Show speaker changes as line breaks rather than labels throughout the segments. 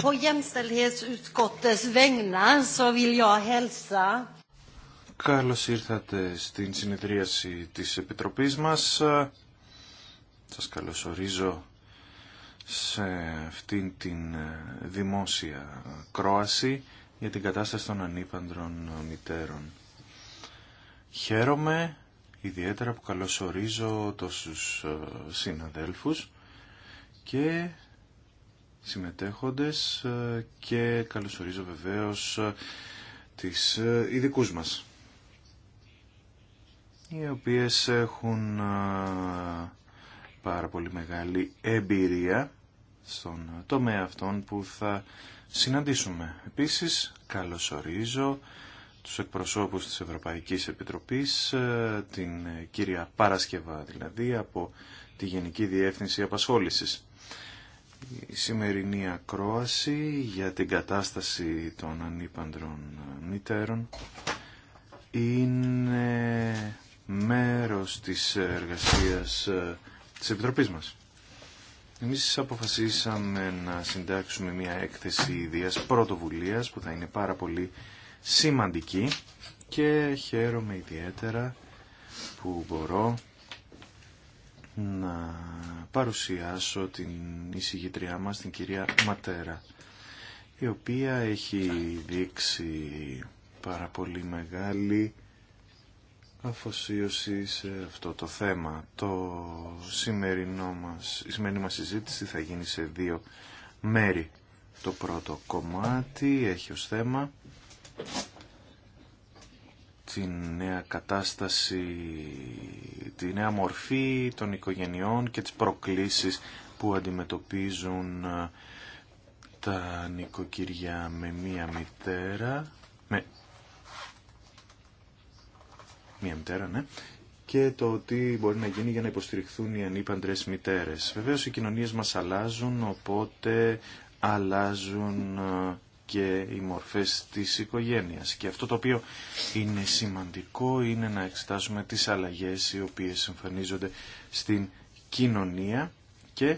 På
Καλώς ήρθατε στην συνεδρίαση της Επιτροπής μας. Σας καλωσορίζω σε αυτήν την δημόσια κρόαση για την κατάσταση των ανήπαντρων μητέρων. Χαίρομαι ιδιαίτερα που καλωσορίζω τόσους συναδέλφους και συμμετέχοντες ε, και καλωσορίζω βεβαίως ε, τις ε, ειδικού μας οι οποίες έχουν πάρα πολύ μεγάλη εμπειρία στον τομέα αυτών που θα συναντήσουμε. Επίσης, καλωσορίζω τους εκπροσώπους της Ευρωπαϊκής Επιτροπής, την κυρία Παρασκευά δηλαδή, από τη Γενική Διεύθυνση Απασχόλησης η σημερινή ακρόαση για την κατάσταση των ανήπαντρων μητέρων είναι μέρος της εργασίας ε, της Επιτροπής μας. Εμείς αποφασίσαμε να συντάξουμε μια έκθεση ιδίας πρωτοβουλίας που θα είναι πάρα πολύ σημαντική και χαίρομαι ιδιαίτερα που μπορώ να παρουσιάσω την εισηγητριά μας, την κυρία Ματέρα, η οποία έχει δείξει πάρα πολύ μεγάλη αφοσίωση σε αυτό το θέμα. Το σημερινό μας, η σημερινή μας συζήτηση θα γίνει σε δύο μέρη. Το πρώτο κομμάτι έχει ως θέμα τη νέα κατάσταση, τη νέα μορφή των οικογενειών και τις προκλήσεις που αντιμετωπίζουν ε, τα νοικοκυριά με μία μητέρα, με μία μητέρα, ναι, και το ότι μπορεί να γίνει για να υποστηριχθούν οι ανήπαντρες μητέρες. Βεβαίως οι κοινωνίες μας αλλάζουν, οπότε αλλάζουν ε, και οι μορφές της οικογένειας. Και αυτό το οποίο είναι σημαντικό είναι να εξετάσουμε τις αλλαγές οι οποίες εμφανίζονται στην κοινωνία και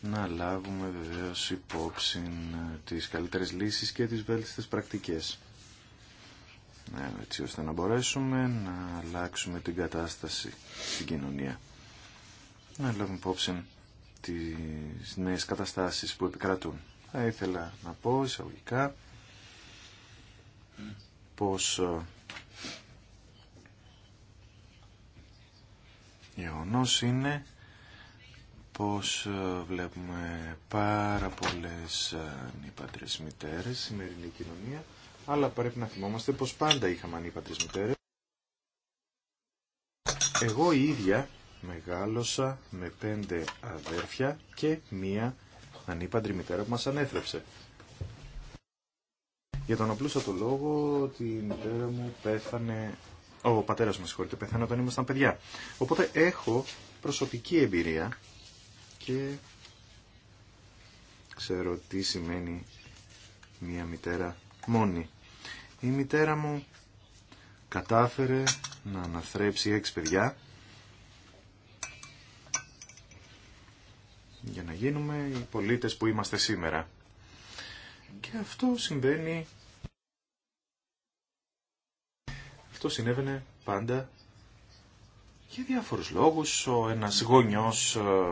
να λάβουμε βεβαίως υπόψη ε, τις καλύτερες λύσεις και τις βέλτιστες πρακτικές. Ναι, έτσι ώστε να μπορέσουμε να αλλάξουμε την κατάσταση στην κοινωνία. Να λάβουμε υπόψη τις νέες καταστάσεις που επικρατούν. Θα ήθελα να πω εισαγωγικά πως ε, γεγονό είναι πως ε, βλέπουμε πάρα πολλές ε, ανήπατρες μητέρες στη σημερινή κοινωνία αλλά πρέπει να θυμόμαστε πως πάντα είχαμε ανήπατρες μητέρες εγώ η ίδια μεγάλωσα με πέντε αδέρφια και μία ανήπαντρη μητέρα που μας ανέθρεψε. Για τον το λόγο ότι η μητέρα μου πέθανε, ο πατέρας μου συγχωρείτε, πέθανε όταν ήμασταν παιδιά. Οπότε έχω προσωπική εμπειρία και ξέρω τι σημαίνει μια μητέρα μόνη. Η μητέρα μου κατάφερε να αναθρέψει έξι παιδιά για να γίνουμε οι πολίτες που είμαστε σήμερα. Και αυτό συμβαίνει... Αυτό συνέβαινε πάντα για διάφορους λόγους. Ο ένας γονιός ε,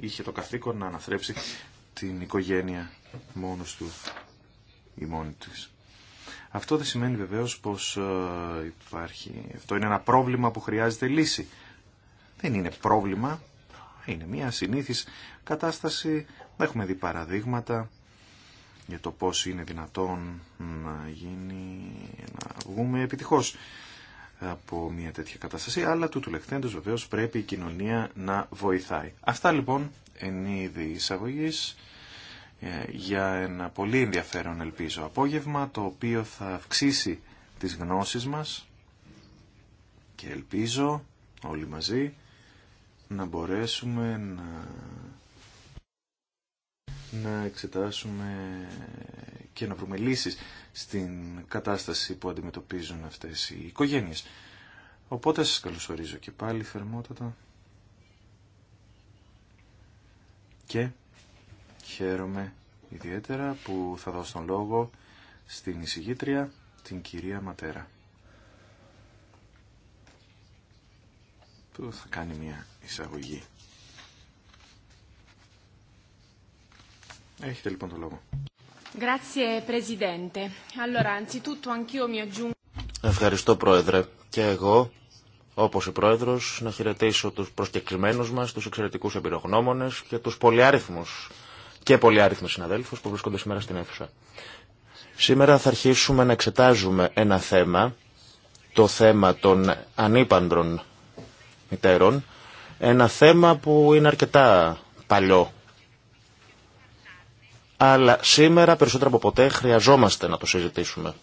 είχε το καθήκον να αναθρέψει την οικογένεια μόνος του ή μόνη της. Αυτό δεν σημαίνει βεβαίως πως ε, υπάρχει... Αυτό είναι ένα πρόβλημα που χρειάζεται λύση. Δεν είναι πρόβλημα είναι μια συνήθις κατάσταση, έχουμε δει παραδείγματα για το πώς είναι δυνατόν να γίνει, να βγούμε επιτυχώς από μια τέτοια κατάσταση, αλλά του τουλεχθέντος βεβαίως πρέπει η κοινωνία να βοηθάει. Αυτά λοιπόν εν είδη εισαγωγής ε, για ένα πολύ ενδιαφέρον ελπίζω απόγευμα, το οποίο θα αυξήσει τις γνώσεις μας και ελπίζω όλοι μαζί να μπορέσουμε να, εξετάσουμε και να βρούμε λύσεις στην κατάσταση που αντιμετωπίζουν αυτές οι οικογένειες. Οπότε σας καλωσορίζω και πάλι θερμότατα και χαίρομαι ιδιαίτερα που θα δώσω τον λόγο στην εισηγήτρια την κυρία Ματέρα. θα κάνει μια εισαγωγή.
Έχετε λοιπόν το λόγο. Ευχαριστώ Πρόεδρε. Και εγώ, όπως η Πρόεδρος, να χαιρετήσω τους προσκεκλημένους μας, τους εξαιρετικούς εμπειρογνώμονες και τους πολυάριθμους και πολυάριθμους συναδέλφους που βρίσκονται σήμερα στην αίθουσα. Σήμερα θα αρχίσουμε να εξετάζουμε ένα θέμα, το θέμα των ανήπαντρων μητέρων, ένα θέμα που είναι αρκετά παλιό. Αλλά σήμερα περισσότερο από ποτέ χρειαζόμαστε να το συζητήσουμε.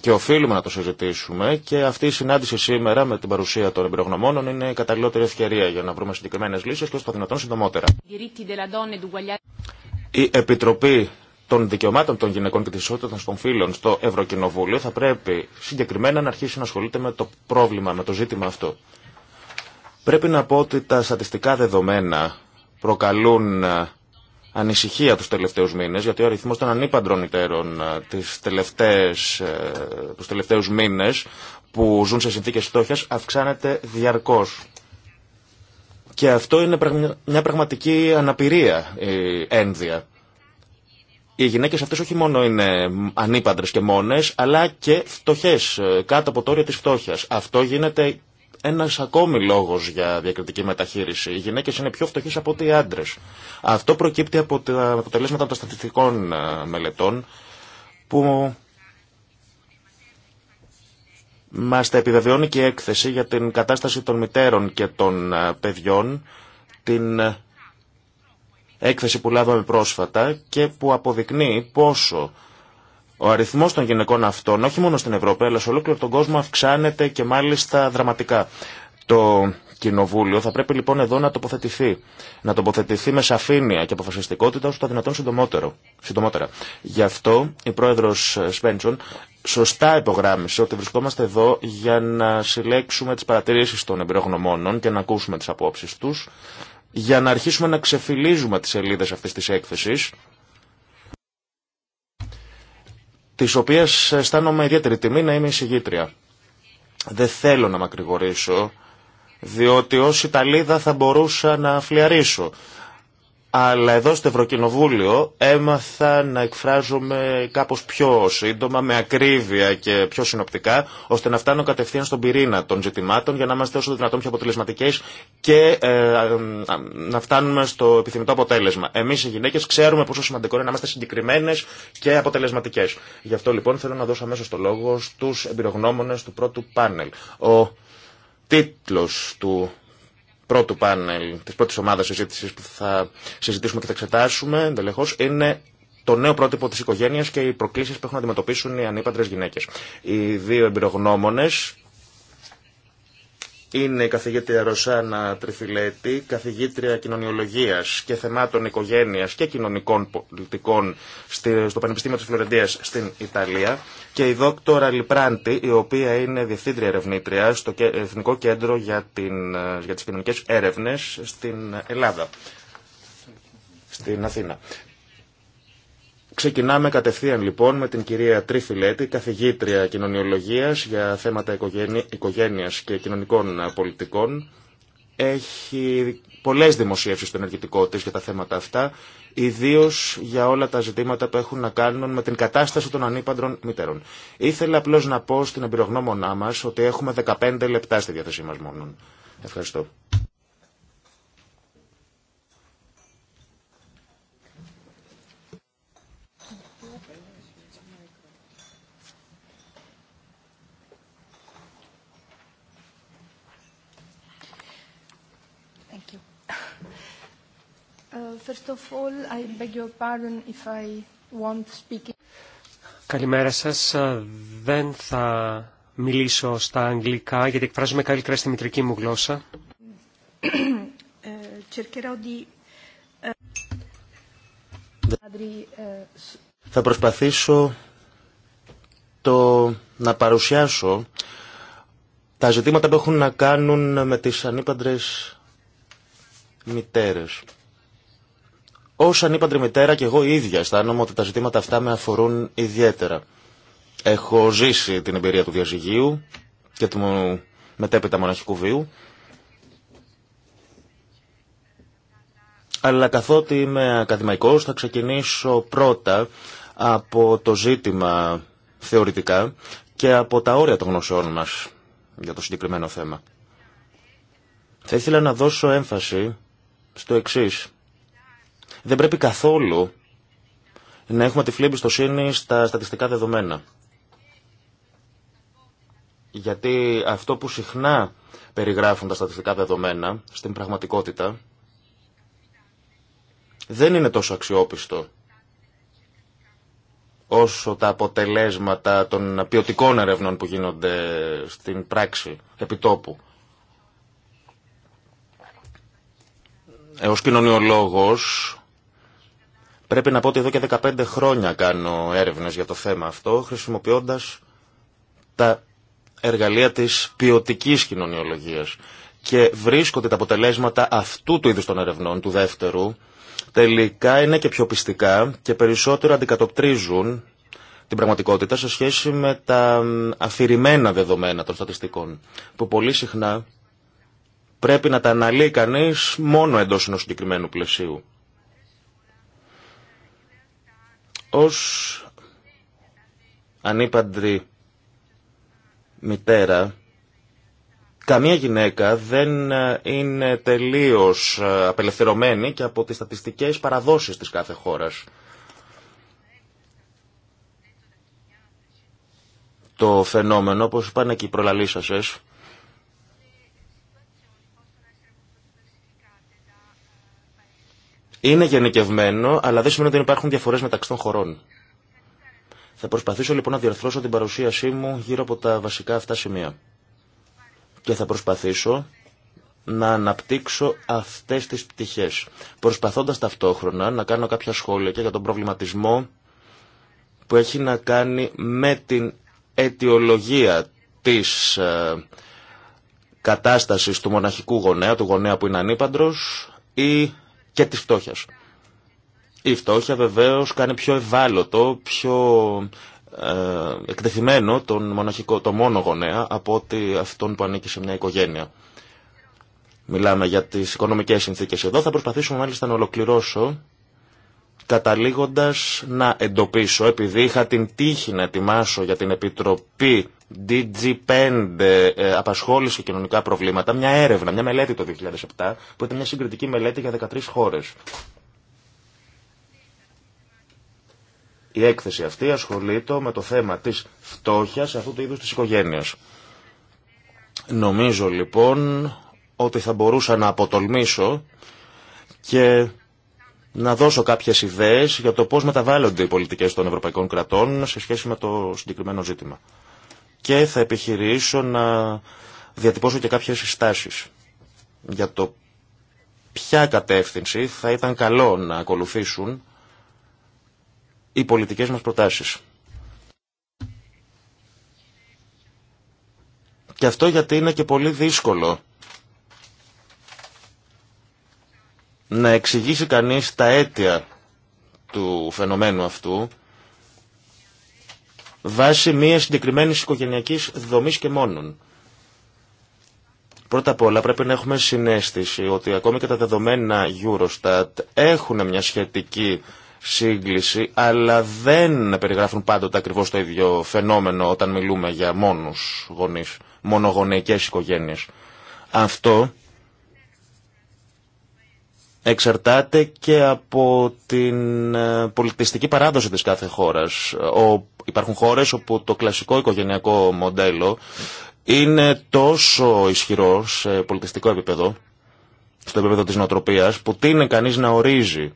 Και οφείλουμε να το συζητήσουμε και αυτή η συνάντηση σήμερα με την παρουσία των εμπειρογνωμόνων είναι η καταλληλότερη ευκαιρία για να βρούμε συγκεκριμένε λύσει και στο το δυνατόν συντομότερα. Η Επιτροπή των Δικαιωμάτων των Γυναικών και τη Ισότητα των Φίλων στο Ευρωκοινοβούλιο θα πρέπει συγκεκριμένα να αρχίσει να ασχολείται με το πρόβλημα, με το ζήτημα αυτό. Πρέπει να πω ότι τα στατιστικά δεδομένα προκαλούν ε, ανησυχία τους τελευταίους μήνες, γιατί ο αριθμός των ανήπαντρων ιτέρων ε, τις τελευταίες, ε, τους τελευταίους μήνες που ζουν σε συνθήκες φτώχειας αυξάνεται διαρκώς. Και αυτό είναι μια πραγματική αναπηρία, η ένδυα. Οι γυναίκες αυτές όχι μόνο είναι ανήπαντρες και μόνες, αλλά και φτωχές, κάτω από το όριο της φτώχειας. Αυτό γίνεται ένα ακόμη λόγο για διακριτική μεταχείριση. Οι γυναίκε είναι πιο φτωχέ από ότι οι άντρε. Αυτό προκύπτει από τα αποτελέσματα των στατιστικών ε, μελετών που μα τα επιβεβαιώνει και η έκθεση για την κατάσταση των μητέρων και των ε, παιδιών, την ε, έκθεση που λάβαμε πρόσφατα και που αποδεικνύει πόσο ο αριθμός των γυναικών αυτών, όχι μόνο στην Ευρώπη, αλλά σε ολόκληρο τον κόσμο αυξάνεται και μάλιστα δραματικά. Το Κοινοβούλιο θα πρέπει λοιπόν εδώ να τοποθετηθεί. Να τοποθετηθεί με σαφήνεια και αποφασιστικότητα όσο το δυνατόν συντομότερα. Γι' αυτό η πρόεδρος Σπέντσον σωστά υπογράμμισε ότι βρισκόμαστε εδώ για να συλλέξουμε τις παρατηρήσεις των εμπειρογνωμόνων και να ακούσουμε τις απόψει τους, για να αρχίσουμε να ξεφυλίζουμε τις σελίδε αυτή τη έκθεση τις οποίες αισθάνομαι ιδιαίτερη τιμή να είμαι εισηγήτρια. Δεν θέλω να μακρηγορήσω, διότι ως Ιταλίδα θα μπορούσα να φλιαρίσω. Αλλά εδώ στο Ευρωκοινοβούλιο έμαθα να εκφράζομαι κάπως πιο σύντομα, με ακρίβεια και πιο συνοπτικά, ώστε να φτάνω κατευθείαν στον πυρήνα των ζητημάτων για να είμαστε όσο δυνατόν πιο αποτελεσματικέ και ε, να φτάνουμε στο επιθυμητό αποτέλεσμα. Εμείς οι γυναίκες ξέρουμε πόσο σημαντικό είναι να είμαστε συγκεκριμένες και αποτελεσματικές. Γι' αυτό λοιπόν θέλω να δώσω αμέσω το λόγο στους εμπειρογνώμονες του πρώτου πάνελ. Ο τίτλος του πρώτου πάνελ, τη πρώτη ομάδα συζήτηση που θα συζητήσουμε και θα εξετάσουμε εντελεχώ, είναι το νέο πρότυπο τη οικογένεια και οι προκλήσει που έχουν να αντιμετωπίσουν οι ανήπαντρε γυναίκε. Οι δύο εμπειρογνώμονε είναι η καθηγήτρια Ρωσάνα Τριφιλέτη, καθηγήτρια κοινωνιολογίας και θεμάτων οικογένεια και κοινωνικών πολιτικών στο Πανεπιστήμιο της Φλωρεντίας στην Ιταλία και η δόκτωρα Λιπράντη, η οποία είναι διευθύντρια ερευνήτρια στο Εθνικό Κέντρο για, την, για τις Κοινωνικές Έρευνες στην Ελλάδα, στην Αθήνα. Ξεκινάμε κατευθείαν λοιπόν με την κυρία Τρίφιλέτη, καθηγήτρια κοινωνιολογίας για θέματα οικογένειας και κοινωνικών πολιτικών. Έχει πολλές δημοσίευσεις στο ενεργητικό της για τα θέματα αυτά, ιδίως για όλα τα ζητήματα που έχουν να κάνουν με την κατάσταση των ανήπαντρων μητέρων. Ήθελα απλώς να πω στην εμπειρογνώμονά μας ότι έχουμε 15 λεπτά στη διάθεσή μας μόνο. Ευχαριστώ.
Καλημέρα σας. Δεν θα μιλήσω στα αγγλικά γιατί εκφράζομαι καλύτερα στη μητρική μου γλώσσα.
Ε, ε, ε,
θα προσπαθήσω
το να παρουσιάσω τα ζητήματα που έχουν να κάνουν με τις ανήπαντρες μητέρες. Ως ανήπαντρη μητέρα και εγώ ίδια αισθάνομαι ότι τα ζητήματα αυτά με αφορούν ιδιαίτερα. Έχω ζήσει την εμπειρία του διαζυγίου και του μετέπειτα μοναχικού βίου. Αλλά καθότι είμαι ακαδημαϊκός θα ξεκινήσω πρώτα από το ζήτημα θεωρητικά και από τα όρια των γνωσεών μας για το συγκεκριμένο θέμα. Θα ήθελα να δώσω έμφαση στο εξής. Δεν πρέπει καθόλου να έχουμε τυφλή εμπιστοσύνη στα στατιστικά δεδομένα. Γιατί αυτό που συχνά περιγράφουν τα στατιστικά δεδομένα στην πραγματικότητα δεν είναι τόσο αξιόπιστο όσο τα αποτελέσματα των ποιοτικών ερευνών που γίνονται στην πράξη, επιτόπου. Ε, ως κοινωνιολόγος Πρέπει να πω ότι εδώ και 15 χρόνια κάνω έρευνες για το θέμα αυτό, χρησιμοποιώντας τα εργαλεία της ποιοτική κοινωνιολογίας. Και βρίσκονται τα αποτελέσματα αυτού του είδους των ερευνών, του δεύτερου, τελικά είναι και πιο πιστικά και περισσότερο αντικατοπτρίζουν την πραγματικότητα σε σχέση με τα αφηρημένα δεδομένα των στατιστικών, που πολύ συχνά πρέπει να τα αναλύει κανείς μόνο εντός ενός συγκεκριμένου πλαισίου. Ως ανήπαντρη μητέρα, καμία γυναίκα δεν ε, είναι τελείως ε, απελευθερωμένη και από τις στατιστικές παραδόσεις της κάθε χώρας. Το φαινόμενο, όπως είπαν και οι προλαλήσασες, είναι γενικευμένο, αλλά δεν σημαίνει ότι υπάρχουν διαφορές μεταξύ των χωρών. Θα προσπαθήσω λοιπόν να διορθώσω την παρουσίασή μου γύρω από τα βασικά αυτά σημεία. Και θα προσπαθήσω να αναπτύξω αυτές τις πτυχές, προσπαθώντας ταυτόχρονα να κάνω κάποια σχόλια και για τον προβληματισμό που έχει να κάνει με την αιτιολογία της ε, κατάστασης του μοναχικού γονέα, του γονέα που είναι ανήπαντρος ή και της φτώχειας. Η φτώχεια βεβαίως κάνει πιο ευάλωτο, πιο ε, εκτεθειμένο τον, μοναχικό, το μόνο γονέα από ότι αυτόν που ανήκει σε μια οικογένεια. Μιλάμε για τις οικονομικές συνθήκες εδώ. Θα προσπαθήσω μάλιστα να ολοκληρώσω καταλήγοντας να εντοπίσω, επειδή είχα την τύχη να ετοιμάσω για την Επιτροπή DG5 ε, ε, απασχόλησε κοινωνικά προβλήματα, μια έρευνα, μια μελέτη το 2007, που ήταν μια συγκριτική μελέτη για 13 χώρες. Η έκθεση αυτή ασχολείται με το θέμα της φτώχειας αυτού του είδους της οικογένειας. Νομίζω λοιπόν ότι θα μπορούσα να αποτολμήσω και να δώσω κάποιες ιδέες για το πώς μεταβάλλονται οι πολιτικές των ευρωπαϊκών κρατών σε σχέση με το συγκεκριμένο ζήτημα και θα επιχειρήσω να διατυπώσω και κάποιες συστάσεις για το ποια κατεύθυνση θα ήταν καλό να ακολουθήσουν οι πολιτικές μας προτάσεις. Και αυτό γιατί είναι και πολύ δύσκολο να εξηγήσει κανείς τα αίτια του φαινομένου αυτού βάσει μια συγκεκριμένη οικογενειακή δομή και μόνον. Πρώτα απ' όλα πρέπει να έχουμε συνέστηση ότι ακόμη και τα δεδομένα Eurostat έχουν μια σχετική σύγκληση, αλλά δεν περιγράφουν πάντοτε ακριβώς το ίδιο φαινόμενο όταν μιλούμε για μόνους γονείς, μονογονεϊκές οικογένειες. Αυτό εξαρτάται και από την ε, πολιτιστική παράδοση της κάθε χώρας. Ο, υπάρχουν χώρες όπου το κλασικό οικογενειακό μοντέλο είναι τόσο ισχυρό σε πολιτιστικό επίπεδο, στο επίπεδο της νοοτροπίας, που τίνει κανείς να ορίζει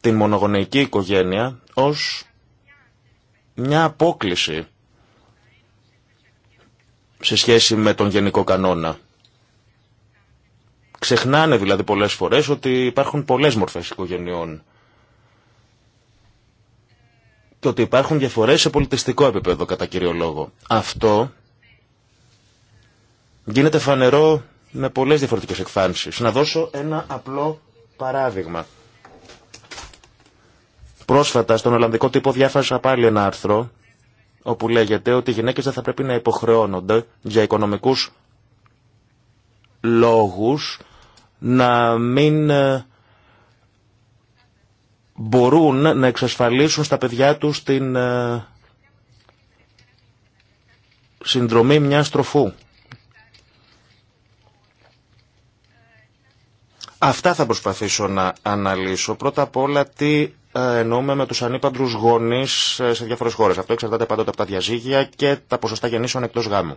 την μονογονεϊκή οικογένεια ως μια απόκληση σε σχέση με τον γενικό κανόνα. Ξεχνάνε δηλαδή πολλές φορές ότι υπάρχουν πολλές μορφές οικογενειών και ότι υπάρχουν διαφορές σε πολιτιστικό επίπεδο κατά κύριο λόγο. Αυτό γίνεται φανερό με πολλές διαφορετικές εκφάνσεις. Να δώσω ένα απλό παράδειγμα. Πρόσφατα στον Ολλανδικό τύπο διάφασα πάλι ένα άρθρο όπου λέγεται ότι οι γυναίκες δεν θα πρέπει να υποχρεώνονται για οικονομικούς λόγους να μην ε, μπορούν να εξασφαλίσουν στα παιδιά τους την ε, συνδρομή μια τροφού. Αυτά θα προσπαθήσω να αναλύσω. Πρώτα απ' όλα τι ε, εννοούμε με τους ανήπαντρους γονείς σε διάφορες χώρες. Αυτό εξαρτάται πάντοτε από τα διαζύγια και τα ποσοστά γεννήσεων εκτός γάμου.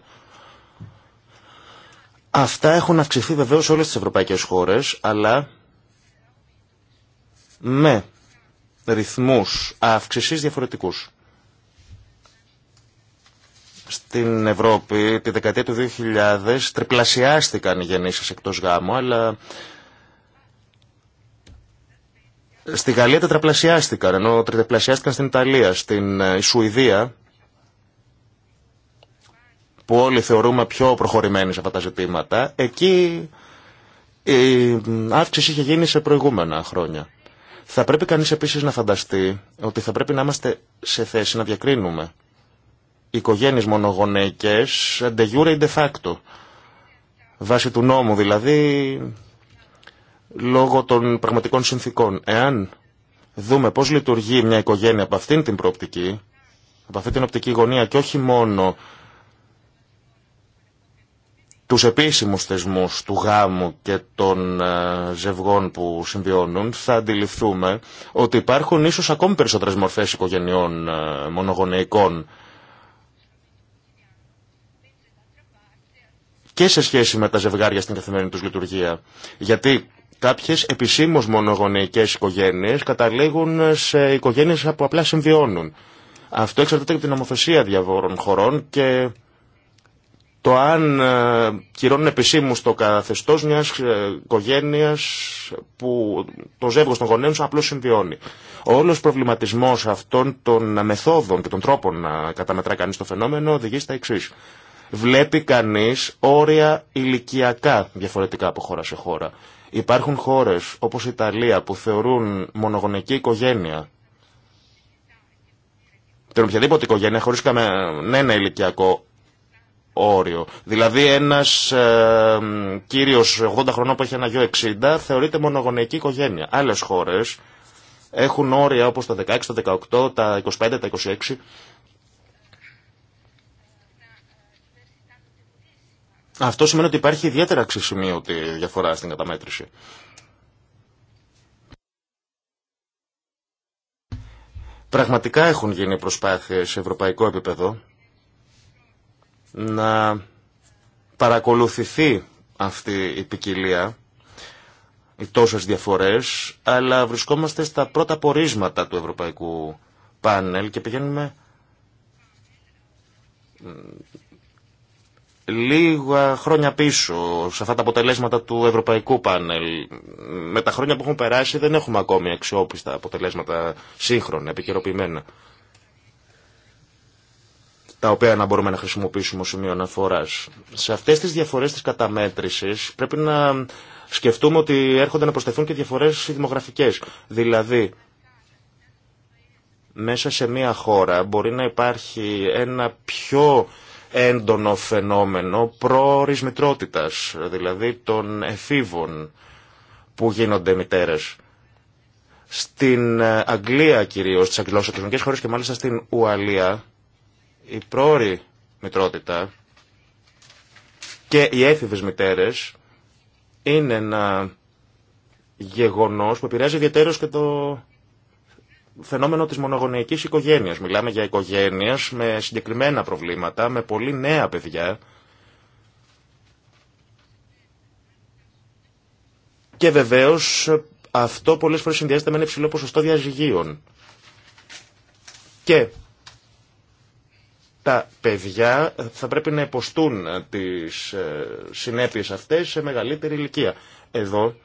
Αυτά έχουν αυξηθεί βεβαίω σε όλες τις ευρωπαϊκές χώρες, αλλά με ρυθμούς αύξηση διαφορετικούς. Στην Ευρώπη τη δεκαετία του 2000 τριπλασιάστηκαν οι γεννήσεις εκτός γάμου, αλλά στη Γαλλία τετραπλασιάστηκαν, ενώ τριπλασιάστηκαν στην Ιταλία, στην ε, Σουηδία που όλοι θεωρούμε πιο προχωρημένοι σε αυτά τα ζητήματα, εκεί η αύξηση είχε γίνει σε προηγούμενα χρόνια. Θα πρέπει κανείς επίσης να φανταστεί ότι θα πρέπει να είμαστε σε θέση να διακρίνουμε οικογένειες μονογονέικες, de jure de facto, βάσει του νόμου δηλαδή, λόγω των πραγματικών συνθήκων. Εάν δούμε πώς λειτουργεί μια οικογένεια από αυτήν την προοπτική, από αυτή την οπτική γωνία και όχι μόνο τους επίσημους θεσμούς του γάμου και των ε, ζευγών που συμβιώνουν θα αντιληφθούμε ότι υπάρχουν ίσως ακόμη περισσότερες μορφές οικογενειών ε, μονογονεϊκών και σε σχέση με τα ζευγάρια στην καθημερινή τους λειτουργία. Γιατί κάποιες επισήμως μονογονεϊκές οικογένειες καταλήγουν ε, σε οικογένειες που απλά συμβιώνουν. Αυτό εξαρτάται από την ομοθεσία διαβόρων χωρών και το αν ε, κυρώνουν επισήμου το καθεστώ μια ε, οικογένεια που το ζεύγο των γονέων απλώ συμβιώνει. Ο προβληματισμός προβληματισμό αυτών των μεθόδων και των τρόπων να καταμετρά κανεί το φαινόμενο οδηγεί στα εξή. Βλέπει κανεί όρια ηλικιακά διαφορετικά από χώρα σε χώρα. Υπάρχουν χώρε όπω η Ιταλία που θεωρούν μονογονική οικογένεια την οποιαδήποτε οικογένεια χωρί κανένα ηλικιακό όριο. Δηλαδή ένας ε, κύριος 80 χρονών που έχει ένα γιο 60 θεωρείται μονογονεϊκή οικογένεια. Άλλες χώρες έχουν όρια όπως τα 16, τα 18, τα 25, τα 26. Αυτό σημαίνει ότι υπάρχει ιδιαίτερα αξισημείωτη διαφορά στην καταμέτρηση. Πραγματικά έχουν γίνει προσπάθειες σε ευρωπαϊκό επίπεδο να παρακολουθηθεί αυτή η ποικιλία, οι τόσες διαφορές, αλλά βρισκόμαστε στα πρώτα πορίσματα του Ευρωπαϊκού Πάνελ και πηγαίνουμε λίγα χρόνια πίσω σε αυτά τα αποτελέσματα του Ευρωπαϊκού Πάνελ. Με τα χρόνια που έχουν περάσει δεν έχουμε ακόμη αξιόπιστα αποτελέσματα σύγχρονα, επικαιροποιημένα τα οποία να μπορούμε να χρησιμοποιήσουμε ως σημείο αναφοράς. Σε αυτές τις διαφορές της καταμέτρησης πρέπει να σκεφτούμε ότι έρχονται να προσθεθούν και διαφορές δημογραφικές. Δηλαδή, μέσα σε μια χώρα μπορεί να υπάρχει ένα πιο έντονο φαινόμενο προορισμητρότητας, δηλαδή των εφήβων που γίνονται μητέρες. Στην ε, Αγγλία κυρίως, στις αγγλώσσακισμικές χώρες και μάλιστα στην Ουαλία, η πρόορη μητρότητα και οι έφηβες μητέρες είναι ένα γεγονός που επηρεάζει ιδιαίτερως και το φαινόμενο της μονογονεϊκής οικογένειας. Μιλάμε για οικογένειες με συγκεκριμένα προβλήματα, με πολύ νέα παιδιά και βεβαίως αυτό πολλές φορές συνδυάζεται με ένα υψηλό ποσοστό διαζυγίων. Και τα παιδιά θα πρέπει να υποστούν τις ε, συνέπειες αυτές σε μεγαλύτερη ηλικία. Εδώ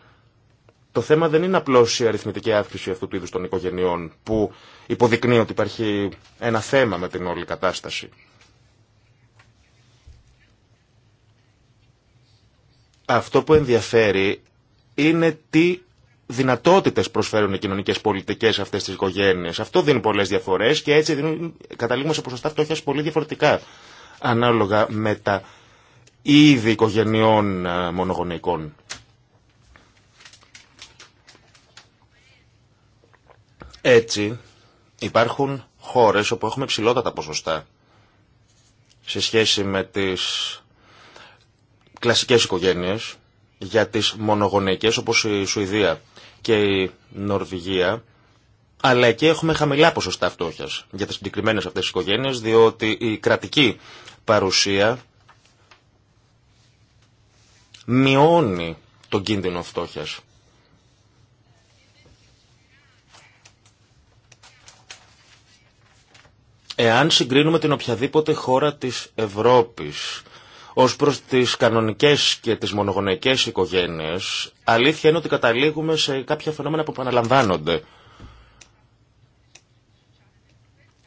το θέμα δεν είναι απλώς η αριθμητική αύξηση αυτού του είδους των οικογενειών που υποδεικνύει ότι υπάρχει ένα θέμα με την όλη κατάσταση. Αυτό που ενδιαφέρει είναι τι δυνατότητες προσφέρουν οι κοινωνικές πολιτικές αυτές τις οικογένειες. Αυτό δίνει πολλέ διαφορές και έτσι καταλήγουμε σε ποσοστά φτώχεια πολύ διαφορετικά ανάλογα με τα είδη οικογενειών ε, μονογονεϊκών. Έτσι υπάρχουν χώρες όπου έχουμε ψηλότατα ποσοστά σε σχέση με τις κλασικές οικογένειες για τις μονογονεϊκές όπως η Σουηδία και η Νορβηγία, αλλά εκεί έχουμε χαμηλά ποσοστά φτώχεια για τι συγκεκριμένε αυτέ τι οικογένειε, διότι η κρατική παρουσία μειώνει τον κίνδυνο φτώχεια. Εάν συγκρίνουμε την οποιαδήποτε χώρα της Ευρώπης ως προς τις κανονικές και τις μονογονεϊκές οικογένειες, αλήθεια είναι ότι καταλήγουμε σε κάποια φαινόμενα που επαναλαμβάνονται.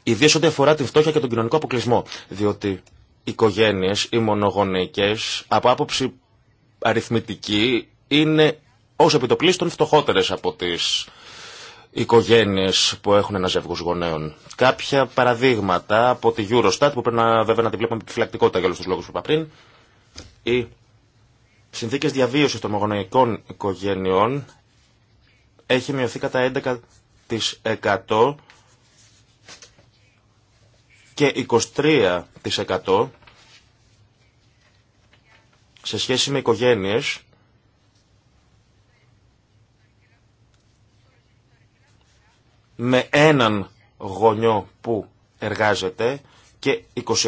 Ιδίω ό,τι αφορά την φτώχεια και τον κοινωνικό αποκλεισμό. Διότι οι οικογένειες, οι μονογονεϊκές, από άποψη αριθμητική, είναι ως επιτοπλίστων φτωχότερες από τις οικογένειες που έχουν ένα ζεύγος γονέων. Κάποια παραδείγματα από τη Eurostat που πρέπει να, βέβαια να τη βλέπουμε επιφυλακτικότητα για όλους τους λόγους που είπα πριν. Οι συνθήκες διαβίωσης των μογονεικών οικογένειών έχει μειωθεί κατά 11% και 23% σε σχέση με οικογένειες με έναν γονιό που εργάζεται και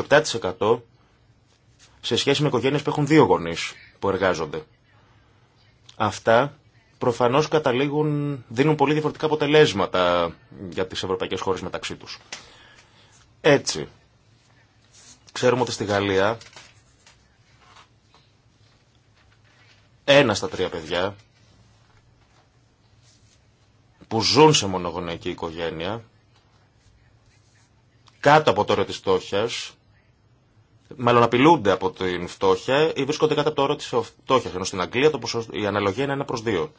27% σε σχέση με οικογένειες που έχουν δύο γονείς που εργάζονται. Αυτά προφανώς καταλήγουν, δίνουν πολύ διαφορετικά αποτελέσματα για τις ευρωπαϊκές χώρες μεταξύ τους. Έτσι, ξέρουμε ότι στη Γαλλία ένα στα τρία παιδιά που ζουν σε μονογονεϊκή οικογένεια, κάτω από το όρο της φτώχειας, μάλλον απειλούνται από την φτώχεια ή βρίσκονται κάτω από το όρο της φτώχειας, ενώ στην Αγγλία το η αναλογία είναι παιδιών προς φτώχεια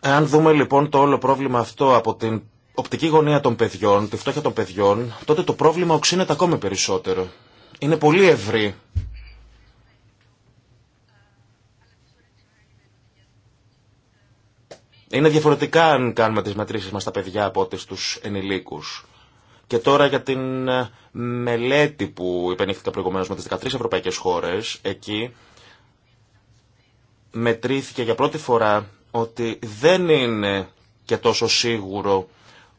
Αν δούμε λοιπόν το όλο πρόβλημα αυτό από την οπτική γωνία των παιδιών, τη φτώχεια των παιδιών, τότε το πρόβλημα οξύνεται ακόμη περισσότερο. Είναι πολύ ευρύ Είναι διαφορετικά αν κάνουμε τις μετρήσεις μας στα παιδιά από ό,τι στους ενηλίκους. Και τώρα για την ε, μελέτη που υπενήχθηκα προηγουμένως με τις 13 ευρωπαϊκές χώρες, εκεί μετρήθηκε για πρώτη φορά ότι δεν είναι και τόσο σίγουρο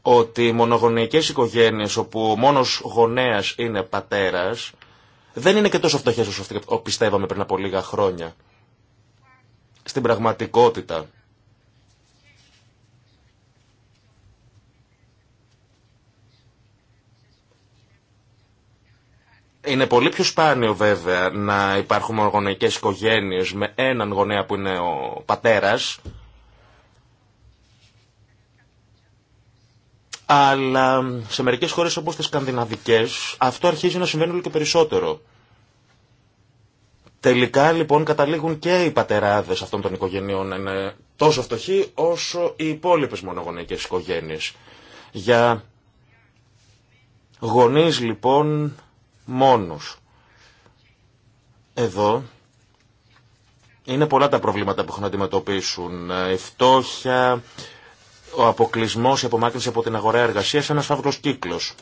ότι οι μονογονεϊκές οικογένειες όπου ο μόνος γονέας είναι πατέρας δεν είναι και τόσο φτωχές όσο πιστεύαμε πριν από λίγα χρόνια. Στην πραγματικότητα Είναι πολύ πιο σπάνιο βέβαια να υπάρχουν μονογονεϊκές οικογένειες με έναν γονέα που είναι ο πατέρας. Αλλά σε μερικές χώρες όπως τις σκανδιναβικές αυτό αρχίζει να συμβαίνει όλο και περισσότερο. Τελικά λοιπόν καταλήγουν και οι πατεράδες αυτών των οικογενειών να είναι τόσο φτωχοί όσο οι υπόλοιπες μονογονεϊκές οικογένειες. Για γονείς λοιπόν Μόνος. Εδώ είναι πολλά τα προβλήματα που έχουν να αντιμετωπίσουν. Ε, η φτώχεια, ο αποκλεισμό, η απομάκρυνση από την αγορά εργασία, ένα φαύλο κύκλος.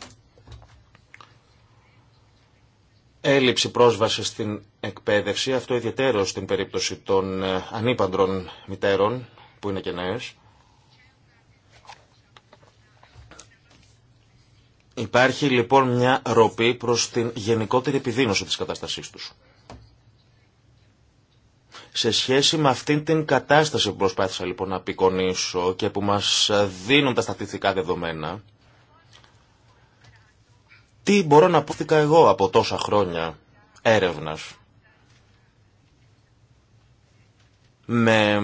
Έλλειψη πρόσβαση στην εκπαίδευση, αυτό ιδιαίτερο στην περίπτωση των ε, ανήπαντρων μητέρων, που είναι και νέες. Υπάρχει λοιπόν μια ροπή προς την γενικότερη επιδείνωση της κατάστασής τους. Σε σχέση με αυτήν την κατάσταση που προσπάθησα λοιπόν να απεικονίσω και που μας δίνουν τα στατιστικά δεδομένα, τι μπορώ να πούθηκα εγώ από τόσα χρόνια έρευνας με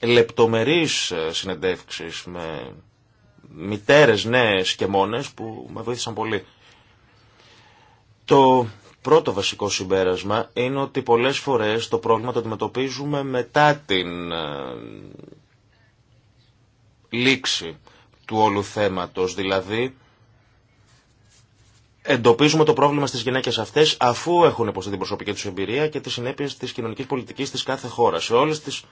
λεπτομερείς συνεντεύξεις, με μητέρες νέες και μόνες που με βοήθησαν πολύ. Το πρώτο βασικό συμπέρασμα είναι ότι πολλές φορές το πρόβλημα το αντιμετωπίζουμε μετά την ε, λήξη του όλου θέματος. Δηλαδή, εντοπίζουμε το πρόβλημα στις γυναίκες αυτές αφού έχουν υποστεί την προσωπική τους εμπειρία και τις συνέπειες της κοινωνικής πολιτικής της κάθε χώρα Σε όλες τις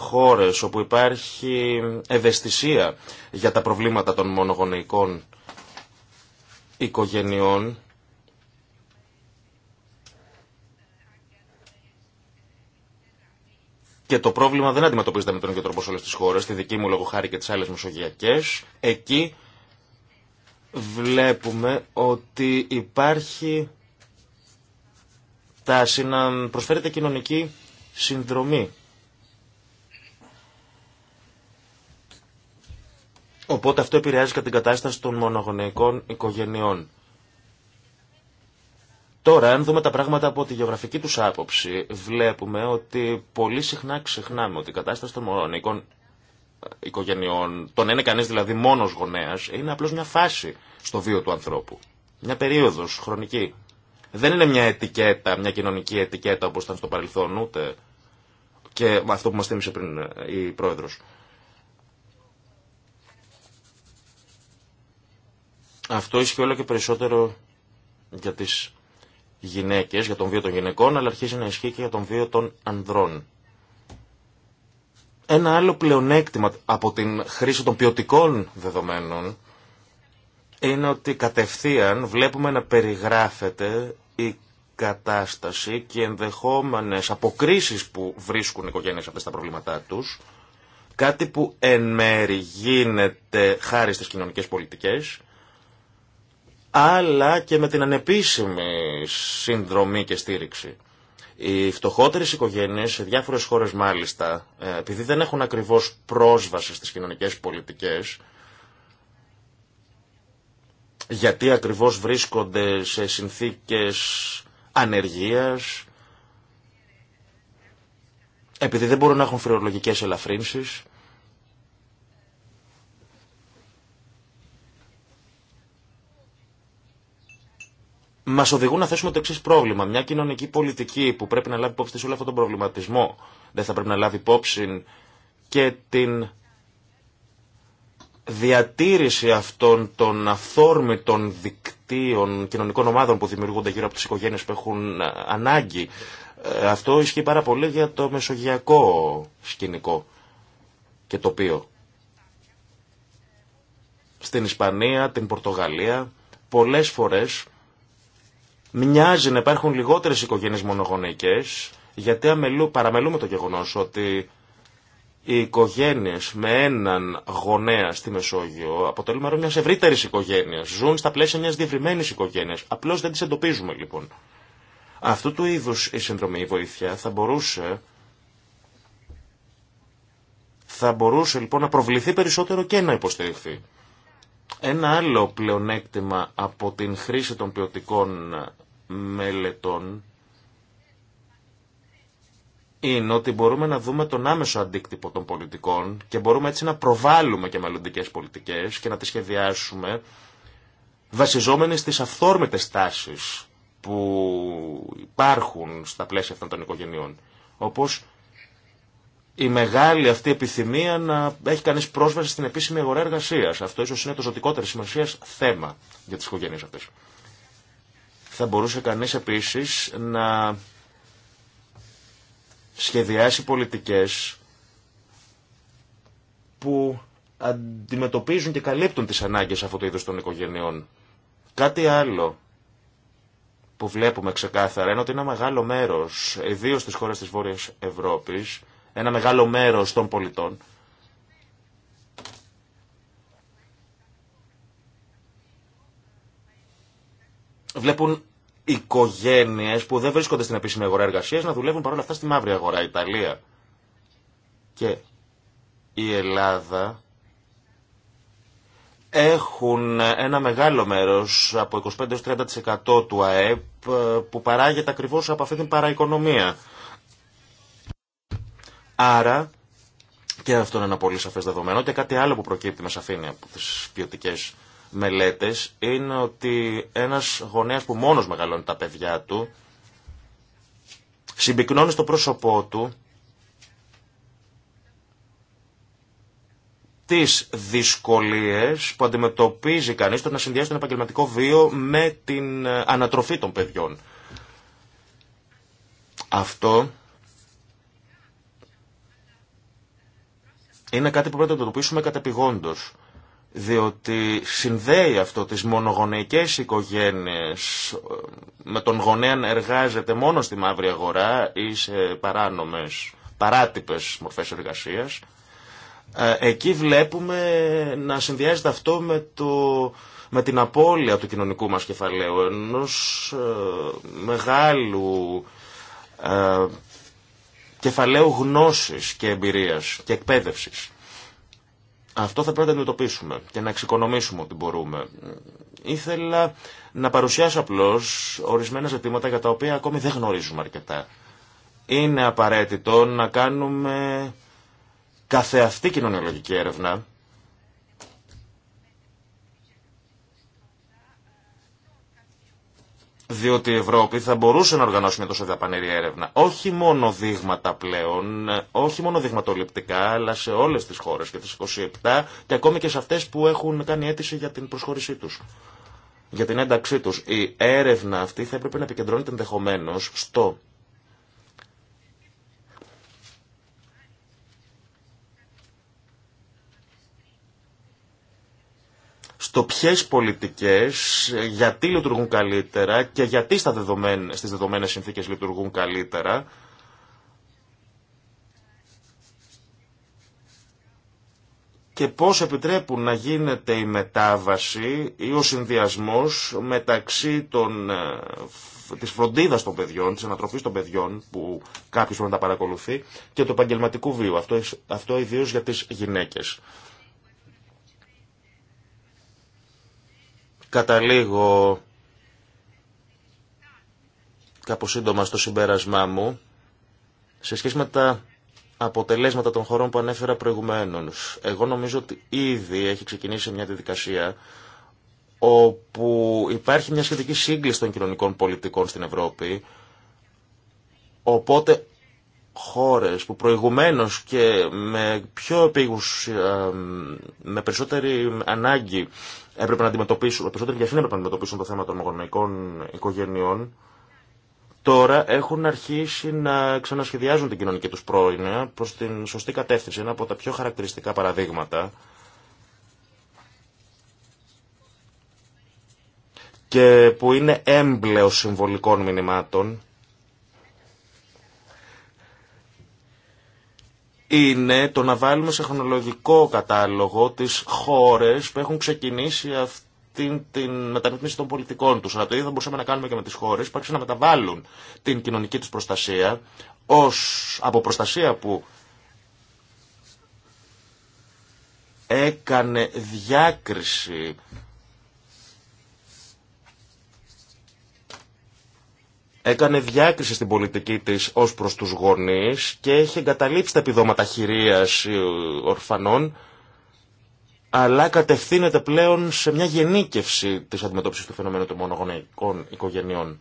χώρες όπου υπάρχει ευαισθησία για τα προβλήματα των μονογονεϊκών οικογενειών Και το πρόβλημα δεν αντιμετωπίζεται με τον ίδιο τρόπο σε όλε τι χώρε, στη δική μου λόγω χάρη και τι άλλε μεσογειακέ. Εκεί βλέπουμε ότι υπάρχει τάση να προσφέρεται κοινωνική συνδρομή Οπότε αυτό επηρεάζει και την κατάσταση των μονογονεϊκών οικογενειών. Τώρα, αν δούμε τα πράγματα από τη γεωγραφική τους άποψη, βλέπουμε ότι πολύ συχνά ξεχνάμε ότι η κατάσταση των μονογονεϊκών ε, οικογενειών, τον ένα είναι κανείς δηλαδή μόνος γονέας, είναι απλώς μια φάση στο βίο του ανθρώπου. Μια περίοδος χρονική. Δεν είναι μια ετικέτα, μια κοινωνική ετικέτα όπως ήταν στο παρελθόν ούτε και αυτό που μας θύμισε πριν ε, η πρόεδρος. Αυτό ισχύει όλο και περισσότερο για τις γυναίκες, για τον βίο των γυναικών, αλλά αρχίζει να ισχύει και για τον βίο των ανδρών. Ένα άλλο πλεονέκτημα από την χρήση των ποιοτικών δεδομένων είναι ότι κατευθείαν βλέπουμε να περιγράφεται η κατάσταση και ενδεχόμενες αποκρίσεις που βρίσκουν οι οικογένειες αυτές τα προβλήματά τους, κάτι που εν μέρη γίνεται χάρη στις κοινωνικές πολιτικές, αλλά και με την ανεπίσημη συνδρομή και στήριξη. Οι φτωχότερε οικογένειε σε διάφορε χώρε μάλιστα, ε, επειδή δεν έχουν ακριβώ πρόσβαση στι κοινωνικέ πολιτικέ, γιατί ακριβώς βρίσκονται σε συνθήκες ανεργίας, επειδή δεν μπορούν να έχουν φρεολογικές ελαφρύνσεις, μα οδηγούν να θέσουμε το εξή πρόβλημα. Μια κοινωνική πολιτική που πρέπει να λάβει υπόψη σε όλο αυτόν τον προβληματισμό δεν θα πρέπει να λάβει υπόψη και την διατήρηση αυτών των αυθόρμητων δικτύων κοινωνικών ομάδων που δημιουργούνται γύρω από τι οικογένειε που έχουν ε, ανάγκη. Ε, αυτό ισχύει πάρα πολύ για το μεσογειακό σκηνικό και τοπίο. Στην Ισπανία, την Πορτογαλία, πολλές φορές Μοιάζει να υπάρχουν λιγότερε οικογένειε μονογονεϊκέ, γιατί αμελού, παραμελούμε το γεγονό ότι οι οικογένειε με έναν γονέα στη Μεσόγειο αποτελούν μέρο μια ευρύτερη οικογένεια. Ζουν στα πλαίσια μια διευρυμένη οικογένεια. Απλώ δεν τι εντοπίζουμε λοιπόν. Αυτού του είδου η συνδρομή, η βοήθεια θα μπορούσε. Θα μπορούσε λοιπόν να προβληθεί περισσότερο και να υποστηριχθεί. Ένα άλλο πλεονέκτημα από την χρήση των ποιοτικών μελετών είναι ότι μπορούμε να δούμε τον άμεσο αντίκτυπο των πολιτικών και μπορούμε έτσι να προβάλλουμε και μελλοντικέ πολιτικές και να τις σχεδιάσουμε βασιζόμενοι στις αυθόρμητες τάσεις που υπάρχουν στα πλαίσια αυτών των οικογενειών. Όπως η μεγάλη αυτή επιθυμία να έχει κανείς πρόσβαση στην επίσημη αγορά εργασίας. Αυτό ίσως είναι το ζωτικότερο σημασία θέμα για τις οικογένειες αυτές. Θα μπορούσε κανείς επίσης να σχεδιάσει πολιτικές που αντιμετωπίζουν και καλύπτουν τις ανάγκες αυτού του είδους των οικογενειών. Κάτι άλλο που βλέπουμε ξεκάθαρα είναι ότι ένα μεγάλο μέρος, ιδίω στις χώρες της Βόρειας Ευρώπης, ένα μεγάλο μέρος των πολιτών, βλέπουν οικογένειε που δεν βρίσκονται στην επίσημη αγορά εργασία να δουλεύουν παρόλα αυτά στη μαύρη αγορά. Ιταλία και η Ελλάδα έχουν ένα μεγάλο μέρος από 25-30% του ΑΕΠ που παράγεται ακριβώς από αυτή την παραοικονομία. Άρα και αυτό είναι ένα πολύ σαφές δεδομένο και κάτι άλλο που προκύπτει με σαφήνεια από τις ποιοτικές μελέτες είναι ότι ένας γονέας που μόνος μεγαλώνει τα παιδιά του συμπυκνώνει στο πρόσωπό του τις δυσκολίες που αντιμετωπίζει κανείς το να συνδυάσει τον επαγγελματικό βίο με την ε, ανατροφή των παιδιών. Αυτό είναι κάτι που πρέπει να το κατεπηγόντως διότι συνδέει αυτό τις μονογονεϊκές οικογένειες με τον γονέα να εργάζεται μόνο στη μαύρη αγορά ή σε παράνομες, παράτυπες μορφές εργασίας. Ε, εκεί βλέπουμε να συνδυάζεται αυτό με, το, με την απώλεια του κοινωνικού μας κεφαλαίου, ενός ε, μεγάλου ε, κεφαλαίου γνώσης και εμπειρίας και εκπαίδευσης. Αυτό θα πρέπει να αντιμετωπίσουμε και να εξοικονομήσουμε ό,τι μπορούμε. Ήθελα να παρουσιάσω απλώ ορισμένα ζητήματα για τα οποία ακόμη δεν γνωρίζουμε αρκετά. Είναι απαραίτητο να κάνουμε καθεαυτή κοινωνιολογική έρευνα διότι η Ευρώπη θα μπορούσε να οργανώσει μια τόσο δαπανηρή έρευνα. Όχι μόνο δείγματα πλέον, όχι μόνο δειγματοληπτικά, αλλά σε όλες τις χώρες και τις 27 και ακόμη και σε αυτές που έχουν κάνει αίτηση για την προσχώρησή του. Για την ένταξή του, Η έρευνα αυτή θα έπρεπε να επικεντρώνεται ενδεχομένω στο στο ποιε πολιτικέ, γιατί λειτουργούν καλύτερα και γιατί στα δεδομένα, στις δεδομένες συνθήκες λειτουργούν καλύτερα. και πώς επιτρέπουν να γίνεται η μετάβαση ή ο συνδυασμός μεταξύ των, ε, της φροντίδας των παιδιών, της ανατροφής των παιδιών που κάποιος μπορεί να τα παρακολουθεί και του επαγγελματικού βίου, αυτό, αυτό ιδίως για τις γυναίκες. Καταλήγω κάπως σύντομα στο συμπέρασμά μου σε σχέση με τα αποτελέσματα των χωρών που ανέφερα προηγουμένως. Εγώ νομίζω ότι ήδη έχει ξεκινήσει μια διαδικασία όπου υπάρχει μια σχετική σύγκληση των κοινωνικών πολιτικών στην Ευρώπη, οπότε χώρες που προηγουμένως και με πιο με περισσότερη ανάγκη έπρεπε να αντιμετωπίσουν, περισσότεροι έπρεπε να αντιμετωπίσουν το θέμα των γονεϊκών οικογενειών, τώρα έχουν αρχίσει να ξανασχεδιάζουν την κοινωνική τους πρόνοια προς την σωστή κατεύθυνση. Ένα από τα πιο χαρακτηριστικά παραδείγματα και που είναι έμπλεο συμβολικών μηνυμάτων είναι το να βάλουμε σε χρονολογικό κατάλογο τις χώρες που έχουν ξεκινήσει αυτή την μεταρρύθμιση των πολιτικών τους. Αλλά το ίδιο θα μπορούσαμε να κάνουμε και με τις χώρες που άρχισαν να μεταβάλουν την κοινωνική τους προστασία ως από προστασία που έκανε διάκριση έκανε διάκριση στην πολιτική της ως προς τους γονείς και έχει εγκαταλείψει τα επιδόματα χειρίας ορφανών αλλά κατευθύνεται πλέον σε μια γενίκευση της αντιμετώπισης του φαινομένου των μονογονεϊκών οικογενειών.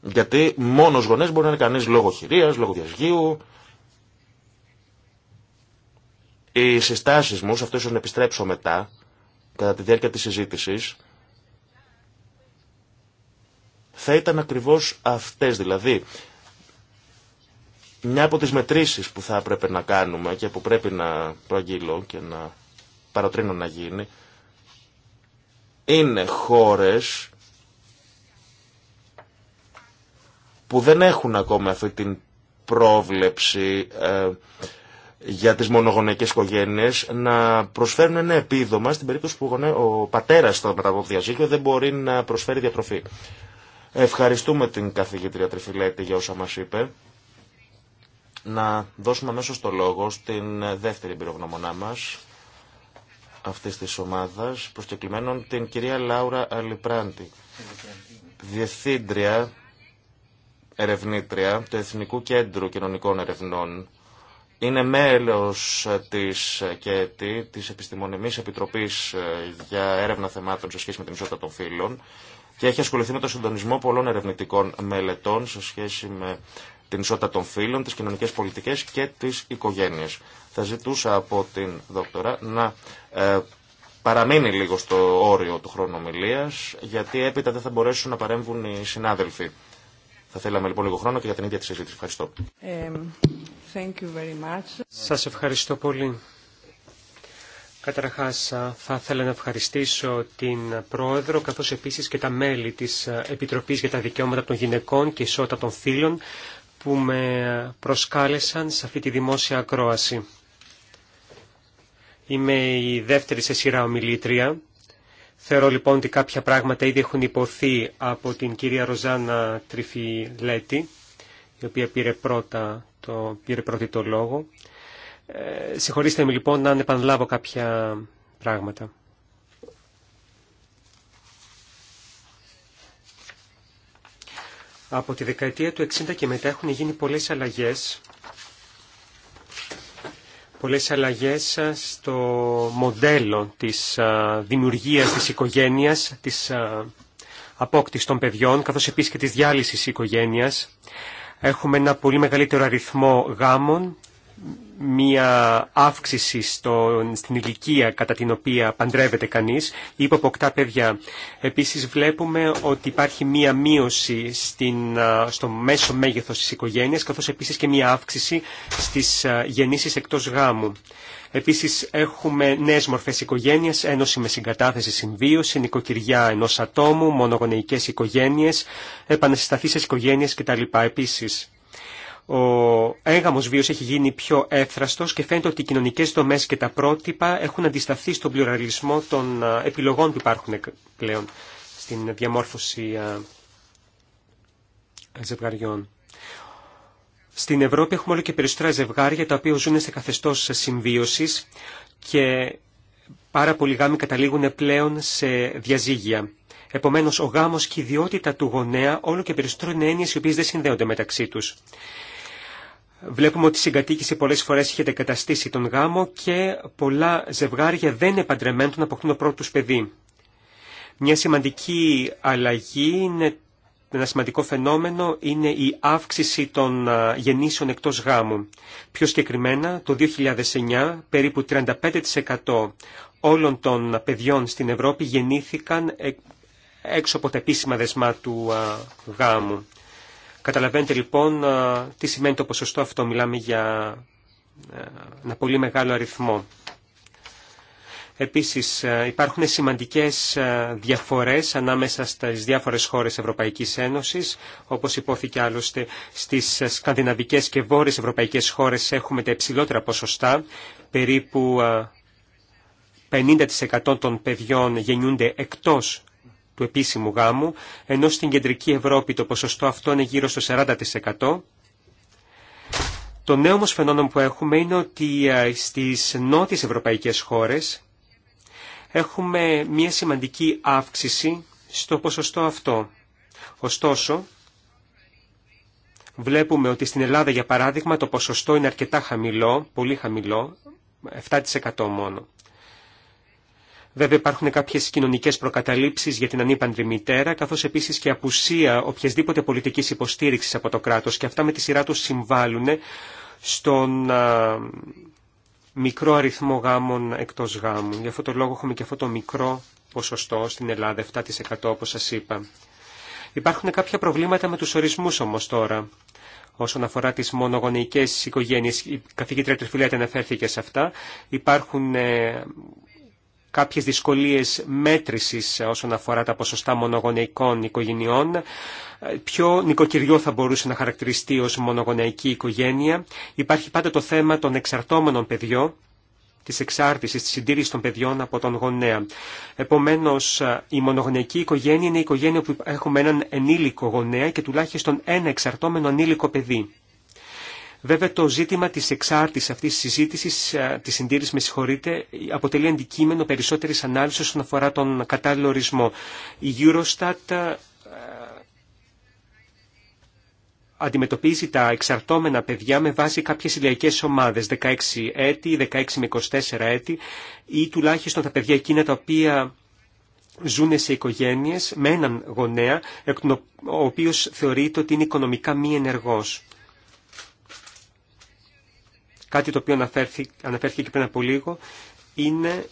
Γιατί μόνος γονές μπορεί να είναι κανείς λόγω χειρίας, λόγω διασγείου. Οι συστάσεις μου, σε αυτές να επιστρέψω μετά, κατά τη διάρκεια της συζήτησης, θα ήταν ακριβώς αυτές. Δηλαδή, μια από τις μετρήσεις που θα έπρεπε να κάνουμε και που πρέπει να προαγγείλω και να παροτρύνω να γίνει, είναι χώρες που δεν έχουν ακόμα αυτή την πρόβλεψη ε, για τις μονογονεϊκές οικογένειες να προσφέρουν ένα επίδομα στην περίπτωση που ο πατέρας στο μεταβόδιαζίκιο δεν μπορεί να προσφέρει διατροφή. Ευχαριστούμε την καθηγήτρια Τριφυλέτη για όσα μας είπε. Να δώσουμε αμέσω το λόγο στην δεύτερη εμπειρογνωμονά μας αυτής της ομάδας προσκεκλημένων την κυρία Λάουρα Αλιπράντη, διευθύντρια ερευνήτρια του Εθνικού Κέντρου Κοινωνικών Ερευνών. Είναι μέλος της ΚΕΤΗ, της Επιστημονικής Επιτροπής για Έρευνα Θεμάτων σε σχέση με την Ισότητα των Φύλων και έχει ασχοληθεί με το συντονισμό πολλών ερευνητικών μελετών σε σχέση με την ισότητα των φίλων, τις κοινωνικές πολιτικές και τις οικογένειες. Θα ζητούσα από την δόκτωρα να ε, παραμείνει λίγο στο όριο του χρόνου ομιλίας γιατί έπειτα δεν θα μπορέσουν να παρέμβουν οι συνάδελφοι. Θα θέλαμε λοιπόν λίγο χρόνο και για την ίδια τη συζήτηση. Ευχαριστώ.
thank you very much. Σας
ευχαριστώ πολύ. Καταρχάς θα ήθελα να ευχαριστήσω την Πρόεδρο καθώς επίσης και τα μέλη της Επιτροπής για τα Δικαιώματα των Γυναικών και Ισότητα των Φίλων που με προσκάλεσαν σε αυτή τη δημόσια ακρόαση. Είμαι η δεύτερη σε σειρά ομιλήτρια. Θεωρώ λοιπόν ότι κάποια πράγματα ήδη έχουν υποθεί από την κυρία Ροζάνα Τριφιλέτη, η οποία πήρε πρώτα το, πήρε πρώτη το λόγο. Ε, συγχωρήστε με λοιπόν αν επαναλάβω κάποια πράγματα. Από τη δεκαετία του 60 και μετά έχουν γίνει πολλές αλλαγές. Πολλές αλλαγές στο μοντέλο της δημιουργίας της οικογένειας, της απόκτησης των παιδιών, καθώς επίσης και της διάλυσης οικογένειας. Έχουμε ένα πολύ μεγαλύτερο αριθμό γάμων, μία αύξηση στο, στην ηλικία κατά την οποία παντρεύεται κανείς ή που αποκτά παιδιά. Επίσης βλέπουμε ότι υπάρχει μία μείωση στην, στο μέσο μέγεθος της οικογένειας καθώς επίσης και μία αύξηση στις γεννήσεις εκτός γάμου. Επίσης έχουμε νέες μορφές οικογένειας, ένωση με συγκατάθεση συμβίωση, νοικοκυριά ενός ατόμου, μονογονεϊκές οικογένειες, επανασυσταθήσεις οικογένειες κτλ. Επίσης ο έγαμος βίος έχει γίνει πιο εύθραστος και φαίνεται ότι οι κοινωνικές δομές και τα πρότυπα έχουν αντισταθεί στον πλουραλισμό των επιλογών που υπάρχουν πλέον στην διαμόρφωση ζευγαριών. Στην Ευρώπη έχουμε όλο και περισσότερα ζευγάρια τα οποία ζουν σε καθεστώς συμβίωσης και πάρα πολλοί γάμοι καταλήγουν πλέον σε διαζύγια. Επομένω, ο γάμο και η ιδιότητα του γονέα όλο και περισσότερο είναι έννοιε οι οποίε δεν συνδέονται μεταξύ του. Βλέπουμε ότι η συγκατοίκηση πολλές φορές είχε καταστήσει τον γάμο και πολλά ζευγάρια δεν είναι επαντρεμένουν να αποκτούν το πρώτο τους παιδί. Μια σημαντική αλλαγή είναι ένα σημαντικό φαινόμενο είναι η αύξηση των γεννήσεων εκτός γάμου. Πιο συγκεκριμένα, το 2009 περίπου 35% όλων των παιδιών στην Ευρώπη γεννήθηκαν ε, έξω από τα επίσημα δεσμά του γάμου. Καταλαβαίνετε λοιπόν τι σημαίνει το ποσοστό αυτό. Μιλάμε για ένα πολύ μεγάλο αριθμό. Επίσης υπάρχουν σημαντικές διαφορές ανάμεσα στις διάφορες χώρες Ευρωπαϊκής Ένωσης. Όπως υπόθηκε άλλωστε στις σκανδιναβικές και βόρειες ευρωπαϊκές χώρες έχουμε τα υψηλότερα ποσοστά. Περίπου 50% των παιδιών γεννιούνται εκτός του επίσημου γάμου, ενώ στην κεντρική Ευρώπη το ποσοστό αυτό είναι γύρω στο 40%. Το νέο όμως φαινόμενο που έχουμε είναι ότι ε, στις νότιες ευρωπαϊκές χώρες έχουμε μια σημαντική αύξηση στο ποσοστό αυτό. Ωστόσο, βλέπουμε ότι στην Ελλάδα, για παράδειγμα, το ποσοστό είναι αρκετά χαμηλό, πολύ χαμηλό, 7% μόνο. Βέβαια υπάρχουν κάποιες κοινωνικές προκαταλήψεις για την ανήπαντρη μητέρα, καθώς επίσης και απουσία οποιασδήποτε πολιτικής υποστήριξης από το κράτος και αυτά με τη σειρά τους συμβάλλουν στον μικρό αριθμό γάμων εκτός γάμου. Γι' αυτό το λόγο έχουμε και αυτό το μικρό ποσοστό στην Ελλάδα, 7% όπως σας είπα. Υπάρχουν κάποια προβλήματα με τους ορισμούς όμως τώρα. Όσον αφορά τις μονογονεϊκές οικογένειες, η καθηγήτρια Τριφυλέτη αναφέρθηκε σε αυτά. Υπάρχουν ε, κάποιες δυσκολίες μέτρησης όσον αφορά τα ποσοστά μονογονεϊκών οικογενειών. Ποιο νοικοκυριό θα μπορούσε να χαρακτηριστεί ως μονογονεϊκή οικογένεια. Υπάρχει πάντα το θέμα των εξαρτώμενων παιδιών, της εξάρτησης, της συντήρησης των παιδιών από τον γονέα. Επομένως, η μονογονεϊκή οικογένεια είναι η οικογένεια που έχουμε έναν ενήλικο γονέα και τουλάχιστον ένα εξαρτώμενο ενήλικο παιδί. Βέβαια το ζήτημα της εξάρτησης αυτής της συζήτησης, ε, της συντήρησης με συγχωρείτε, αποτελεί αντικείμενο περισσότερης ανάλυσης όσον αφορά τον κατάλληλο ορισμό. Η Eurostat ε, αντιμετωπίζει τα εξαρτώμενα παιδιά με βάση κάποιες ηλιακές ομάδες, 16 έτη, 16 με 24 έτη ή τουλάχιστον τα παιδιά εκείνα τα οποία ζουν σε οικογένειες με έναν γονέα, ο οποίος θεωρείται ότι είναι οικονομικά μη ενεργός. Κάτι το οποίο αναφέρθηκε και πριν από λίγο είναι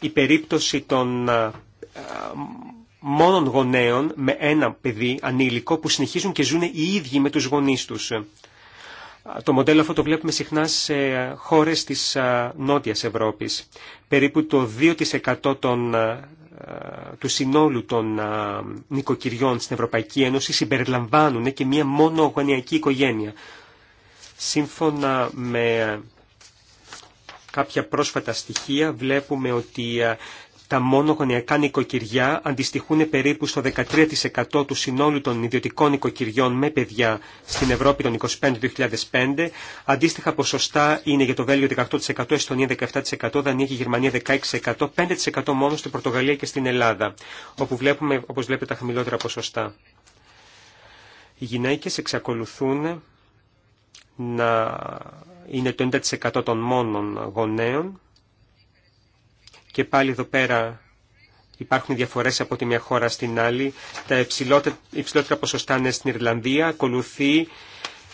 η περίπτωση των μόνων γονέων με ένα παιδί ανήλικο που συνεχίζουν και ζουν οι ίδιοι με τους γονείς τους. Το μοντέλο αυτό το βλέπουμε συχνά σε χώρες της Νότιας Ευρώπης. Περίπου το 2% των, του συνόλου των νοικοκυριών στην Ευρωπαϊκή Ένωση συμπεριλαμβάνουν και μία μόνο οικογένεια. Σύμφωνα με κάποια πρόσφατα στοιχεία βλέπουμε ότι ε, τα μόνο γωνιακά νοικοκυριά αντιστοιχούν περίπου στο 13% του συνόλου των ιδιωτικών νοικοκυριών με παιδιά στην Ευρώπη των 25-2005. Αντίστοιχα ποσοστά είναι για το Βέλγιο 18%, Εστονία 17%, Δανία και Γερμανία 16%, 5% μόνο στην Πορτογαλία και στην Ελλάδα, όπου βλέπουμε, όπως βλέπετε, τα χαμηλότερα ποσοστά. Οι γυναίκες εξακολουθούν να είναι το 90% των μόνων γονέων και πάλι εδώ πέρα υπάρχουν διαφορές από τη μια χώρα στην άλλη. Τα υψηλότερα, υψηλότερα ποσοστά είναι στην Ιρλανδία, ακολουθεί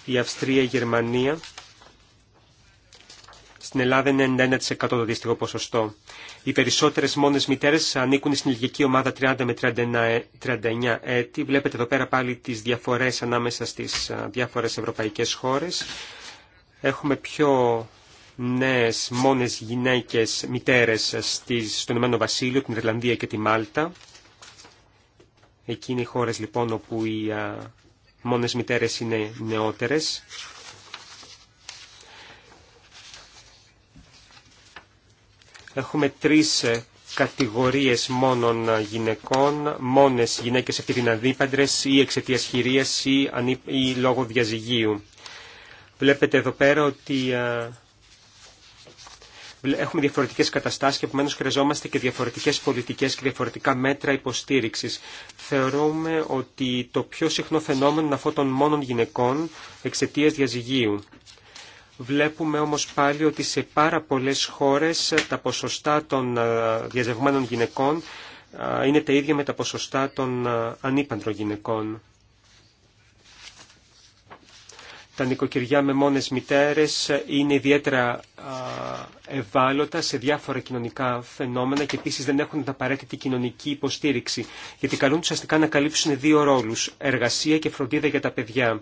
η Αυστρία, η Γερμανία στην Ελλάδα είναι 91% το αντίστοιχο ποσοστό. Οι περισσότερες μόνες μητέρες ανήκουν στην ηλικιακή ομάδα 30 με 39 ε, έτη. Βλέπετε εδώ πέρα πάλι τις διαφορές ανάμεσα στις διάφορες ευρωπαϊκές χώρες. Έχουμε πιο νέες μόνες γυναίκες μητέρες στον Ηνωμένο Βασίλειο, την Ιρλανδία και τη Μάλτα. Εκείνοι οι χώρες λοιπόν όπου οι μόνες μητέρες είναι νεότερες. Έχουμε τρεις ε, κατηγορίες μόνον ε, γυναικών, μόνες γυναίκες αδίπαντρες ή εξαιτία χειρίας ή, ή λόγω διαζυγίου. Βλέπετε εδώ πέρα ότι ε, έχουμε διαφορετικές καταστάσεις και επομένως χρειαζόμαστε και διαφορετικές πολιτικές και διαφορετικά μέτρα υποστήριξης. Θεωρούμε ότι το πιο συχνό φαινόμενο είναι αυτό των μόνων γυναικών εξαιτία διαζυγίου. Βλέπουμε όμως πάλι ότι σε πάρα πολλές χώρες τα ποσοστά των ε, διαζευμένων γυναικών ε, είναι τα ίδια με τα ποσοστά των ε, ανήπαντρων γυναικών. Τα νοικοκυριά με μόνες μητέρες είναι ιδιαίτερα ευάλωτα σε διάφορα κοινωνικά φαινόμενα και επίσης δεν έχουν την απαραίτητη κοινωνική υποστήριξη, γιατί καλούν αστικά να καλύψουν δύο ρόλους, εργασία και φροντίδα για τα παιδιά.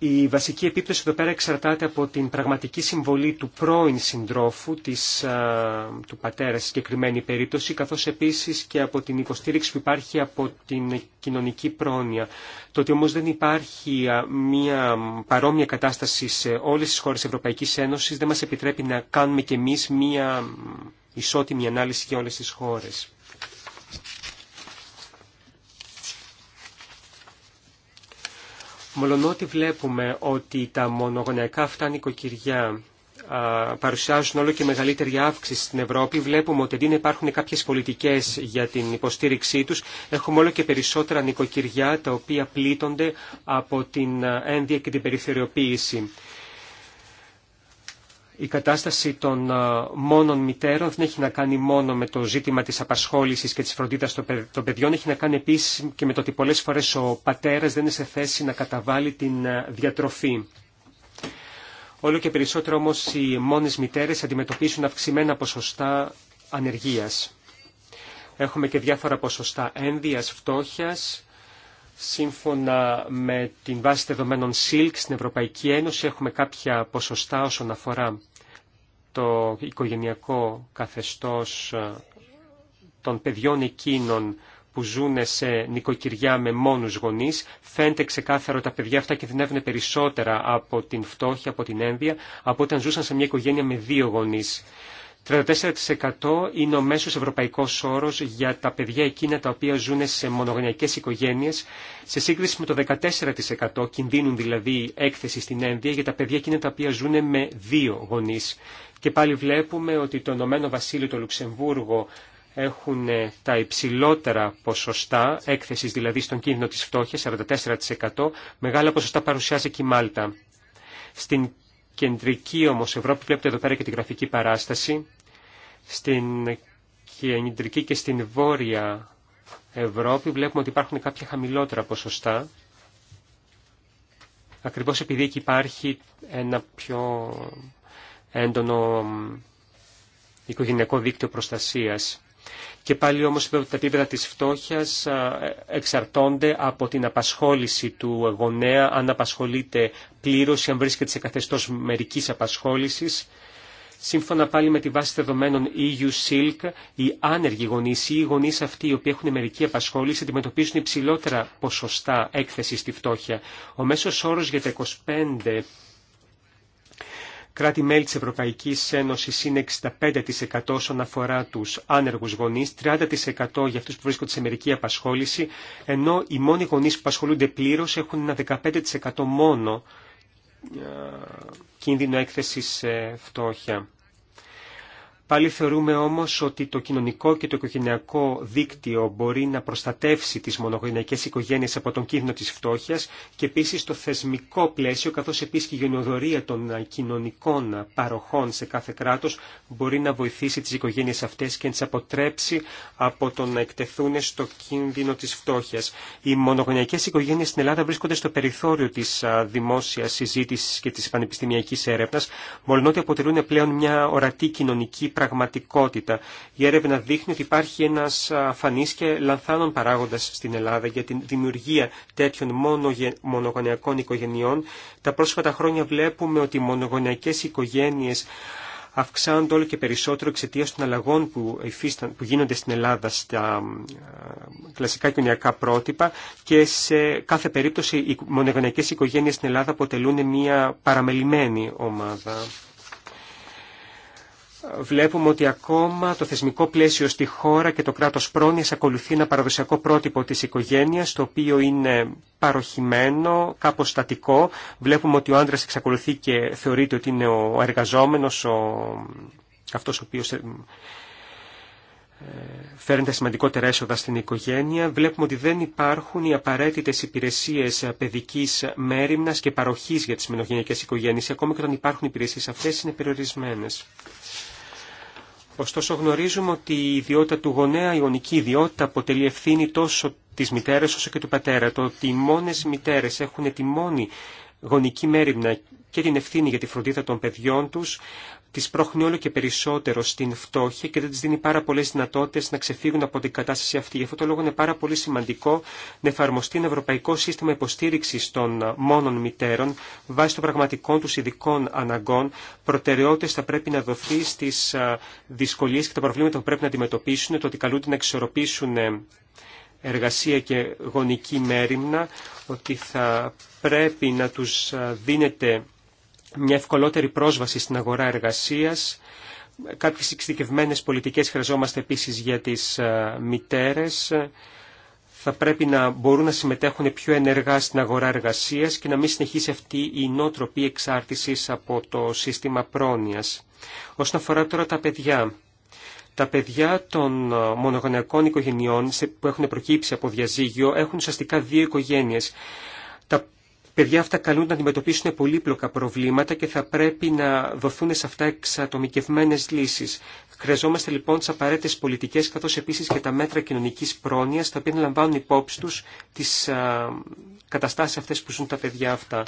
Η βασική επίπτωση εδώ πέρα εξαρτάται από την πραγματική συμβολή του πρώην συντρόφου, της, του πατέρα στη συγκεκριμένη περίπτωση, καθώς επίσης και από την υποστήριξη που υπάρχει από την κοινωνική πρόνοια. Το ότι όμως δεν υπάρχει μια παρόμοια κατάσταση σε όλες τις χώρες Ευρωπαϊκής Ένωσης δεν μας επιτρέπει να κάνουμε κι εμείς μια ισότιμη ανάλυση για όλες τις χώρες. Μολονότι βλέπουμε ότι τα μονογονεϊκά αυτά νοικοκυριά παρουσιάζουν όλο και μεγαλύτερη αύξηση στην Ευρώπη. Βλέπουμε ότι δεν υπάρχουν κάποιες πολιτικές για την υποστήριξή τους, έχουμε όλο και περισσότερα νοικοκυριά τα οποία πλήττονται από την ένδια και την περιθωριοποίηση η κατάσταση των μόνων μητέρων δεν έχει να κάνει μόνο με το ζήτημα της απασχόλησης και της φροντίδας των παιδιών, έχει να κάνει επίσης και με το ότι πολλές φορές ο πατέρας δεν είναι σε θέση να καταβάλει την διατροφή. Όλο και περισσότερο όμως οι μόνες μητέρες αντιμετωπίσουν αυξημένα ποσοστά ανεργίας. Έχουμε και διάφορα ποσοστά ένδυας, φτώχειας, Σύμφωνα με την βάση δεδομένων SILK στην Ευρωπαϊκή Ένωση έχουμε κάποια ποσοστά όσον αφορά το οικογενειακό καθεστώς ε, των παιδιών εκείνων που ζουν σε νοικοκυριά με μόνους γονείς. Φαίνεται ξεκάθαρο τα παιδιά αυτά κινδυνεύουν περισσότερα από την φτώχεια, από την ένδυα, από όταν ζούσαν σε μια οικογένεια με δύο γονείς. 34% είναι ο μέσος ευρωπαϊκός όρος για τα παιδιά εκείνα τα οποία ζουν σε μονογονεϊκές οικογένειες, σε σύγκριση με το 14% κινδύνουν δηλαδή έκθεση στην ένδυα για τα παιδιά εκείνα τα οποία ζουν με δύο γονείς. Και πάλι βλέπουμε ότι το Ηνωμένο Βασίλειο, το Λουξεμβούργο έχουν ε, τα υψηλότερα ποσοστά έκθεσης δηλαδή στον κίνδυνο της φτώχειας, 44%, μεγάλα ποσοστά παρουσιάζει και η Μάλτα. Στην κεντρική όμως Ευρώπη, βλέπετε εδώ πέρα και τη γραφική παράσταση, στην κεντρική και στην βόρεια Ευρώπη βλέπουμε ότι υπάρχουν κάποια χαμηλότερα ποσοστά, ακριβώς επειδή εκεί υπάρχει ένα πιο έντονο οικογενειακό δίκτυο προστασίας. Και πάλι όμως είπαμε ότι τα επίπεδα της φτώχειας εξαρτώνται από την απασχόληση του γονέα, αν απασχολείται πλήρως ή αν βρίσκεται σε καθεστώς μερικής απασχόλησης. Σύμφωνα πάλι με τη βάση δεδομένων EU Silk, οι άνεργοι γονεί ή οι γονεί αυτοί οι οποίοι έχουν μερική απασχόληση αντιμετωπίζουν υψηλότερα ποσοστά έκθεση στη φτώχεια. Ο μέσο όρο για τα 25 κράτη-μέλη της Ευρωπαϊκής Ένωσης είναι 65% όσον αφορά τους άνεργους γονείς, 30% για αυτούς που βρίσκονται σε μερική απασχόληση, ενώ οι μόνοι γονείς που απασχολούνται πλήρως έχουν ένα 15% μόνο ε, κίνδυνο έκθεση ε, φτώχεια. Πάλι θεωρούμε όμως ότι το κοινωνικό και το οικογενειακό δίκτυο μπορεί να προστατεύσει τις μονογενειακές οικογένειες από τον κίνδυνο της φτώχειας και επίσης το θεσμικό πλαίσιο καθώς επίσης και η γενοδορία των κοινωνικών παροχών σε κάθε κράτος μπορεί να βοηθήσει τις οικογένειες αυτές και να τις αποτρέψει από το να εκτεθούν στο κίνδυνο της φτώχειας. Οι μονογενειακές οικογένειες στην Ελλάδα βρίσκονται στο περιθώριο της δημόσιας συζήτησης και της πανεπιστημιακής έρευνας, μόλον ότι αποτελούν πλέον μια ορατή κοινωνική πραγματικότητα. Η έρευνα δείχνει ότι υπάρχει ένας αφανής και λανθάνων παράγοντας στην Ελλάδα για τη δημιουργία τέτοιων μονογονεακών οικογενειών. Τα πρόσφατα χρόνια βλέπουμε ότι οι μονογονεακές οικογένειες αυξάνονται όλο και περισσότερο εξαιτία των αλλαγών που, υφίσταν, που γίνονται στην Ελλάδα στα κλασικά κοινωνιακά πρότυπα και σε κάθε περίπτωση οι μονογονεϊκές οικογένειες στην Ελλάδα αποτελούν μια παραμελημένη ομάδα βλέπουμε ότι ακόμα το θεσμικό πλαίσιο στη χώρα και το κράτος πρόνοιας ακολουθεί ένα παραδοσιακό πρότυπο της οικογένειας, το οποίο είναι παροχημένο, κάπως στατικό. Βλέπουμε ότι ο άντρας εξακολουθεί και θεωρείται ότι είναι ο εργαζόμενος, ο... αυτός ο οποίος ε, ε, φέρνει τα σημαντικότερα έσοδα στην οικογένεια. Βλέπουμε ότι δεν υπάρχουν οι απαραίτητες υπηρεσίες ε, παιδική μέρημνας και παροχή για τις μενογενειακές οικογένειες, Ακόμα και όταν υπάρχουν υπηρεσίε αυτέ είναι περιορισμένε. Ωστόσο γνωρίζουμε ότι η ιδιότητα του γονέα, η γονική ιδιότητα, αποτελεί ευθύνη τόσο της μητέρας όσο και του πατέρα. Το ότι οι μόνες μητέρες έχουν τη μόνη γονική μέρημνα και την ευθύνη για τη φροντίδα των παιδιών τους τις πρόχνει όλο και περισσότερο στην φτώχεια και δεν τις δίνει πάρα πολλές δυνατότητες να ξεφύγουν από την κατάσταση αυτή. Γι' αυτό το λόγο είναι πάρα πολύ σημαντικό να εφαρμοστεί ένα ευρωπαϊκό σύστημα υποστήριξης των μόνων μητέρων βάσει των πραγματικών τους ειδικών αναγκών. Προτεραιότητες θα πρέπει να δοθεί στις δυσκολίες και τα προβλήματα που πρέπει να αντιμετωπίσουν, το ότι καλούνται να εξορροπήσουν ε, εργασία και γονική μέρημνα, ότι θα πρέπει να τους δίνεται μια ευκολότερη πρόσβαση στην αγορά εργασίας, κάποιες εξειδικευμένε πολιτικές χρειαζόμαστε επίσης για τις ε, μητέρες, θα πρέπει να μπορούν να συμμετέχουν πιο ενεργά στην αγορά εργασίας και να μην συνεχίσει αυτή η νότροπη εξάρτηση από το σύστημα πρόνοιας. Όσον αφορά τώρα τα παιδιά, τα παιδιά των ε, μονογονεκών οικογενειών που έχουν προκύψει από διαζύγιο έχουν ουσιαστικά δύο οικογένειες. Τα παιδιά αυτά καλούνται να αντιμετωπίσουν πολύπλοκα προβλήματα και θα πρέπει να δοθούν σε αυτά εξατομικευμένες λύσεις. Χρειαζόμαστε λοιπόν τι απαραίτητε πολιτικές καθώς επίσης και τα μέτρα κοινωνικής πρόνοιας τα οποία λαμβάνουν υπόψη τους τις καταστάσει καταστάσεις αυτές που ζουν τα παιδιά αυτά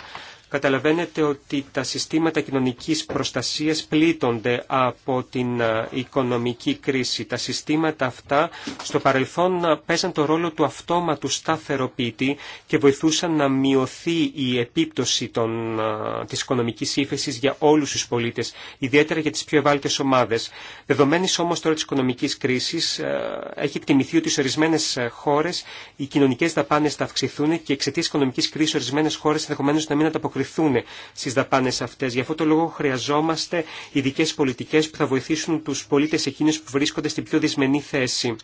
καταλαβαίνετε ότι τα συστήματα κοινωνικής προστασίας πλήττονται από την ε, οικονομική κρίση. Τα συστήματα αυτά στο παρελθόν ε, παίζαν το ρόλο του αυτόματου σταθεροποίητη και βοηθούσαν να μειωθεί η επίπτωση των, ε, της οικονομικής ύφεσης για όλους τους πολίτες, ιδιαίτερα για τις πιο ευάλωτες ομάδες. Δεδομένης όμως τώρα της οικονομικής κρίσης, έχει εκτιμηθεί ότι σε ορισμένες χώρες οι κοινωνικές δαπάνες θα αυξηθούν και εξαιτίας οικονομικής κρίσης ορισμένες χώρες ενδεχομένω να μην ανταποκριθούν ανταποκριθούν στι δαπάνε αυτέ. Γι' αυτό το λόγο χρειαζόμαστε ειδικέ πολιτικέ που θα βοηθήσουν του πολίτε εκείνου που βρίσκονται στην πιο δυσμενή θέση.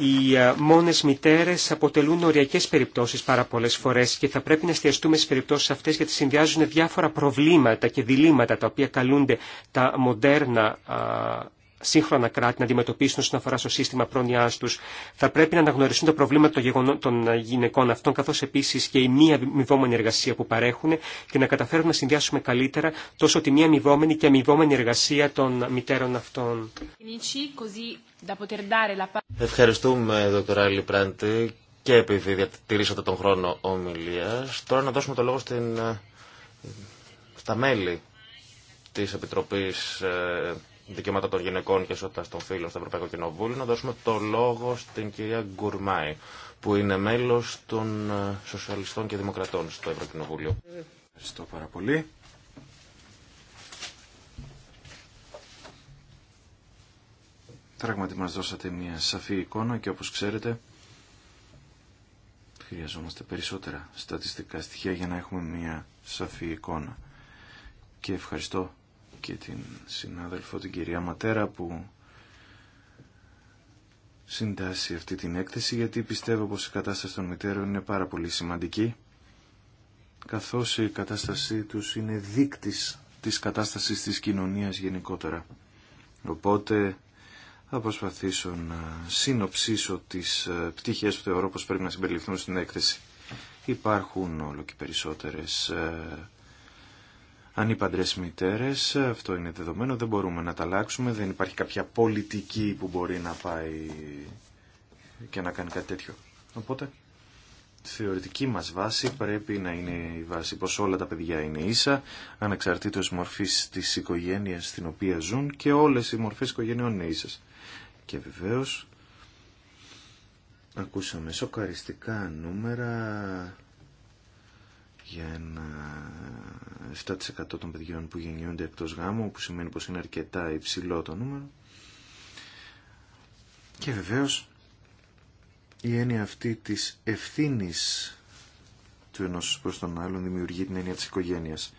Οι ε, μόνες μητέρε αποτελούν οριακές περιπτώσεις πάρα πολλέ φορές και θα πρέπει να εστιαστούμε στις περιπτώσεις αυτές γιατί συνδυάζουν διάφορα προβλήματα και διλήμματα τα οποία καλούνται τα μοντέρνα σύγχρονα κράτη να αντιμετωπίσουν όσον αφορά στο σύστημα πρόνοιάς του, Θα πρέπει να αναγνωριστούν τα προβλήματα των γυναικών αυτών, καθώ επίση και η μη αμοιβόμενη εργασία που παρέχουν και να καταφέρουν να συνδυάσουμε καλύτερα τόσο τη μη αμοιβόμενη και αμοιβόμενη εργασία των μητέρων αυτών.
Ευχαριστούμε, δόκτωρα Λιπράντη, και επειδή διατηρήσατε τον χρόνο ομιλία, Τώρα να δώσουμε το λόγο στην, ε, στα μέλη της Επιτροπής ε, δικαιώματα των γυναικών και ισότητα των φίλων στο Ευρωπαϊκό Κοινοβούλιο, να δώσουμε το λόγο στην κυρία Γκουρμάη, που είναι μέλος των ε, Σοσιαλιστών και Δημοκρατών στο Ευρωκοινοβούλιο. Ευχαριστώ πάρα πολύ.
Πράγματι μας δώσατε μια σαφή εικόνα και όπως ξέρετε χρειαζόμαστε περισσότερα στατιστικά στοιχεία για να έχουμε μια σαφή εικόνα. Και ευχαριστώ και την συνάδελφο την κυρία Ματέρα που συντάσσει αυτή την έκθεση γιατί πιστεύω πως η κατάσταση των μητέρων είναι πάρα πολύ σημαντική καθώς η κατάστασή τους είναι δείκτης της κατάστασης της κοινωνίας γενικότερα. Οπότε θα προσπαθήσω να συνοψίσω τις ε, πτυχές που θεωρώ πως πρέπει να συμπεριληφθούν στην έκθεση. Υπάρχουν όλο και περισσότερες ε, αν οι παντρέ μητέρες, αυτό είναι δεδομένο, δεν μπορούμε να τα αλλάξουμε, δεν υπάρχει κάποια πολιτική που μπορεί να πάει και να κάνει κάτι τέτοιο. Οπότε, θεωρητική μας βάση πρέπει να είναι η βάση πως όλα τα παιδιά είναι ίσα, ανεξαρτήτως μορφής της οικογένειας στην οποία ζουν και όλες οι μορφές οικογένειών είναι ίσες. Και βεβαίως, ακούσαμε σοκαριστικά νούμερα για ένα 7% των παιδιών που γεννιούνται εκτός γάμου, που σημαίνει πως είναι αρκετά υψηλό το νούμερο. Και βεβαίως η έννοια αυτή της ευθύνης του ενός προς τον άλλον δημιουργεί την έννοια της οικογένειας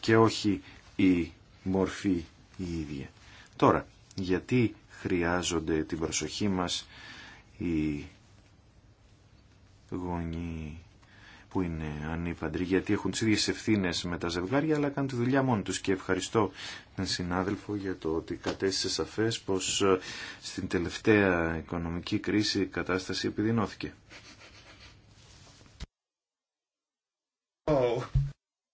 και όχι η μορφή η ίδια. Τώρα, γιατί χρειάζονται την προσοχή μας οι γονείς που είναι ανήπαντροι, γιατί έχουν τις ίδιες ευθύνε με τα ζευγάρια, αλλά κάνουν τη δουλειά μόνοι τους. Και ευχαριστώ τον συνάδελφο για το ότι κατέστησε σαφές πως ε, στην τελευταία οικονομική κρίση η κατάσταση επιδεινώθηκε.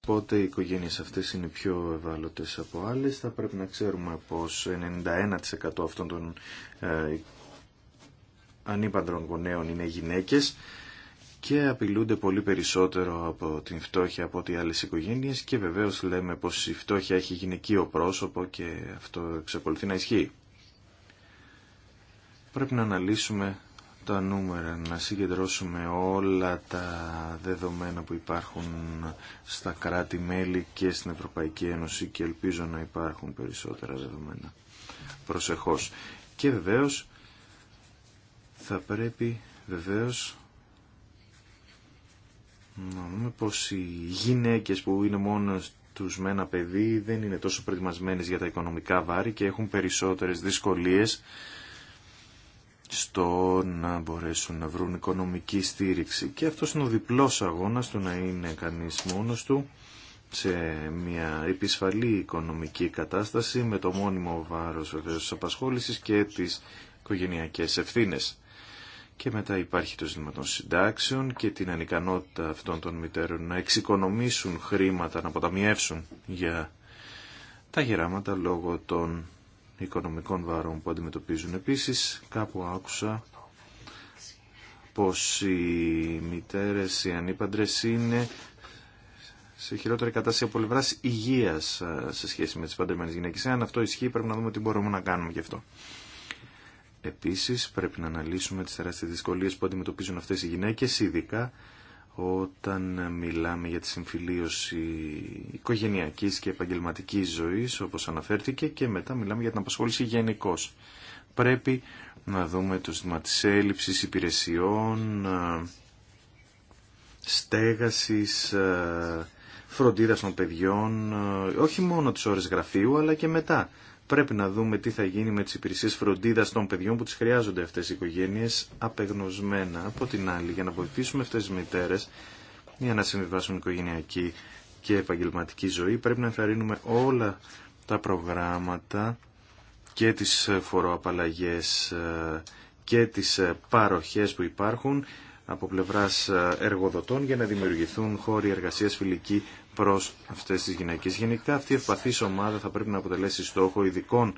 Οπότε οι οικογένειε αυτέ είναι πιο ευάλωτες από άλλες. Θα πρέπει να ξέρουμε πως 91% αυτών των ε, ανήπαντρων γονέων είναι γυναίκε και απειλούνται πολύ περισσότερο από την φτώχεια από ό,τι άλλες οικογένειες και βεβαίως λέμε πως η φτώχεια έχει γυναικείο πρόσωπο και αυτό εξακολουθεί να ισχύει. Πρέπει να αναλύσουμε τα νούμερα, να συγκεντρώσουμε όλα τα δεδομένα που υπάρχουν στα κράτη-μέλη και στην Ευρωπαϊκή Ένωση και ελπίζω να υπάρχουν περισσότερα δεδομένα προσεχώς. Και βεβαίως θα πρέπει βεβαίως να δούμε πως οι γυναίκες που είναι μόνο τους με ένα παιδί δεν είναι τόσο προετοιμασμένες για τα οικονομικά βάρη και έχουν περισσότερες δυσκολίες στο να μπορέσουν να βρουν οικονομική στήριξη. Και αυτός είναι ο διπλός αγώνας του να είναι κανείς μόνος του σε μια επισφαλή οικονομική κατάσταση με το μόνιμο βάρος βεβαίως της απασχόλησης και τις οικογενειακές ευθύνες και μετά υπάρχει το ζήτημα των συντάξεων και την ανικανότητα αυτών των μητέρων να εξοικονομήσουν χρήματα, να αποταμιεύσουν για τα γεράματα λόγω των οικονομικών βαρών που αντιμετωπίζουν. Επίσης, κάπου άκουσα πως οι μητέρες, οι ανήπαντρες είναι σε χειρότερη κατάσταση από πλευρά υγεία ε, σε σχέση με τι παντρεμένε γυναίκε. Αν αυτό ισχύει, πρέπει να δούμε τι μπορούμε να κάνουμε γι' αυτό. Επίσης πρέπει να αναλύσουμε τις τεράστιες δυσκολίες που αντιμετωπίζουν αυτές οι γυναίκες, ειδικά όταν μιλάμε για τη συμφιλίωση οικογενειακής και επαγγελματικής ζωής, όπως αναφέρθηκε, και μετά μιλάμε για την απασχόληση γενικώ. Πρέπει να δούμε το ζήτημα της έλλειψης υπηρεσιών, ε, στέγασης, ε, φροντίδας των παιδιών, ε, όχι μόνο τις ώρες γραφείου, αλλά και μετά. Πρέπει να δούμε τι θα γίνει με τις υπηρεσίες φροντίδας των παιδιών που τις χρειάζονται αυτές οι οικογένειες απεγνωσμένα από την άλλη για να βοηθήσουμε αυτές τις μητέρες για να συμβιβάσουν οικογενειακή και επαγγελματική ζωή. Πρέπει να ενθαρρύνουμε όλα τα προγράμματα και τις φοροαπαλλαγές ε, και τις ε, παροχές που υπάρχουν από πλευράς ε, εργοδοτών για να δημιουργηθούν χώροι εργασίας φιλικοί προς αυτές τις γυναίκες. Γενικά αυτή η ευπαθή ομάδα θα πρέπει να αποτελέσει στόχο ειδικών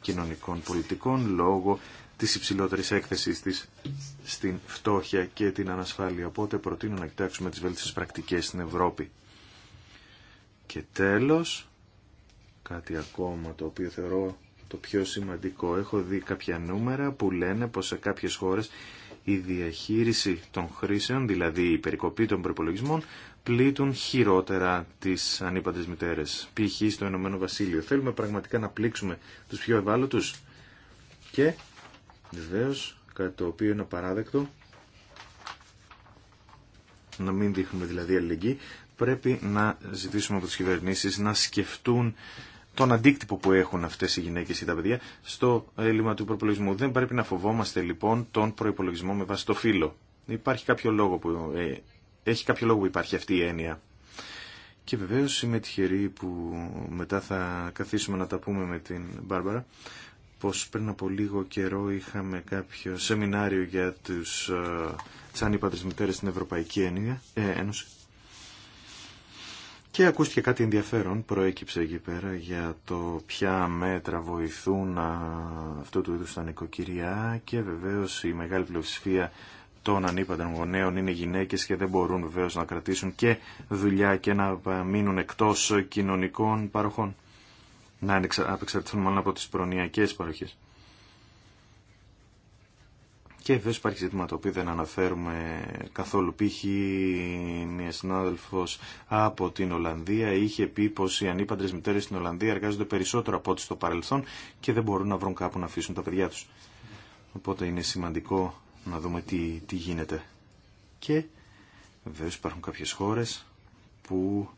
κοινωνικών πολιτικών λόγω της υψηλότερη έκθεση της στην φτώχεια και την ανασφάλεια. Οπότε προτείνω να κοιτάξουμε τις βέλτιστες πρακτικές στην Ευρώπη. Και τέλος, κάτι ακόμα το οποίο θεωρώ το πιο σημαντικό. Έχω δει κάποια νούμερα που λένε πως σε κάποιες χώρες η διαχείριση των χρήσεων, δηλαδή η περικοπή των προπολογισμών, πλήττουν χειρότερα τι ανήπαντε μητέρε. π.χ. στο Ηνωμένο Βασίλειο. Θέλουμε πραγματικά να πλήξουμε του πιο ευάλωτου. και βεβαίω κάτι το οποίο είναι απαράδεκτο, να μην δείχνουμε δηλαδή αλληλεγγύη, πρέπει να ζητήσουμε από τις κυβερνήσει να σκεφτούν τον αντίκτυπο που έχουν αυτές οι γυναίκες ή τα παιδιά στο έλλειμμα του προπολογισμού. Δεν πρέπει να φοβόμαστε λοιπόν τον προπολογισμό με βάση το φύλλο. Υπάρχει κάποιο λόγο που ε, έχει κάποιο λόγο που υπάρχει αυτή η έννοια. Και βεβαίως είμαι τυχερή που μετά θα καθίσουμε να τα πούμε με την Μπάρμπαρα πως πριν από λίγο καιρό είχαμε κάποιο σεμινάριο για τους ε, τσάνιπαντες μητέρες στην Ευρωπαϊκή ε, Ένωση και ακούστηκε κάτι ενδιαφέρον, προέκυψε εκεί πέρα για το ποια μέτρα βοηθούν ε, αυτού του είδους τα νοικοκυριά και βεβαίως η μεγάλη πλειοψηφία των ανήπαντων γονέων είναι γυναίκες και δεν μπορούν βεβαίως να κρατήσουν και δουλειά και να ε, μείνουν εκτός κοινωνικών παροχών. Να απεξαρτηθούν μάλλον από τις προνοιακές παροχές. Και βέβαια υπάρχει ζήτημα το οποίο δεν αναφέρουμε καθόλου. Π.χ. μια συνάδελφο από την Ολλανδία είχε πει πω οι ανήπαντρε μητέρε στην Ολλανδία εργάζονται περισσότερο από ό,τι στο παρελθόν και δεν μπορούν να βρουν κάπου να αφήσουν τα παιδιά του. Οπότε είναι σημαντικό να δούμε τι, τι γίνεται. Και βεβαίω υπάρχουν κάποιες χώρες που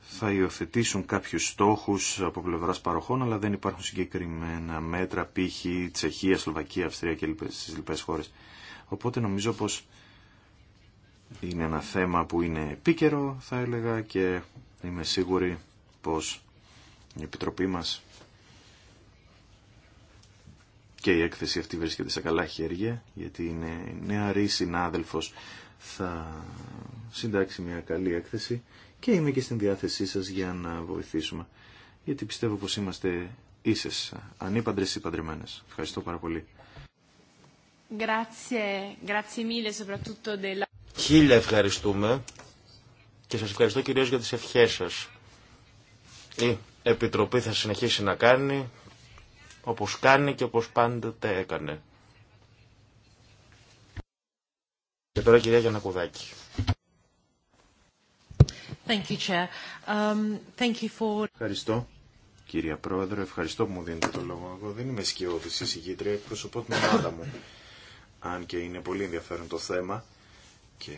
θα υιοθετήσουν κάποιους στόχους από πλευράς παροχών, αλλά δεν υπάρχουν συγκεκριμένα μέτρα, π.χ. Τσεχία, Σλοβακία, Αυστρία και στις λοιπές χώρες. Οπότε νομίζω πως είναι ένα θέμα που είναι επίκαιρο, θα έλεγα, και είμαι σίγουρη πως η Επιτροπή μας και η έκθεση αυτή βρίσκεται σε καλά χέρια γιατί είναι νεαρή συνάδελφος θα συντάξει μια καλή έκθεση και είμαι και στην διάθεσή σας για να βοηθήσουμε γιατί πιστεύω πως είμαστε ίσες, ανήπαντρες ή παντρεμένες. Ευχαριστώ πάρα πολύ.
Χίλια ευχαριστούμε και σας ευχαριστώ κυρίως για τις ευχές σας. Η Επιτροπή θα συνεχίσει να κάνει όπως κάνει και όπως πάντοτε έκανε. Και τώρα κυρία Γιανακουδάκη.
Thank you, Chair. Um, thank you for...
Ευχαριστώ.
Κυρία Πρόεδρε, ευχαριστώ που μου δίνετε το λόγο. Εγώ δεν είμαι σκιώδης συγκήτρια, εκπροσωπώ την ομάδα μου. Αν και είναι πολύ ενδιαφέρον το θέμα και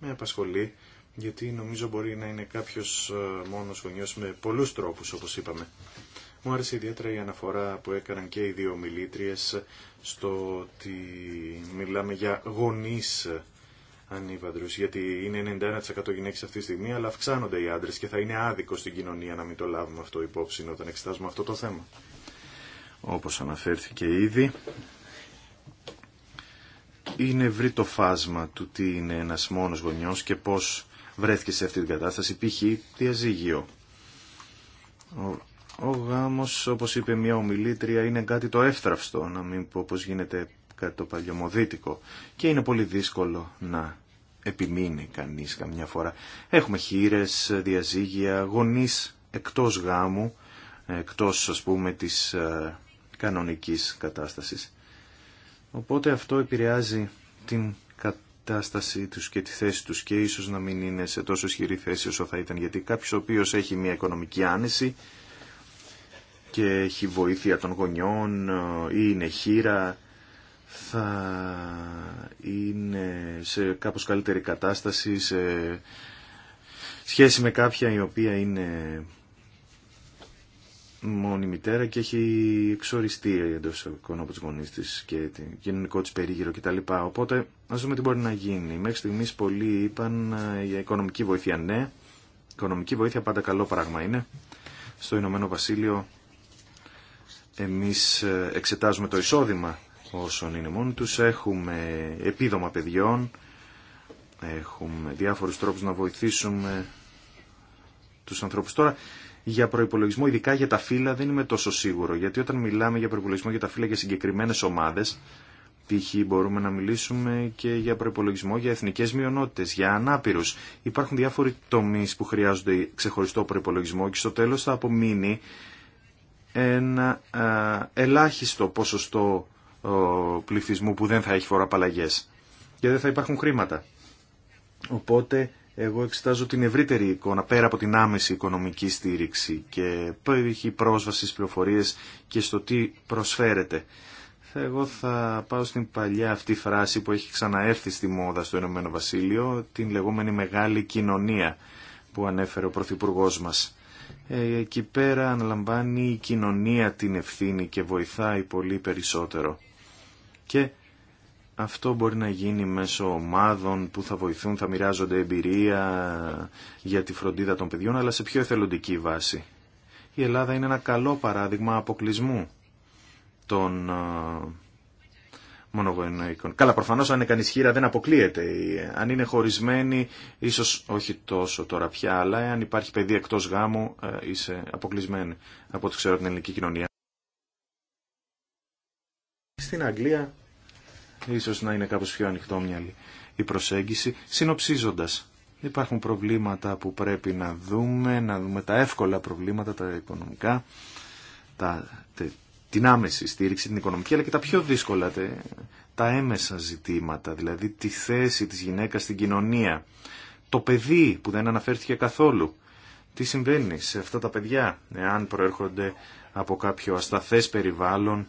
με απασχολεί, γιατί νομίζω μπορεί να είναι κάποιος ε, μόνος γονιός με πολλούς τρόπους, όπως είπαμε. Μου άρεσε ιδιαίτερα η αναφορά που έκαναν και οι δύο μιλήτριες στο ότι μιλάμε για γονείς ανήπαντρους, γιατί είναι 91% γυναίκες αυτή τη στιγμή, αλλά αυξάνονται οι άντρες και θα είναι άδικο στην κοινωνία να μην το λάβουμε αυτό υπόψη όταν εξετάζουμε αυτό το θέμα. Όπως αναφέρθηκε ήδη, είναι ευρύ το φάσμα του τι είναι ένας μόνος γονιός και πώς βρέθηκε σε αυτή την κατάσταση, π.χ. διαζύγιο. Ο γάμος, όπως είπε μια ομιλήτρια, είναι κάτι το εύθραυστο, να μην πω πως γίνεται κάτι το παλιωμοδίτικο. Και είναι πολύ δύσκολο να επιμείνει κανείς καμιά φορά. Έχουμε χείρες, διαζύγια, γονείς εκτός γάμου, εκτός ας πούμε της ε, κανονικής κατάστασης. Οπότε αυτό επηρεάζει την κατάστασή τους και τη θέση τους και ίσως να μην είναι σε τόσο ισχυρή θέση όσο θα ήταν γιατί κάποιος ο οποίος έχει μια οικονομική άνεση και έχει βοήθεια των γονιών ε, ή είναι χείρα θα είναι σε κάπως καλύτερη κατάσταση σε σχέση με κάποια η οποία είναι μόνη μητέρα και έχει εξοριστεί εντό εικόνων από του γονεί τη και την κοινωνικό τη περίγυρο κτλ. Οπότε ας δούμε τι μπορεί να γίνει. Μέχρι στιγμή πολλοί είπαν ε, για οικονομική βοήθεια ναι. Οικονομική βοήθεια πάντα καλό πράγμα είναι. Στο Ηνωμένο Βασίλειο εμείς ε, εξετάζουμε το εισόδημα όσων είναι μόνοι τους, έχουμε επίδομα παιδιών, έχουμε διάφορους τρόπους να βοηθήσουμε τους ανθρώπους. Τώρα, για προϋπολογισμό, ειδικά για τα φύλλα, δεν είμαι τόσο σίγουρο, γιατί όταν μιλάμε για προϋπολογισμό για τα φύλλα για συγκεκριμένες ομάδες, π.χ. μπορούμε να μιλήσουμε και για προπολογισμό για εθνικές μειονότητες, για ανάπηρους. Υπάρχουν διάφοροι τομείς που χρειάζονται ξεχωριστό προπολογισμό και στο τέλος θα απομείνει ένα ελάχιστο ποσοστό πληθυσμού που δεν θα έχει φοροαπαλλαγές και δεν θα υπάρχουν χρήματα. Οπότε εγώ εξετάζω την ευρύτερη εικόνα πέρα από την άμεση οικονομική στήριξη και έχει πρόσβαση στις πληροφορίες και στο τι προσφέρεται. Εγώ θα πάω στην παλιά αυτή φράση που έχει ξαναέρθει στη μόδα στο Ηνωμένο Βασίλειο, την λεγόμενη μεγάλη κοινωνία που ανέφερε ο Πρωθυπουργό μας. Ε, εκεί πέρα αναλαμβάνει η κοινωνία την ευθύνη και βοηθάει πολύ περισσότερο. Και αυτό μπορεί να γίνει μέσω ομάδων που θα βοηθούν, θα μοιράζονται εμπειρία για τη φροντίδα των παιδιών, αλλά σε πιο εθελοντική βάση. Η Ελλάδα είναι ένα καλό παράδειγμα αποκλεισμού των ε, μονογονεϊκών. Καλά, προφανώς αν είναι κανείς χείρα δεν αποκλείεται. Αν είναι χωρισμένη, ίσως όχι τόσο τώρα πια, αλλά αν υπάρχει παιδί εκτός γάμου, ε, είσαι αποκλεισμένη από ό,τι ξέρω την ελληνική κοινωνία. Στην Αγγλία, ίσως να είναι κάπως πιο ανοιχτόμυαλη η προσέγγιση, συνοψίζοντας. Υπάρχουν προβλήματα που πρέπει να δούμε, να δούμε τα εύκολα προβλήματα, τα οικονομικά, τα την άμεση στήριξη, την οικονομική, αλλά και τα πιο δύσκολα, τα έμεσα ζητήματα, δηλαδή τη θέση της γυναίκας στην κοινωνία, το παιδί που δεν αναφέρθηκε καθόλου, τι συμβαίνει σε αυτά τα παιδιά, εάν προέρχονται από κάποιο ασταθές περιβάλλον,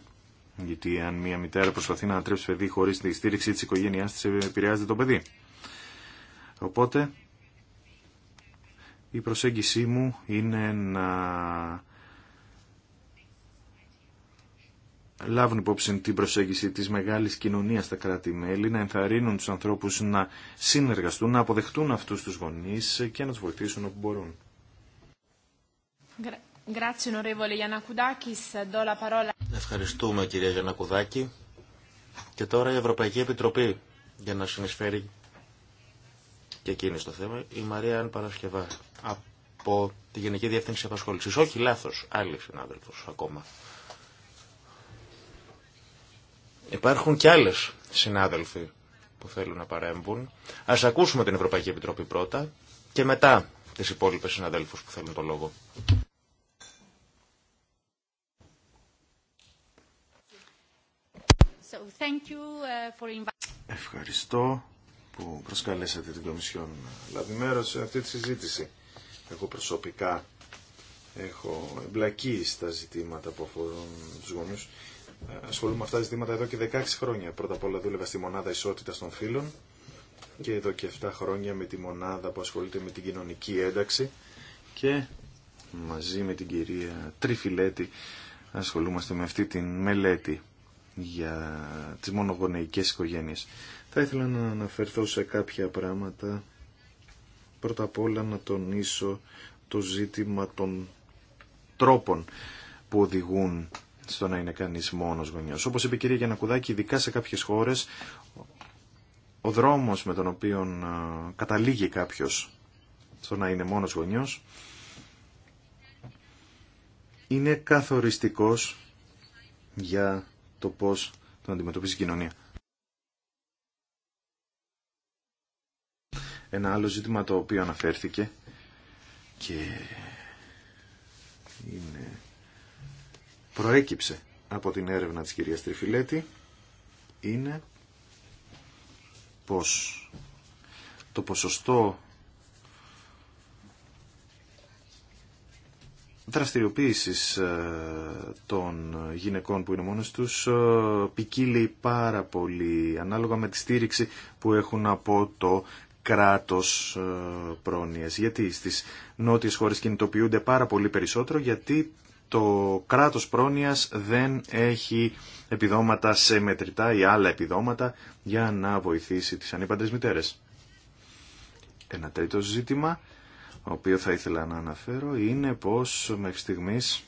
γιατί αν μια μητέρα προσπαθεί να ανατρέψει παιδί χωρίς τη στήριξη της οικογένειάς της επηρεάζεται το παιδί. Οπότε η προσέγγιση μου είναι να λάβουν υπόψη την προσέγγιση της μεγάλης κοινωνίας στα κράτη-μέλη, να ενθαρρύνουν τους ανθρώπους να συνεργαστούν, να αποδεχτούν αυτούς τους γονείς και να τους βοηθήσουν όπου μπορούν.
Ευχαριστούμε κυρία Γιανακουδάκη. Και τώρα η Ευρωπαϊκή Επιτροπή για να συνεισφέρει και εκείνη στο θέμα, η Μαρία Αν από τη Γενική Διεύθυνση Απασχόλησης. Όχι λάθος, άλλη συνάδελφος ακόμα. Υπάρχουν και άλλες συνάδελφοι που θέλουν να παρέμβουν. Ας ακούσουμε την Ευρωπαϊκή Επιτροπή πρώτα και μετά τις υπόλοιπες συναδέλφους που θέλουν το λόγο.
Uh,
Ευχαριστώ που προσκαλέσατε την Κομισιόν να λάβει μέρος σε αυτή τη συζήτηση. Εγώ προσωπικά έχω εμπλακεί στα ζητήματα που αφορούν τους γονείς ασχολούμαι με αυτά τα ζητήματα εδώ και 16 χρόνια. Πρώτα απ' όλα δούλευα στη μονάδα ισότητας των φίλων και εδώ και 7 χρόνια με τη μονάδα που ασχολείται με την κοινωνική ένταξη και μαζί με την κυρία Τριφιλέτη ασχολούμαστε με αυτή τη μελέτη για τις μονογονεϊκές οικογένειες. Θα ήθελα να αναφερθώ σε κάποια πράγματα. Πρώτα απ' όλα να τονίσω το ζήτημα των τρόπων που οδηγούν στο να είναι κανείς μόνος γονιός. Όπως είπε η κυρία Γιανακουδάκη, ειδικά σε κάποιες χώρες, ο δρόμος με τον οποίο καταλήγει κάποιος στο να είναι μόνος γονιός είναι καθοριστικός για το πώς τον αντιμετωπίζει η κοινωνία. Ένα άλλο ζήτημα το οποίο αναφέρθηκε και είναι προέκυψε από την έρευνα της κυρίας Τριφυλέτη είναι πως το ποσοστό δραστηριοποίησης ε, των γυναικών που είναι μόνες τους ε, ποικίλει πάρα πολύ ανάλογα με τη στήριξη που έχουν από το κράτος ε, πρόνοιας. Γιατί στις νότιες χώρες κινητοποιούνται πάρα πολύ περισσότερο γιατί το κράτος πρόνοιας δεν έχει επιδόματα σε μετρητά ή άλλα επιδόματα για να βοηθήσει τις ανήπαντρες μητέρες. Ένα τρίτο ζήτημα, το οποίο θα ήθελα να αναφέρω, είναι πως μέχρι στιγμής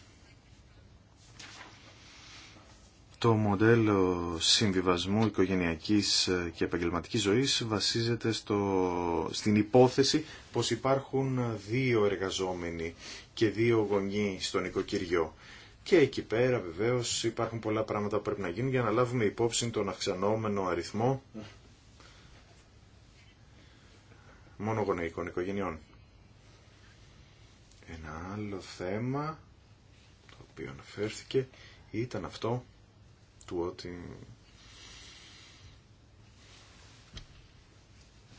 το μοντέλο συμβιβασμού οικογενειακής και επαγγελματικής ζωής βασίζεται στο, στην υπόθεση πως υπάρχουν δύο εργαζόμενοι και δύο γονεί στον οικοκυριό. Και εκεί πέρα βεβαίω υπάρχουν πολλά πράγματα που πρέπει να γίνουν για να λάβουμε υπόψη τον αυξανόμενο αριθμό μόνο γονεϊκών οικογενειών. Ένα άλλο θέμα το οποίο αναφέρθηκε ήταν αυτό του ότι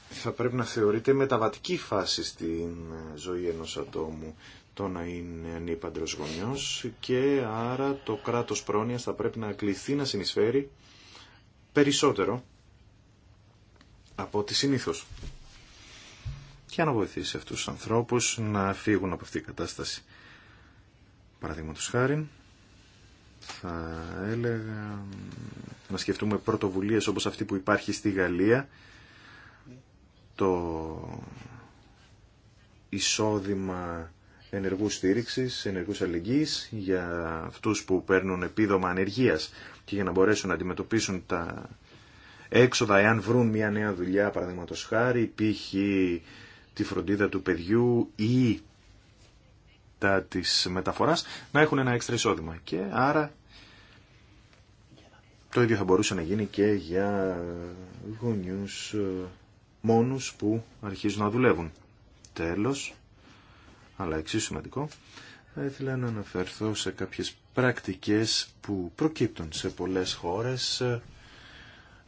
θα πρέπει να θεωρείται μεταβατική φάση στην ζωή ενός ατόμου το να είναι ανήπαντρος γονιός και άρα το κράτος πρόνοιας θα πρέπει να κληθεί να συνεισφέρει περισσότερο από ό,τι συνήθως. Και να βοηθήσει αυτούς τους ανθρώπους να φύγουν από αυτή η κατάσταση. Παραδείγματο χάρη, θα έλεγα να σκεφτούμε πρωτοβουλίες όπως αυτή που υπάρχει στη Γαλλία, το εισόδημα Ενεργού στήριξη, ενεργού αλληλεγγύη για αυτούς που παίρνουν επίδομα ανεργίας και για να μπορέσουν να αντιμετωπίσουν τα έξοδα εάν βρουν μια νέα δουλειά παραδείγματο χάρη, π.χ. τη φροντίδα του παιδιού ή τα τη μεταφορά, να έχουν ένα έξτρα εισόδημα. Και άρα το ίδιο θα μπορούσε να γίνει και για γονιούς ε, μόνους που αρχίζουν να δουλεύουν. Τέλος, αλλά εξίσου σημαντικό, θα ήθελα να αναφερθώ σε κάποιες πρακτικές που προκύπτουν σε πολλές χώρες ε,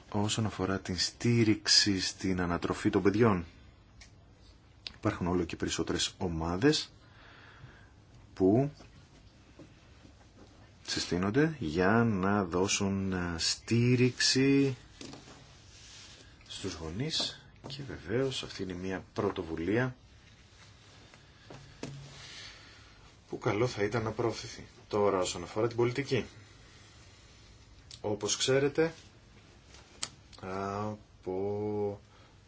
όσον αφορά την στήριξη στην ανατροφή των παιδιών. Υπάρχουν όλο και περισσότερες ομάδες που συστήνονται για να δώσουν ε, στήριξη στους γονείς και βεβαίως αυτή είναι μια πρωτοβουλία που καλό θα ήταν να προωθηθεί. Τώρα όσον αφορά την πολιτική. Όπως ξέρετε, από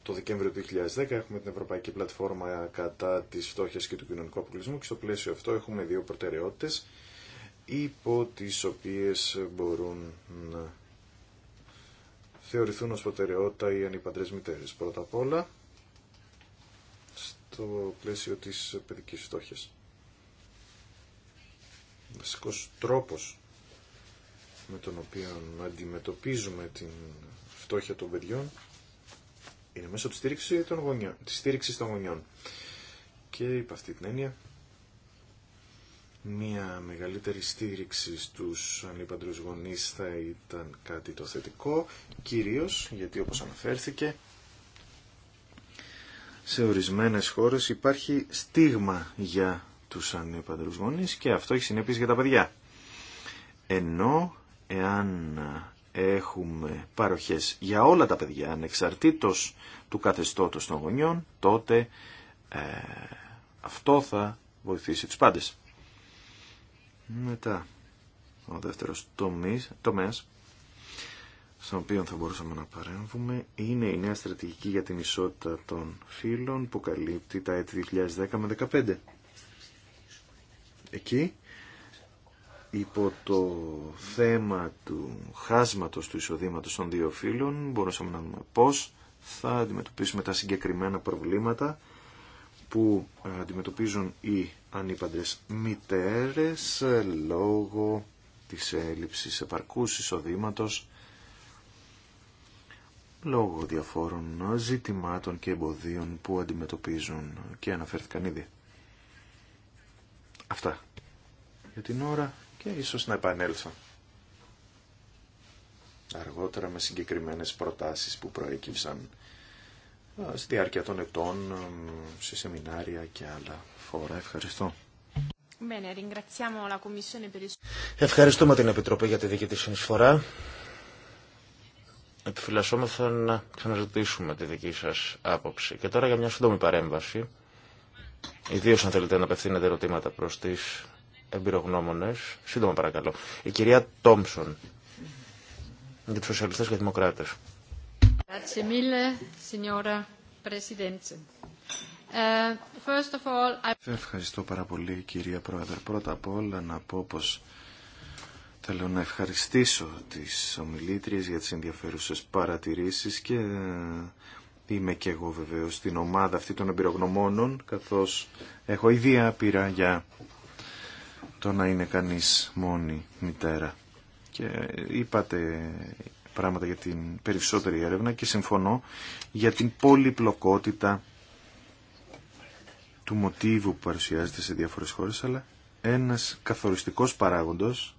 το Δεκέμβριο του 2010 έχουμε την Ευρωπαϊκή Πλατφόρμα κατά της φτώχειας και του κοινωνικού αποκλεισμού και στο πλαίσιο αυτό έχουμε δύο προτεραιότητες υπό τις οποίες μπορούν να θεωρηθούν ως προτεραιότητα οι ανυπαντρές μητέρες. Πρώτα απ' όλα, στο πλαίσιο της παιδικής φτώχειας βασικός τρόπος με τον οποίο αντιμετωπίζουμε την φτώχεια των παιδιών είναι μέσω της στήριξης των γονιών, των Και υπ' αυτή την έννοια μια μεγαλύτερη στήριξη στους ανήπαντρους γονείς θα ήταν κάτι το θετικό, κυρίως γιατί όπως αναφέρθηκε σε ορισμένες χώρες υπάρχει στίγμα για του ανήπαντρους γονεί και αυτό έχει συνέπειε για τα παιδιά. Ενώ εάν έχουμε παροχέ για όλα τα παιδιά ανεξαρτήτως του καθεστώτος των γονιών, τότε ε, αυτό θα βοηθήσει του πάντες. Μετά, ο δεύτερο τομέα στον οποίο θα μπορούσαμε να παρέμβουμε, είναι η νέα στρατηγική για την ισότητα των φύλων που καλύπτει τα έτη 2010 με 2015 εκεί υπό το θέμα του χάσματος του εισοδήματος των δύο φίλων μπορούσαμε να δούμε πώς θα αντιμετωπίσουμε τα συγκεκριμένα προβλήματα που ε, αντιμετωπίζουν οι ανήπαντρες μητέρες λόγω της έλλειψης επαρκούς εισοδήματος λόγω διαφόρων ζητημάτων και εμποδίων που αντιμετωπίζουν και αναφέρθηκαν ήδη. Αυτά για την ώρα και ίσως να επανέλθω αργότερα με συγκεκριμένες προτάσεις που προέκυψαν στη διάρκεια των ετών, σε σεμινάρια και άλλα φορά. Ευχαριστώ.
Ευχαριστούμε την Επιτροπή για τη δική της συνεισφορά. Επιφυλασσόμεθα να ξαναζητήσουμε τη δική σας άποψη. Και τώρα για μια σύντομη παρέμβαση Ιδίω αν θέλετε να απευθύνετε ερωτήματα προ τι εμπειρογνώμονε. Σύντομα παρακαλώ. Η κυρία Τόμψον για του Σοσιαλιστέ και Δημοκράτε.
Ε,
ευχαριστώ πάρα πολύ κυρία Πρόεδρε. Πρώτα απ' όλα να πω πως θέλω να ευχαριστήσω τις ομιλήτριες για τις ενδιαφέρουσες παρατηρήσεις και είμαι και εγώ βεβαίω στην ομάδα αυτή των εμπειρογνωμόνων, καθώς έχω ήδη άπειρα για το να είναι κανείς μόνη μητέρα. Και είπατε πράγματα για την περισσότερη έρευνα και συμφωνώ για την πολυπλοκότητα του μοτίβου που παρουσιάζεται σε διάφορες χώρες, αλλά ένας καθοριστικός παράγοντος,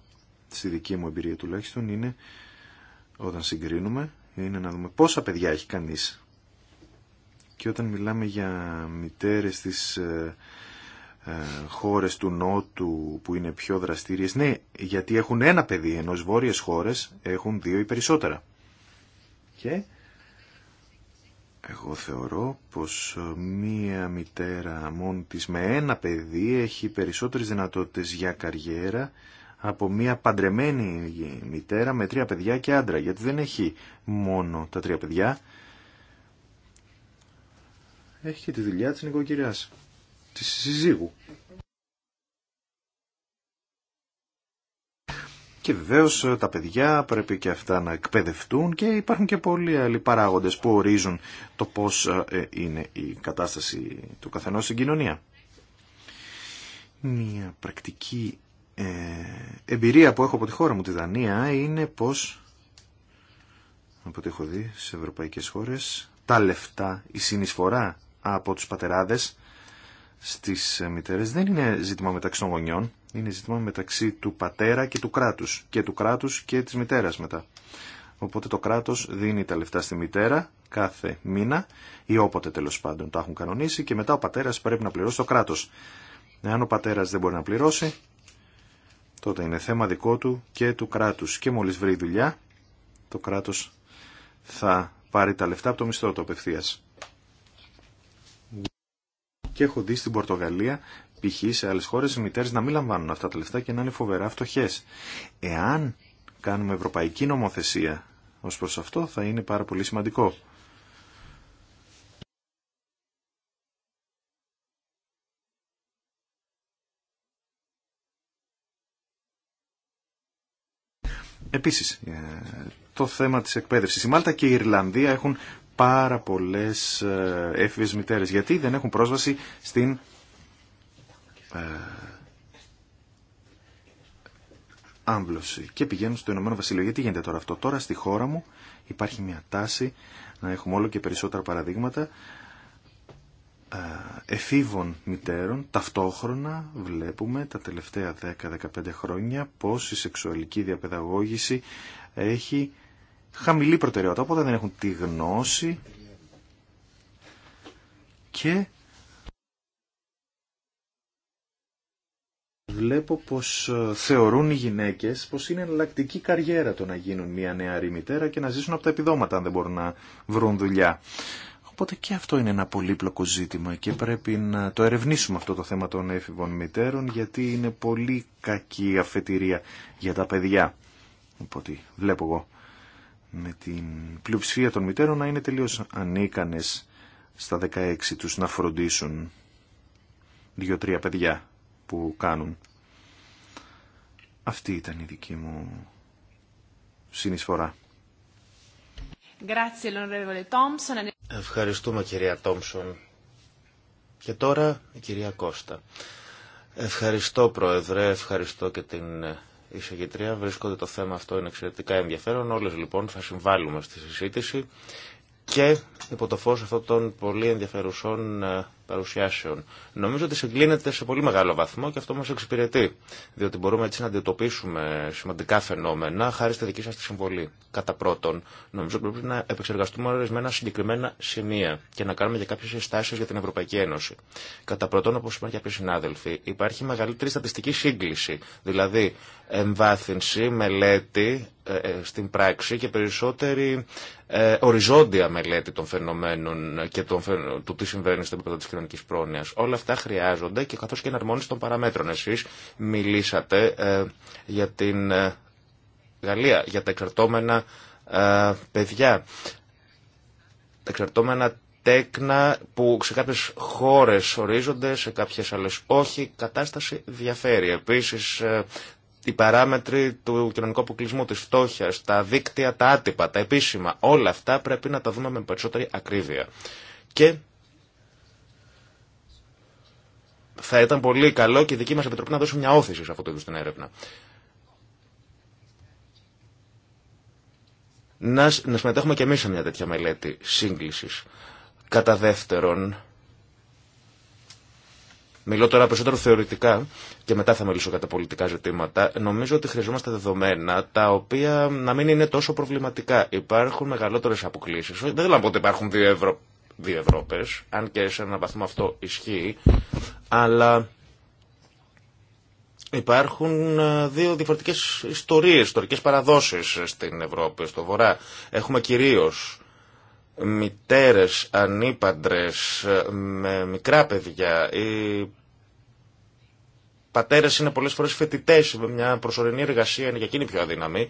στη δική μου εμπειρία τουλάχιστον, είναι όταν συγκρίνουμε, είναι να δούμε πόσα παιδιά έχει κανείς και όταν μιλάμε για μητέρες της ε, ε, χώρες του Νότου που είναι πιο δραστήριες. Ναι, γιατί έχουν ένα παιδί, ενώ στις βόρειες χώρες έχουν δύο ή περισσότερα. Και εγώ θεωρώ πως μία μητέρα μόνη της με ένα παιδί έχει περισσότερες δυνατότητες για καριέρα από μία παντρεμένη μητέρα με τρία παιδιά και άντρα, γιατί δεν έχει μόνο τα τρία παιδιά, έχει και τη δουλειά της νοικοκυριάς, της συζύγου. Και βεβαίω ε, τα παιδιά πρέπει και αυτά να εκπαιδευτούν και υπάρχουν και πολλοί άλλοι παράγοντε που ορίζουν το πώ ε, ε, είναι η κατάσταση του καθενό στην κοινωνία. Μια πρακτική εμπειρία που έχω από τη χώρα μου, τη Δανία, είναι πως, από ό,τι έχω δει σε ευρωπαϊκές χώρες, τα λεφτά, η συνεισφορά από τους πατεράδες στις μητέρες δεν είναι ζήτημα μεταξύ των γονιών, είναι ζήτημα μεταξύ του πατέρα και του κράτους και του κράτους και της μητέρας μετά. Οπότε το κράτος δίνει τα λεφτά στη μητέρα κάθε μήνα ή όποτε τέλος πάντων τα έχουν κανονίσει και μετά ο πατέρας πρέπει να πληρώσει το κράτος. Εάν ο πατέρας δεν μπορεί να πληρώσει, τότε είναι θέμα δικό του και του κράτους. Και μόλις βρει δουλειά, το κράτος θα πάρει τα λεφτά από το μισθό του απευθείας. Και έχω δει στην Πορτογαλία, π.χ. σε άλλε χώρε, οι μητέρε να μην λαμβάνουν αυτά τα λεφτά και να είναι φοβερά φτωχέ. Εάν κάνουμε ευρωπαϊκή νομοθεσία ως προς αυτό, θα είναι πάρα πολύ σημαντικό. Επίσης, ε, το θέμα της εκπαίδευσης. Η Μάλτα και η Ιρλανδία έχουν πάρα πολλές ε, έφηβες μητέρες γιατί δεν έχουν πρόσβαση στην ε, άμβλωση και πηγαίνουν στο Ηνωμένο Βασίλειο. Γιατί γίνεται τώρα αυτό. Τώρα στη χώρα μου υπάρχει μια τάση να έχουμε όλο και περισσότερα παραδείγματα ε, εφήβων μητέρων. Ταυτόχρονα βλέπουμε τα τελευταία 10-15 χρόνια πως η σεξουαλική διαπαιδαγώγηση έχει χαμηλή προτεραιότητα, οπότε δεν έχουν τη γνώση και βλέπω πως ε, θεωρούν οι γυναίκες πως είναι εναλλακτική καριέρα το να γίνουν μια νεαρή μητέρα και να ζήσουν από τα επιδόματα αν δεν μπορούν να βρουν δουλειά. Οπότε και αυτό είναι ένα πολύπλοκο ζήτημα και πρέπει να το ερευνήσουμε αυτό το θέμα των έφηβων μητέρων γιατί είναι πολύ κακή αφετηρία για τα παιδιά. Οπότε βλέπω εγώ με την πλειοψηφία των μητέρων να είναι τελείως ανίκανες στα 16 τους να φροντίσουν δύο-τρία παιδιά που κάνουν. Αυτή ήταν η δική μου συνεισφορά.
Ευχαριστούμε κυρία Τόμσον. Και τώρα η κυρία Κώστα. Ευχαριστώ Πρόεδρε, ευχαριστώ και την εισηγητρία βρίσκονται το θέμα αυτό είναι εξαιρετικά ενδιαφέρον. Όλε λοιπόν θα συμβάλλουμε στη συζήτηση και υπό το φω αυτών των πολύ ενδιαφερουσών ε, παρουσιάσεων. Νομίζω ότι συγκλίνεται σε πολύ μεγάλο βαθμό και αυτό μας εξυπηρετεί, διότι μπορούμε έτσι να αντιμετωπίσουμε σημαντικά φαινόμενα χάρη στη δική σας τη συμβολή. Κατά πρώτον, νομίζω πρέπει να επεξεργαστούμε ορισμένα συγκεκριμένα σημεία και να κάνουμε και κάποιε συστάσει για την Ευρωπαϊκή Ένωση. Κατά πρώτον, όπω είπαν κάποιοι συνάδελφοι, υπάρχει μεγαλύτερη στατιστική σύγκληση, δηλαδή εμβάθυνση, μελέτη ε, ε, στην πράξη και περισσότερη ε, οριζόντια μελέτη των φαινομένων και των, του τι συμβαίνει στο επίπεδο της ηλεκτρονική πρόνοια. Όλα αυτά χρειάζονται και καθώ και εναρμόνιση των παραμέτρων. Εσεί μιλήσατε ε, για την ε, Γαλλία, για τα εξαρτώμενα ε, παιδιά. Τα εξαρτώμενα τέκνα που σε κάποιε χώρες ορίζονται, σε κάποιες άλλες όχι, η κατάσταση διαφέρει. Επίσης, ε, οι παράμετροι του κοινωνικού αποκλεισμού, της φτώχειας, τα δίκτυα, τα άτυπα, τα επίσημα, όλα αυτά πρέπει να τα δούμε με περισσότερη ακρίβεια. Και θα ήταν πολύ καλό και η δική μας Επιτροπή να δώσει μια όθηση σε αυτό το είδος την έρευνα. Να, να συμμετέχουμε και εμείς σε μια τέτοια μελέτη σύγκλησης. Κατά δεύτερον, μιλώ τώρα περισσότερο θεωρητικά και μετά θα μιλήσω κατά πολιτικά ζητήματα, νομίζω ότι χρειαζόμαστε δεδομένα τα οποία να μην είναι τόσο προβληματικά. Υπάρχουν μεγαλύτερε αποκλήσεις. Δεν θέλω να πω ότι υπάρχουν δύο ευρώ. δύο Ευρώπες, αν και σε έναν βαθμό αυτό ισχύει, αλλά Υπάρχουν ε, δύο διαφορετικές ιστορίες, ιστορικές παραδόσεις στην Ευρώπη, στο Βορρά. Έχουμε κυρίως μητέρες ανήπαντρες ε, με μικρά παιδιά. Οι πατέρες είναι πολλές φορές φοιτητές με μια προσωρινή εργασία, είναι για εκείνη πιο αδύναμη.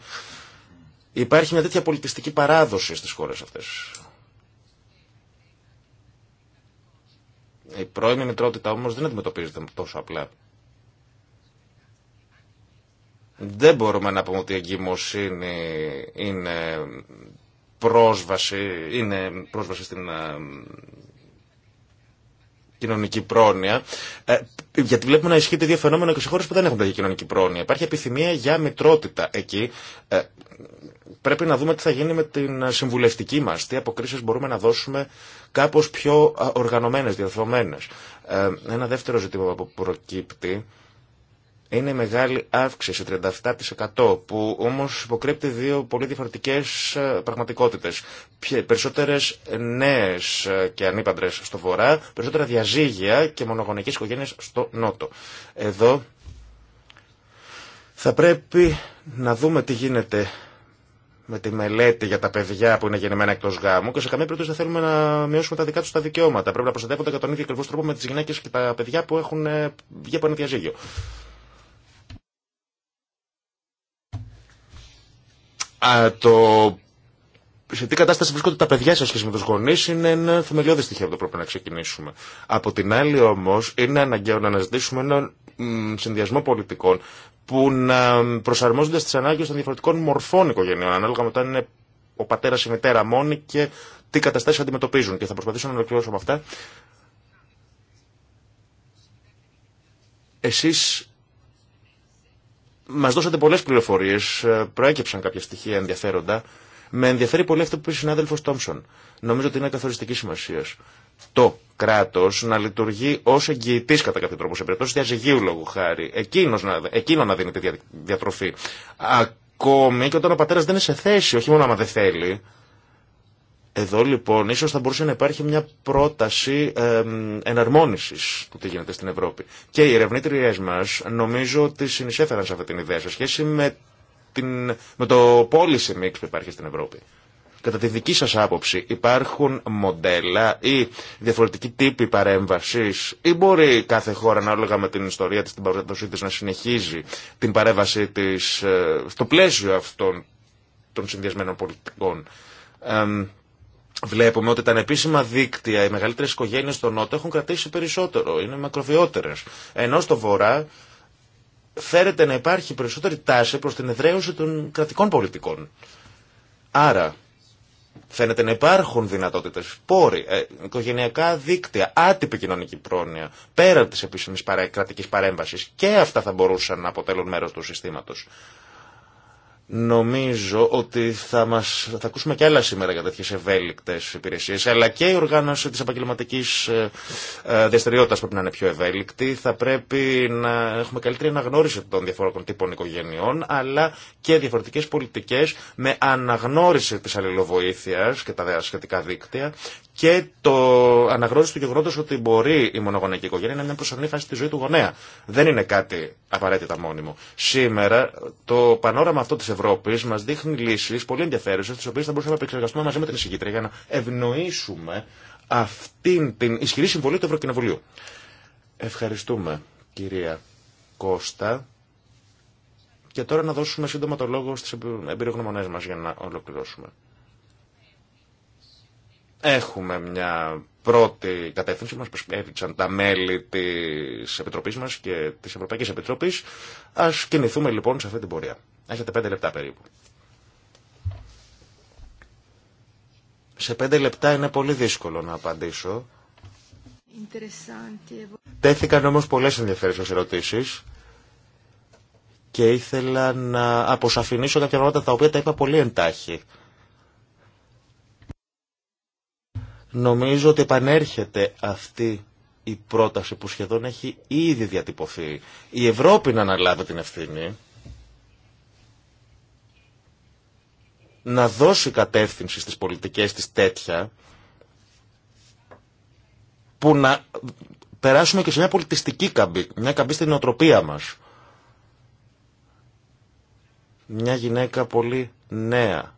Υπάρχει μια τέτοια πολιτιστική παράδοση στις χώρες αυτές. Η πρώιμη μητρότητα όμω δεν αντιμετωπίζεται τόσο απλά. Δεν μπορούμε να πούμε ότι η εγκυμοσύνη είναι πρόσβαση, είναι πρόσβαση στην ε, κοινωνική πρόνοια. Ε, γιατί βλέπουμε να ισχύει το ίδιο φαινόμενο και σε χώρε που δεν έχουν τέτοια κοινωνική πρόνοια. Υπάρχει επιθυμία για μητρότητα εκεί. Ε, πρέπει να δούμε τι θα γίνει με την συμβουλευτική μα, τι αποκρίσει μπορούμε να δώσουμε κάπω πιο οργανωμένε, διαδεδομένε. Ε, ένα δεύτερο ζήτημα που προκύπτει είναι μεγάλη αύξηση 37% που όμως υποκρύπτει δύο πολύ διαφορετικές ε, πραγματικότητες. Περισσότερες νέες ε, και ανήπαντρες στο βορρά, περισσότερα διαζύγια και μονογονικές οικογένειες στο νότο. Εδώ θα πρέπει να δούμε τι γίνεται με τη μελέτη για τα παιδιά που είναι γεννημένα εκτό γάμου και σε καμία περίπτωση δεν θέλουμε να μειώσουμε τα δικά του τα δικαιώματα. Πρέπει να προστατεύονται κατά τον ίδιο ακριβώ τρόπο με τι γυναίκε και τα παιδιά που έχουν ε, βγει από ένα διαζύγιο. α, το σε τι κατάσταση βρίσκονται τα παιδιά σε σχέση με του γονεί είναι ένα θεμελιώδη στοιχείο που πρέπει να ξεκινήσουμε. Από την άλλη όμω είναι αναγκαίο να αναζητήσουμε έναν συνδυασμό πολιτικών που να προσαρμόζονται στι ανάγκε των διαφορετικών μορφών οικογενειών, ανάλογα με το αν είναι ο πατέρα ή η μητέρα μόνη και τι καταστάσει αντιμετωπίζουν. Και θα προσπαθήσω να ολοκληρώσω με αυτά. Εσείς μας δώσατε πολλές πληροφορίες, ε, προέκυψαν κάποια στοιχεία ενδιαφέροντα. Με ενδιαφέρει πολύ αυτό που είπε ο συνάδελφο Τόμσον. Νομίζω ότι είναι καθοριστική σημασία. Το κράτο να λειτουργεί ω εγγυητή κατά κάποιο τρόπο σε περιπτώσει διαζυγίου λόγου χάρη. Εκείνος να, εκείνο να δίνει τη διατροφή. Ακόμη και όταν ο πατέρα δεν είναι σε θέση, όχι μόνο άμα δεν θέλει, εδώ λοιπόν ίσως θα μπορούσε να υπάρχει μια πρόταση εναρμόνησης του τι γίνεται στην Ευρώπη. Και οι ερευνήτριές μας νομίζω ότι συνεισέφεραν σε αυτή την ιδέα σε σχέση με, την, με το policy mix που υπάρχει στην Ευρώπη. Κατά τη δική σας άποψη υπάρχουν μοντέλα ή διαφορετικοί τύποι παρέμβασης ή μπορεί κάθε χώρα ανάλογα με την ιστορία της, την παρουσιασή της να συνεχίζει την παρέμβασή της ε, στο πλαίσιο αυτών των συνδυασμένων πολιτικών βλέπουμε ότι τα ανεπίσημα δίκτυα, οι μεγαλύτερε οικογένειε στο Νότο έχουν κρατήσει περισσότερο, είναι μακροβιότερε. Ενώ στο Βορρά φέρεται να υπάρχει περισσότερη τάση προ την εδραίωση των κρατικών πολιτικών. Άρα, φαίνεται να υπάρχουν δυνατότητε, πόροι, ε, οικογενειακά δίκτυα, άτυπη κοινωνική πρόνοια, πέραν τη επίσημη κρατική παρέμβαση. Και αυτά θα μπορούσαν να αποτελούν μέρο του συστήματο. Νομίζω ότι θα, μας, θα ακούσουμε και άλλα σήμερα για τέτοιες ευέλικτες υπηρεσίες, αλλά και η οργάνωση της επαγγελματική ε, ε πρέπει να είναι πιο ευέλικτη. Θα πρέπει να έχουμε καλύτερη αναγνώριση των διαφορετικών τύπων οικογενειών, αλλά και διαφορετικές πολιτικές με αναγνώριση της αλληλοβοήθειας και τα σχετικά δίκτυα και το αναγνώριση του γεγονότο ότι μπορεί η μονογονεϊκή οικογένεια να είναι μια προσωρινή φάση τη ζωή του γονέα. Δεν είναι κάτι απαραίτητα μόνιμο. Σήμερα το πανόραμα αυτό τη Ευρώπη μα δείχνει λύσει πολύ ενδιαφέρουσε, τι οποίε θα μπορούσαμε να επεξεργαστούμε μαζί με την εισηγήτρια για να ευνοήσουμε αυτήν την ισχυρή συμβολή του Ευρωκοινοβουλίου. Ευχαριστούμε, κυρία Κώστα. Και τώρα να δώσουμε σύντομα το λόγο στι εμπειρογνωμονέ μα για να ολοκληρώσουμε. Έχουμε μια πρώτη κατεύθυνση μας που τα μέλη της Επιτροπής μας και της Ευρωπαϊκής Επιτροπής. Ας κινηθούμε λοιπόν σε αυτή την πορεία. Έχετε πέντε λεπτά περίπου. Σε πέντε λεπτά είναι πολύ δύσκολο να απαντήσω. Τέθηκαν όμως πολλές ενδιαφέρουσες ερωτήσεις και ήθελα να αποσαφηνίσω κάποια πράγματα τα οποία τα είπα πολύ εντάχει. Νομίζω ότι επανέρχεται αυτή η πρόταση που σχεδόν έχει ήδη διατυπωθεί. Η Ευρώπη να αναλάβει την ευθύνη, να δώσει κατεύθυνση στις πολιτικές της τέτοια, που να περάσουμε και σε μια πολιτιστική καμπή, μια καμπή στην νοοτροπία μας. Μια γυναίκα πολύ νέα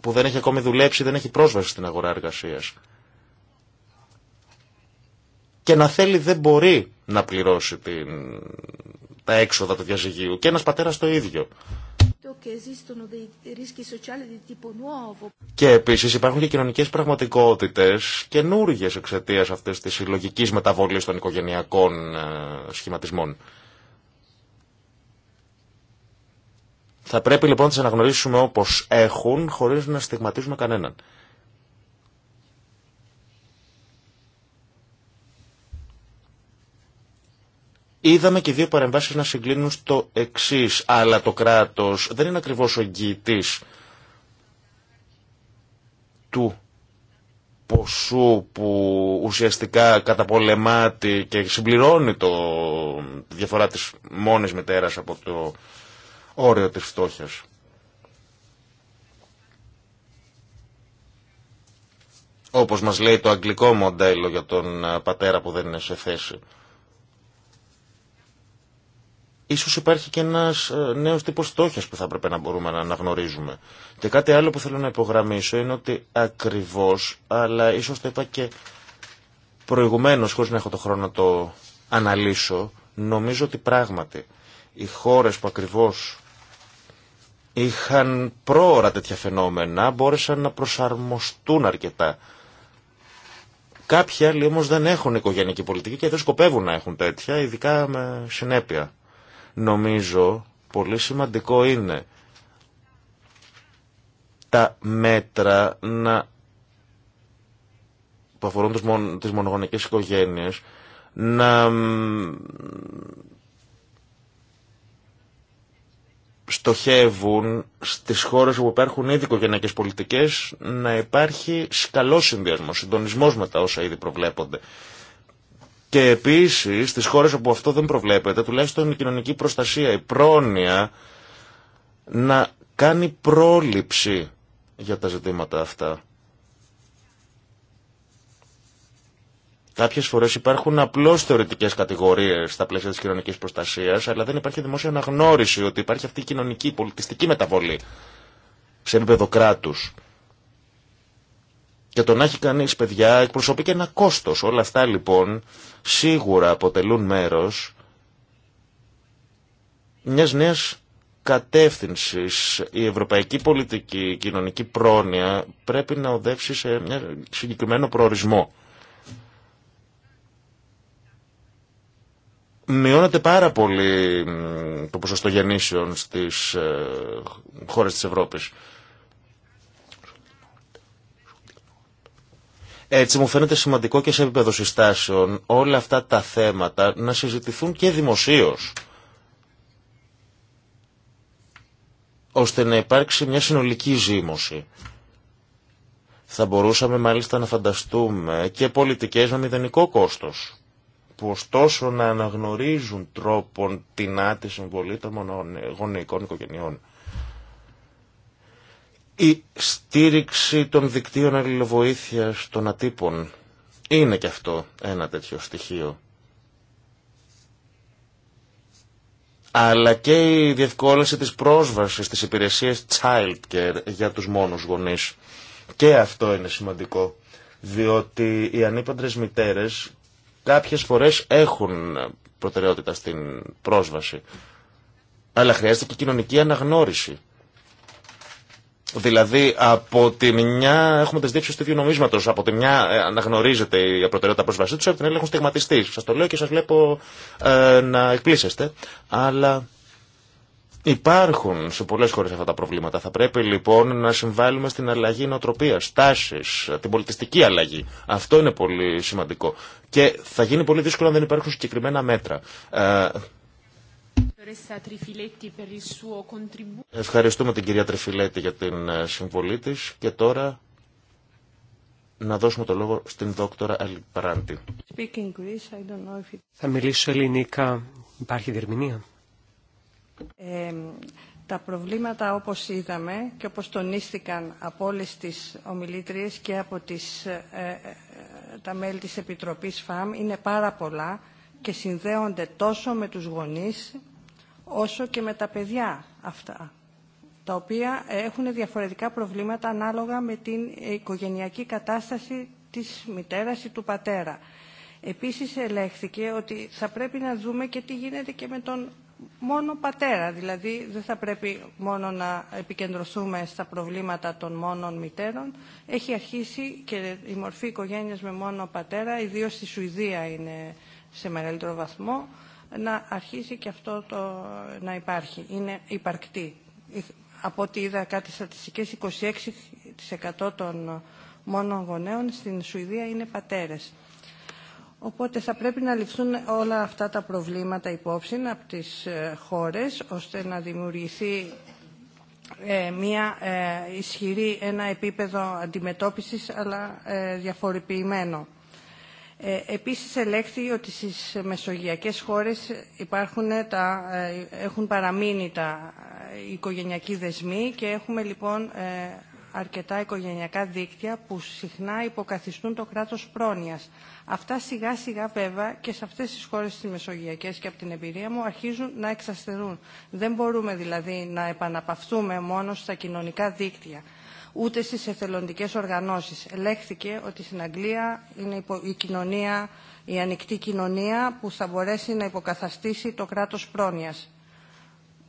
που δεν έχει ακόμη δουλέψει, δεν έχει πρόσβαση στην αγορά εργασίας. Και να θέλει δεν μπορεί να πληρώσει την... τα έξοδα του διαζυγίου. Και ένας πατέρας το ίδιο. Και επίση υπάρχουν και κοινωνικέ πραγματικότητε καινούργιε εξαιτία αυτής τη συλλογική μεταβολή των οικογενειακών ε, σχηματισμών. Θα πρέπει λοιπόν να τι αναγνωρίσουμε όπως έχουν, χωρί να στιγματίζουμε κανέναν. Είδαμε και δύο παρεμβάσει να συγκλίνουν στο εξή, αλλά το κράτο δεν είναι ακριβώς ο εγγυητή του ποσού που ουσιαστικά καταπολεμάται και συμπληρώνει το τη διαφορά της μόνης μητέρας από το όριο της φτώχειας. Όπως μας λέει το αγγλικό μοντέλο για τον ε, πατέρα που δεν είναι σε θέση. Ίσως υπάρχει και ένας ε, νέος τύπος φτώχειας που θα έπρεπε να μπορούμε να αναγνωρίζουμε. Και κάτι άλλο που θέλω να υπογραμμίσω είναι ότι ακριβώς, αλλά ίσως το είπα και προηγουμένως, χωρίς να έχω το χρόνο να το αναλύσω, νομίζω ότι πράγματι οι χώρες που ακριβώς είχαν πρόωρα τέτοια φαινόμενα μπόρεσαν να προσαρμοστούν αρκετά. Κάποιοι άλλοι όμως δεν έχουν οικογενειακή πολιτική και δεν σκοπεύουν να έχουν τέτοια, ειδικά με συνέπεια. Νομίζω πολύ σημαντικό είναι τα μέτρα να, που αφορούν τις, μονογονικές οικογένειες να στοχεύουν στις χώρες όπου υπάρχουν ήδη οικογενειακές πολιτικές να υπάρχει καλός συνδυασμός, συντονισμός με τα όσα ήδη προβλέπονται. Και επίσης στις χώρες όπου αυτό δεν προβλέπεται, τουλάχιστον η κοινωνική προστασία, η πρόνοια να κάνει πρόληψη για τα ζητήματα αυτά. Κάποιες φορές υπάρχουν απλώς θεωρητικές κατηγορίες στα πλαίσια της κοινωνικής προστασίας, αλλά δεν υπάρχει δημόσια αναγνώριση ότι υπάρχει αυτή η κοινωνική πολιτιστική μεταβολή σε επίπεδο κράτου. Και το να έχει κανείς παιδιά εκπροσωπεί και ένα κόστος. Όλα αυτά λοιπόν σίγουρα αποτελούν μέρος μιας νέας κατεύθυνσης. Η ευρωπαϊκή πολιτική, η κοινωνική πρόνοια πρέπει να οδεύσει σε μια συγκεκριμένο προορισμό. μειώνεται πάρα πολύ το ποσοστό γεννήσεων στις ε, χώρες της Ευρώπης. Έτσι μου φαίνεται σημαντικό και σε επίπεδο συστάσεων όλα αυτά τα θέματα να συζητηθούν και δημοσίως. Ώστε να υπάρξει μια συνολική ζήμωση. Θα μπορούσαμε μάλιστα να φανταστούμε και πολιτικές με μηδενικό κόστος που ωστόσο να αναγνωρίζουν τρόπον την άτη συμβολή των μονογονεϊκών οικογενειών. Η στήριξη των δικτύων αλληλοβοήθειας των ατύπων είναι και αυτό ένα τέτοιο στοιχείο. αλλά και η διευκόλυνση της πρόσβασης στις υπηρεσίες childcare για τους μόνους γονείς. Και αυτό είναι σημαντικό, διότι οι ανήπαντρες μητέρες Κάποιε φορές έχουν προτεραιότητα στην πρόσβαση. Αλλά χρειάζεται και κοινωνική αναγνώριση. Δηλαδή, από τη μια έχουμε τι δείξει του ίδιου νομίσματο. Από τη μια ε, αναγνωρίζεται η προτεραιότητα πρόσβασή του, από την άλλη έχουν στιγματιστεί. Σα το λέω και σα βλέπω ε, να εκπλήσεστε. Αλλά Υπάρχουν σε πολλέ χώρε αυτά τα προβλήματα. Θα πρέπει λοιπόν να συμβάλλουμε στην αλλαγή νοοτροπία, τάση, την πολιτιστική αλλαγή. Αυτό είναι πολύ σημαντικό. Και θα γίνει πολύ δύσκολο αν δεν υπάρχουν συγκεκριμένα μέτρα. Ε, ευχαριστούμε την κυρία Τρεφιλέτη για την ε, συμβολή τη και τώρα να δώσουμε το λόγο στην δόκτωρα Αλιπαράντη.
Θα μιλήσω ελληνικά. Υπάρχει διερμηνία
τα προβλήματα όπως είδαμε και όπως τονίστηκαν από όλες τις ομιλήτριες και από τις, ε, ε, τα μέλη της Επιτροπής ΦΑΜ είναι πάρα πολλά και συνδέονται τόσο με τους γονείς όσο και με τα παιδιά αυτά τα οποία έχουν διαφορετικά προβλήματα ανάλογα με την οικογενειακή κατάσταση της μητέρας ή του πατέρα. Επίσης ελέγχθηκε ότι θα πρέπει να δούμε και τι γίνεται και με τον μόνο πατέρα. Δηλαδή δεν θα πρέπει μόνο να επικεντρωθούμε στα προβλήματα των μόνων μητέρων. Έχει αρχίσει και η μορφή οικογένειας με μόνο πατέρα, ιδίως στη Σουηδία είναι σε μεγαλύτερο βαθμό, να αρχίσει και αυτό το να υπάρχει. Είναι υπαρκτή. Από ό,τι είδα κάτι στατιστικές, 26% των μόνων γονέων στην Σουηδία είναι πατέρες. Οπότε θα πρέπει να ληφθούν όλα αυτά τα προβλήματα υπόψη από τις ε, χώρες ώστε να δημιουργηθεί ε, μια ε, ισχυρή, ένα επίπεδο αντιμετώπισης αλλά διαφοροποιημένο. Επίσης ελέγχθη ότι στις μεσογειακές χώρες υπάρχουν τα, έχουν παραμείνει τα οικογενειακοί δεσμοί και έχουμε λοιπόν αρκετά οικογενειακά δίκτυα που συχνά υποκαθιστούν το κράτος πρόνοιας. Αυτά σιγά σιγά βέβαια και σε αυτές τις χώρες τις μεσογειακές και από την εμπειρία μου αρχίζουν να εξαστερούν. Δεν μπορούμε δηλαδή να επαναπαυθούμε μόνο στα κοινωνικά δίκτυα ούτε στις εθελοντικές οργανώσεις. Ελέγχθηκε ότι στην Αγγλία είναι η κοινωνία, η ανοιχτή κοινωνία που θα μπορέσει να υποκαθαστήσει το κράτος πρόνοιας.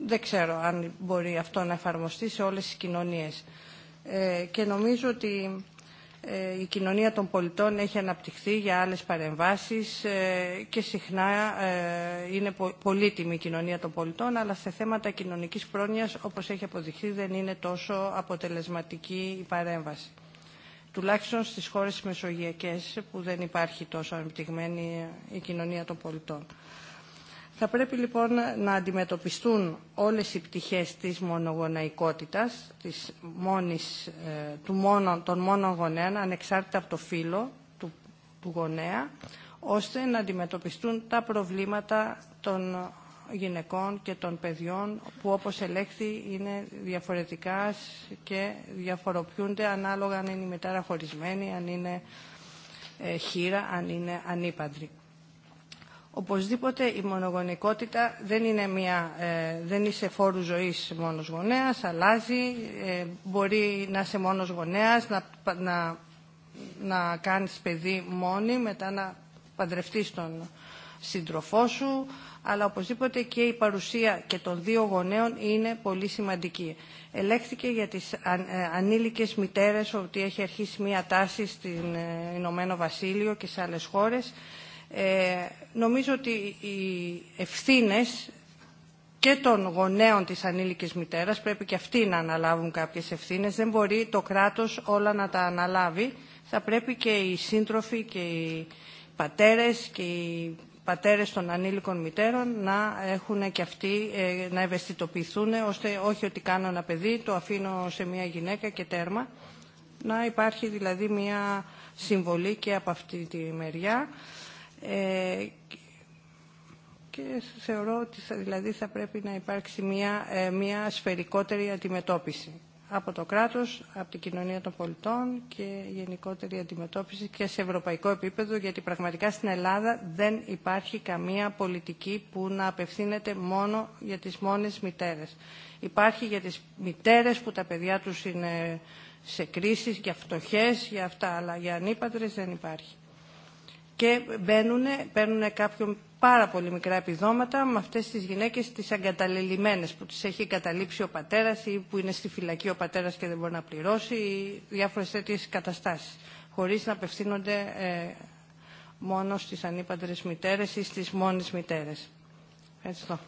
Δεν ξέρω αν μπορεί αυτό να εφαρμοστεί σε όλες τις κοινωνίες. Ε, και νομίζω ότι ε, η κοινωνία των πολιτών έχει αναπτυχθεί για άλλες παρεμβάσεις ε, και συχνά είναι πολύτιμη η κοινωνία των πολιτών, αλλά σε θέματα κοινωνικής πρόνοιας, όπως έχει αποδειχθεί, δεν είναι τόσο αποτελεσματική η παρέμβαση. Τουλάχιστον στις χώρες μεσογειακές, που δεν υπάρχει τόσο αναπτυγμένη η κοινωνία των πολιτών. Θα πρέπει λοιπόν να αντιμετωπιστούν όλες οι πτυχές της μονογονεϊκότητας, της μόνης, ε, του μόνο, των μόνων γονέων, ανεξάρτητα από το φύλλο του, γονέα, ώστε να αντιμετωπιστούν τα προβλήματα των γυναικών και των παιδιών που όπως ελέγχθη είναι διαφορετικά και διαφοροποιούνται ανάλογα αν είναι η μητέρα χωρισμένη, αν είναι ε, χείρα, αν είναι ανήπαντρη. Οπωσδήποτε η μονογονικότητα δεν είναι μια, ε, δεν είσαι φόρου ζωής μόνος γονέας, αλλάζει, ε, μπορεί να είσαι μόνος γονέας, να, να, να κάνεις παιδί μόνη, μετά να παντρευτείς τον σύντροφό σου, αλλά οπωσδήποτε και η παρουσία και των δύο γονέων είναι πολύ σημαντική. Ελέγχθηκε για τις ε, ανήλικες μητέρες ότι έχει αρχίσει μια τάση στην Ηνωμένο Βασίλειο και σε άλλες χώρες ε, νομίζω ότι οι ευθύνες και των γονέων της ανήλικης μητέρας πρέπει και αυτοί να αναλάβουν κάποιες ευθύνες. Δεν μπορεί το κράτος όλα να τα αναλάβει. Θα πρέπει και οι σύντροφοι και οι πατέρες και οι πατέρες των ανήλικων μητέρων να έχουν και αυτοί ε, να ευαισθητοποιηθούν ώστε όχι ότι κάνω ένα παιδί, το αφήνω σε μια γυναίκα και τέρμα. Να υπάρχει δηλαδή μια συμβολή και από αυτή τη μεριά. Ε, και θεωρώ ότι θα, δηλαδή θα πρέπει να υπάρξει μια, ε, μια σφαιρικότερη αντιμετώπιση από το κράτος, από την κοινωνία των πολιτών και γενικότερη αντιμετώπιση και σε ευρωπαϊκό επίπεδο, γιατί πραγματικά στην Ελλάδα δεν υπάρχει καμία πολιτική που να απευθύνεται μόνο για τις μόνες μητέρες. Υπάρχει για τις μητέρες που τα παιδιά τους είναι σε κρίσεις, για φτωχές, για αυτά, αλλά για ανήπατρες δεν υπάρχει και μπαίνουν, παίρνουν κάποιον πάρα πολύ μικρά επιδόματα με αυτές τις γυναίκες τις αγκαταλελειμμένες που τις έχει καταλήψει ο πατέρας ή που είναι στη φυλακή ο πατέρας και δεν μπορεί να πληρώσει ή διάφορες τέτοιες καταστάσεις χωρίς να απευθύνονται ε, μόνο στις ανήπαντρες μητέρες ή στις μόνες μητέρες. Ευχαριστώ.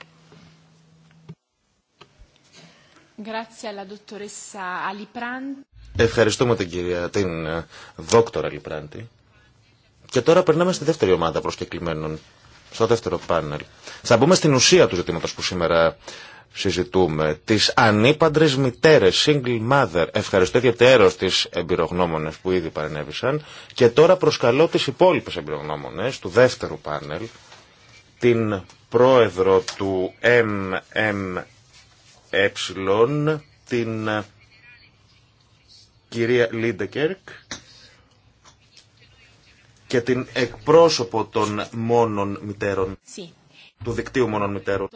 Ευχαριστούμε την κυρία, την ε, δόκτωρα Λιπράντη. Και τώρα περνάμε στη δεύτερη ομάδα προσκεκλημένων, στο δεύτερο πάνελ. Θα μπούμε στην ουσία του ζήτηματο που σήμερα συζητούμε. τι ανήπαντρε μητέρε, single mother. Ευχαριστώ ιδιαίτερω τι εμπειρογνώμονε που ήδη παρενέβησαν. Και τώρα προσκαλώ τις υπόλοιπε εμπειρογνωμονε του δεύτερου πάνελ, την πρόεδρο του MME, ε, την κυρία Λίντεκερκ, και την εκπρόσωπο των μόνων μητέρων, sí. του δικτύου μόνων μητέρων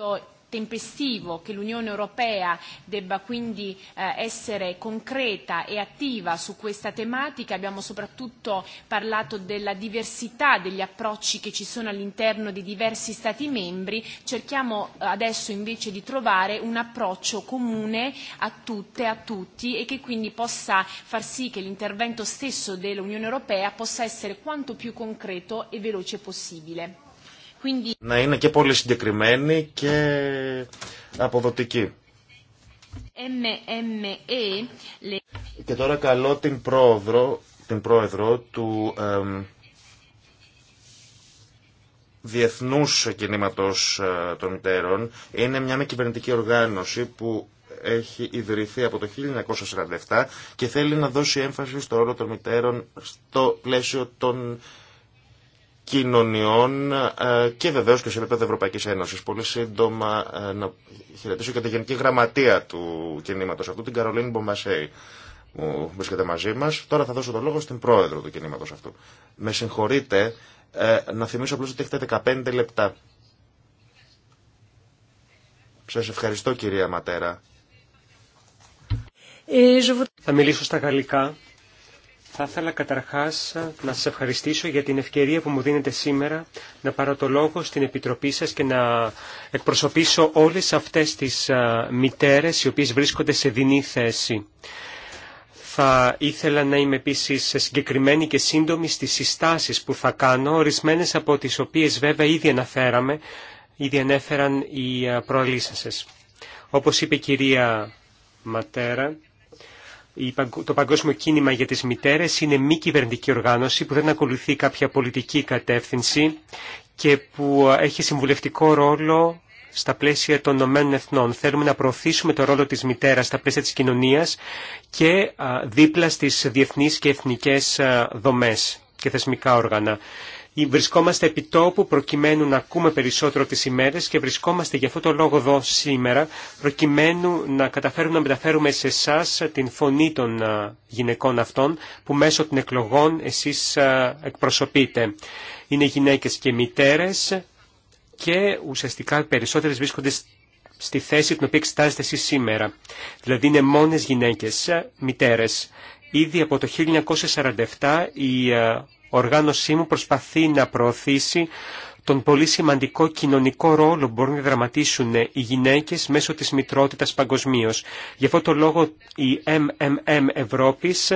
tempestivo che l'Unione Europea debba quindi essere concreta e attiva su questa tematica. Abbiamo soprattutto parlato della diversità degli approcci che ci sono all'interno dei diversi Stati membri. Cerchiamo adesso invece di trovare un approccio comune a tutte, e a tutti e che quindi possa far sì che l'intervento stesso dell'Unione Europea possa essere quanto più concreto e veloce possibile
να είναι και πολύ συγκεκριμένη και αποδοτική. E και τώρα καλώ την πρόεδρο, την πρόεδρο του ε, Διεθνούς Κινήματος ε, των Μητέρων. Είναι μια κυβερνητική οργάνωση που έχει ιδρυθεί από το 1947 και θέλει να δώσει έμφαση στο όρο των μητέρων στο πλαίσιο των κοινωνιών ε, και βεβαίως και σε επίπεδο Ευρωπαϊκής Ένωσης. Πολύ σύντομα ε, να χαιρετήσω και τη Γενική Γραμματεία του κινήματος αυτού, την Καρολίνη Μπομασέη που βρίσκεται μαζί μας. Τώρα θα δώσω το λόγο στην πρόεδρο του κινήματος αυτού. Με συγχωρείτε, ε, να θυμίσω απλώς ότι έχετε 15 λεπτά.
Σας ευχαριστώ κυρία Ματέρα. Θα μιλήσω στα γαλλικά. Θα ήθελα καταρχάς να σας ευχαριστήσω για την ευκαιρία που μου δίνετε σήμερα να πάρω το λόγο στην Επιτροπή σας και να εκπροσωπήσω όλες αυτές τις μητέρες οι οποίες βρίσκονται σε δινή θέση. Θα ήθελα να είμαι επίσης συγκεκριμένη και σύντομη στις συστάσεις που θα κάνω, ορισμένες από τις οποίες βέβαια ήδη αναφέραμε, ήδη ανέφεραν οι προαλήσασες. Όπως είπε η κυρία Ματέρα, το Παγκόσμιο Κίνημα για τις Μητέρες είναι μη κυβερνητική οργάνωση που δεν ακολουθεί κάποια πολιτική κατεύθυνση και που έχει συμβουλευτικό ρόλο στα πλαίσια των Ηνωμένων Εθνών. Θέλουμε να προωθήσουμε το ρόλο της μητέρας στα πλαίσια της κοινωνίας και δίπλα στις διεθνείς και εθνικές δομές και θεσμικά όργανα. Βρισκόμαστε επί τόπου προκειμένου να ακούμε περισσότερο τις ημέρες και βρισκόμαστε για αυτό το λόγο εδώ σήμερα προκειμένου να καταφέρουμε να μεταφέρουμε σε εσά την φωνή των γυναικών αυτών που μέσω των εκλογών εσείς εκπροσωπείτε. Είναι γυναίκες και μητέρες και ουσιαστικά περισσότερες βρίσκονται στη θέση την οποία εξετάζετε εσείς σήμερα. Δηλαδή είναι μόνες γυναίκες, μητέρες. Ήδη από το 1947 η οργάνωσή μου προσπαθεί να προωθήσει τον πολύ σημαντικό κοινωνικό ρόλο που μπορούν να δραματίσουν οι γυναίκες μέσω της μητρότητας παγκοσμίω. Γι' αυτό το λόγο η MMM Ευρώπης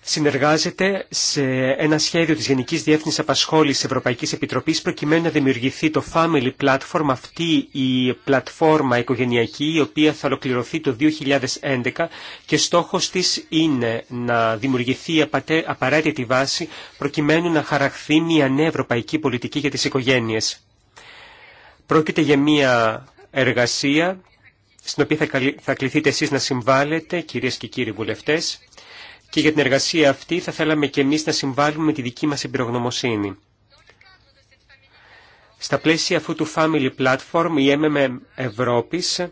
συνεργάζεται σε ένα σχέδιο της Γενικής Διεύθυνσης Απασχόλησης Ευρωπαϊκής Επιτροπής προκειμένου να δημιουργηθεί το Family Platform, αυτή η πλατφόρμα οικογενειακή η οποία θα ολοκληρωθεί το 2011 και στόχος της είναι να δημιουργηθεί απαραίτητη βάση προκειμένου να χαραχθεί μια νέα ευρωπαϊκή πολιτική για τις οικογένειες. Πρόκειται για μια εργασία στην οποία θα κληθείτε εσείς να συμβάλλετε, κυρίες και κύριοι βουλευτές και για την εργασία αυτή θα θέλαμε και εμείς να συμβάλλουμε με τη δική μας εμπειρογνωμοσύνη. Στα πλαίσια αυτού του Family Platform, η MMM Ευρώπης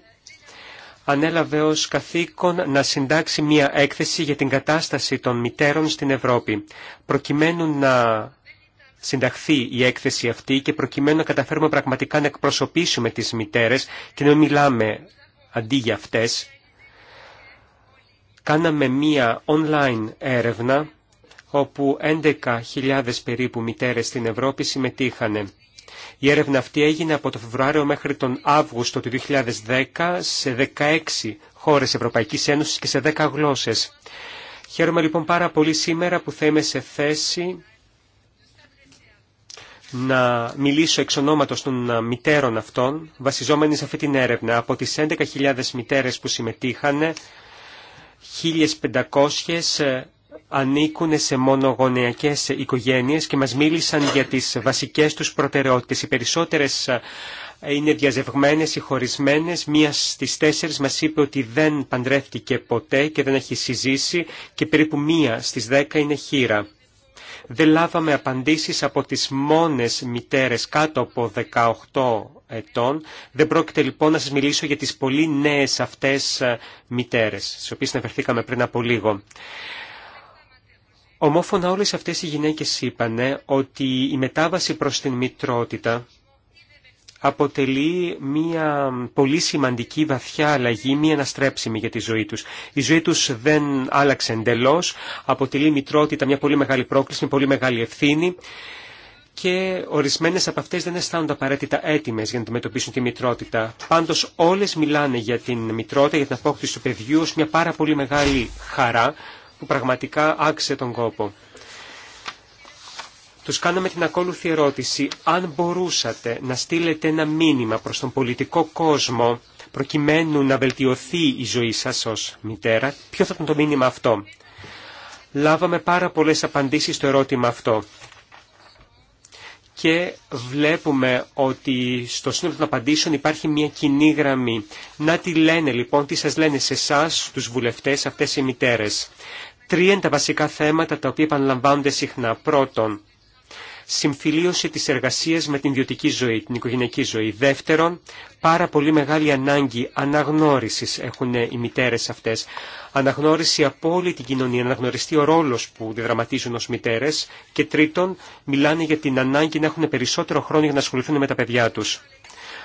ανέλαβε ως καθήκον να συντάξει μία έκθεση για την κατάσταση των μητέρων στην Ευρώπη, προκειμένου να συνταχθεί η έκθεση αυτή και προκειμένου να καταφέρουμε πραγματικά να εκπροσωπήσουμε τις μητέρες και να μιλάμε αντί για αυτές. Κάναμε μία online έρευνα όπου 11.000 περίπου μητέρες στην Ευρώπη συμμετείχανε. Η έρευνα αυτή έγινε από το Φεβρουάριο μέχρι τον Αύγουστο του 2010 σε 16 χώρες Ευρωπαϊκής Ένωσης και σε 10 γλώσσες. Χαίρομαι λοιπόν πάρα πολύ σήμερα που θα είμαι σε θέση να μιλήσω εξ ονόματος των μητέρων αυτών, βασιζόμενοι σε αυτή την έρευνα. Από τις 11.000 μητέρες που συμμετείχανε 1500 ε, ανήκουν σε μονογονεακές οικογένειες και μας μίλησαν για τις βασικές τους προτεραιότητες. Οι περισσότερες ε, είναι διαζευγμένες ή χωρισμένες. Μία στις τέσσερις μας είπε ότι δεν παντρεύτηκε ποτέ και δεν έχει συζήσει και περίπου μία στις δέκα είναι χείρα. Δεν λάβαμε απαντήσεις από τις μόνες μητέρες κάτω από 18 ετών. Δεν πρόκειται λοιπόν να σας μιλήσω για τις πολύ νέες αυτές ε, μητέρες, στις οποίες αναφερθήκαμε πριν από λίγο. Ομόφωνα όλες αυτές οι γυναίκες είπανε ότι η μετάβαση προς την μητρότητα αποτελεί μια πολύ σημαντική βαθιά αλλαγή, μια αναστρέψιμη για τη ζωή τους. Η ζωή τους δεν άλλαξε εντελώς, αποτελεί μητρότητα μια πολύ μεγάλη πρόκληση, μια πολύ μεγάλη ευθύνη και ορισμένες από αυτές δεν αισθάνονται απαραίτητα έτοιμες για να αντιμετωπίσουν τη μητρότητα. Πάντως όλες μιλάνε για την μητρότητα, για την απόκτηση του παιδιού ως μια πάρα πολύ μεγάλη χαρά που πραγματικά άξιζε τον κόπο. Τους κάναμε την ακόλουθη ερώτηση, αν μπορούσατε να στείλετε ένα μήνυμα προς τον πολιτικό κόσμο προκειμένου να βελτιωθεί η ζωή σας ως μητέρα, ποιο θα ήταν το μήνυμα αυτό. Λάβαμε πάρα πολλές απαντήσεις στο ερώτημα αυτό και βλέπουμε ότι στο σύνολο των απαντήσεων υπάρχει μια κοινή γραμμή. Να τι λένε λοιπόν, τι σας λένε σε εσά, τους βουλευτές, αυτές οι μητέρες. Τρία είναι τα βασικά θέματα τα οποία επαναλαμβάνονται συχνά. Πρώτον, συμφιλίωση της εργασίας με την ιδιωτική ζωή, την οικογενειακή ζωή. Δεύτερον, πάρα πολύ μεγάλη ανάγκη αναγνώρισης έχουν οι μητέρες αυτές. Αναγνώριση από όλη την κοινωνία, αναγνωριστεί ο ρόλος που διδραματίζουν ως μητέρες. Και τρίτον, μιλάνε για την ανάγκη να έχουν περισσότερο χρόνο για να ασχοληθούν με τα παιδιά τους.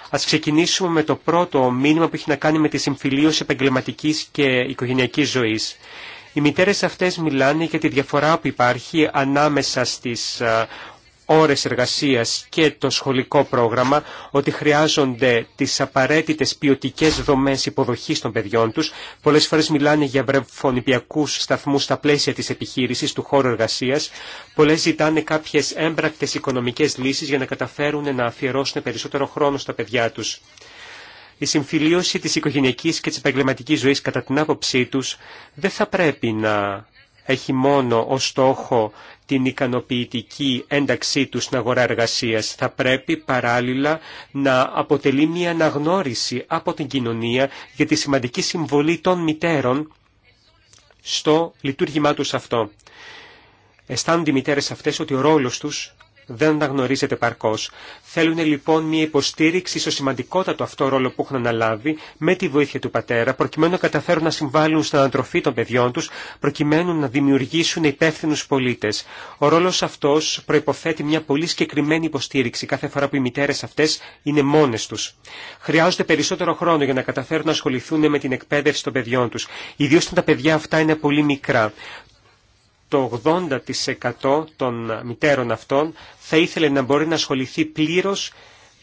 Ας ξεκινήσουμε με το πρώτο μήνυμα που έχει να κάνει με τη συμφιλίωση επαγγελματική και οικογενειακής ζωής. Οι μητέρες αυτές μιλάνε για τη διαφορά που υπάρχει ανάμεσα στις ώρες εργασίας και το σχολικό πρόγραμμα, ότι χρειάζονται τις απαραίτητες ποιοτικέ δομές υποδοχής των παιδιών τους. Πολλές φορές μιλάνε για βρεφονιπιακούς σταθμούς στα πλαίσια της επιχείρησης, του χώρου εργασίας. Πολλές ζητάνε κάποιες έμπρακτες οικονομικές λύσεις για να καταφέρουν να αφιερώσουν περισσότερο χρόνο στα παιδιά τους. Η συμφιλίωση της οικογενειακής και της επαγγελματικής ζωής κατά την άποψή τους δεν θα πρέπει να έχει μόνο ως στόχο την ικανοποιητική ένταξή του στην αγορά εργασίας. Θα πρέπει παράλληλα να αποτελεί μια αναγνώριση από την κοινωνία για τη σημαντική συμβολή των μητέρων στο λειτουργήμά τους αυτό. Αισθάνονται οι μητέρες αυτές ότι ο ρόλος τους δεν τα γνωρίζετε παρκώ. Θέλουν λοιπόν μια υποστήριξη στο σημαντικότατο αυτό ρόλο που έχουν αναλάβει με τη βοήθεια του πατέρα, προκειμένου να καταφέρουν να συμβάλλουν στην ανατροφή των παιδιών του, προκειμένου να δημιουργήσουν υπεύθυνου πολίτε. Ο ρόλο αυτό προποθέτει μια πολύ συγκεκριμένη υποστήριξη κάθε φορά που οι μητέρε αυτέ είναι μόνε του. Χρειάζονται περισσότερο χρόνο για να καταφέρουν να ασχοληθούν με την εκπαίδευση των παιδιών του, ιδίω όταν τα παιδιά αυτά είναι πολύ μικρά το 80% των μητέρων αυτών θα ήθελε να μπορεί να ασχοληθεί πλήρως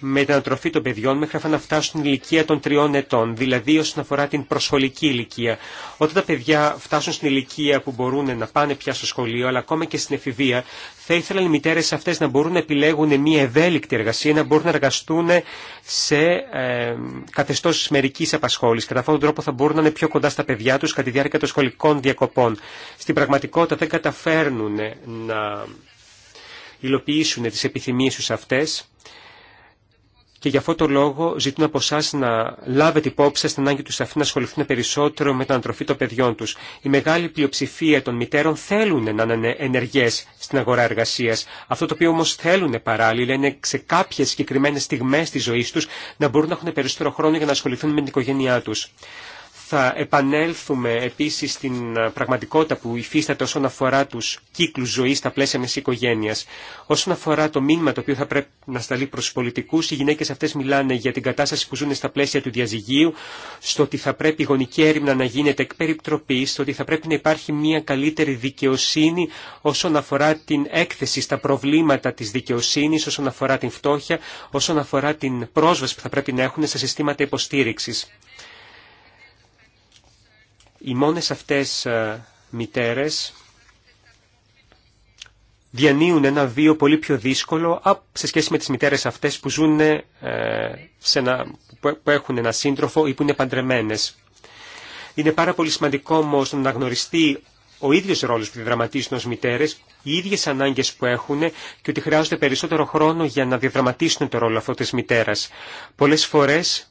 με την ανατροφή των παιδιών μέχρι να φτάσουν στην ηλικία των τριών ετών, δηλαδή όσον αφορά την προσχολική ηλικία. Όταν τα παιδιά φτάσουν στην ηλικία που μπορούν να πάνε πια στο σχολείο, αλλά ακόμα και στην εφηβεία, θα ήθελαν οι μητέρε αυτέ να μπορούν να επιλέγουν μια ευέλικτη εργασία, να μπορούν να εργαστούν σε ε, καθεστώ μερική απασχόληση. Κατά αυτόν τον τρόπο θα μπορούν να είναι πιο κοντά στα παιδιά του κατά τη διάρκεια των σχολικών διακοπών. Στην πραγματικότητα δεν καταφέρνουν να υλοποιήσουν τι επιθυμίε του αυτέ και για αυτό το λόγο ζητούν από εσά να λάβετε υπόψη στην ανάγκη του αυτή να ασχοληθούν περισσότερο με την ανατροφή των παιδιών του. Η μεγάλη πλειοψηφία των μητέρων θέλουν να είναι ενεργέ στην αγορά εργασία. Αυτό το οποίο όμω θέλουν παράλληλα είναι σε κάποιε συγκεκριμένε στιγμέ τη ζωή του να μπορούν να έχουν περισσότερο χρόνο για να ασχοληθούν με την οικογένειά του. Θα επανέλθουμε επίσης στην ε, πραγματικότητα που υφίσταται όσον αφορά τους κύκλους ζωής στα πλαίσια μιας οικογένειας. Όσον αφορά το μήνυμα το οποίο θα πρέπει να σταλεί προς τους πολιτικούς, οι γυναίκες αυτές μιλάνε για την κατάσταση που ζουν στα πλαίσια του διαζυγίου, στο ότι θα πρέπει η γονική έρημνα να γίνεται εκ περιπτροπής, στο ότι θα πρέπει να υπάρχει μια καλύτερη δικαιοσύνη όσον αφορά την έκθεση στα προβλήματα της δικαιοσύνης, όσον αφορά την φτώχεια, όσον αφορά την πρόσβαση που θα πρέπει να έχουν σε συστήματα υποστήριξης. Οι μόνες αυτές ε, μητέρες διανύουν ένα βίο πολύ πιο δύσκολο σε σχέση με τις μητέρες αυτές που, ζουν, ε, σε που έχουν ένα σύντροφο ή που είναι παντρεμένες. Είναι πάρα πολύ σημαντικό όμω να αναγνωριστεί ο ίδιος ρόλος που διαδραματίζουν ως μητέρε, οι ίδιες ανάγκες που έχουν και ότι χρειάζονται περισσότερο χρόνο για να διαδραματίσουν το ρόλο αυτό τη μητέρα. Πολλές φορές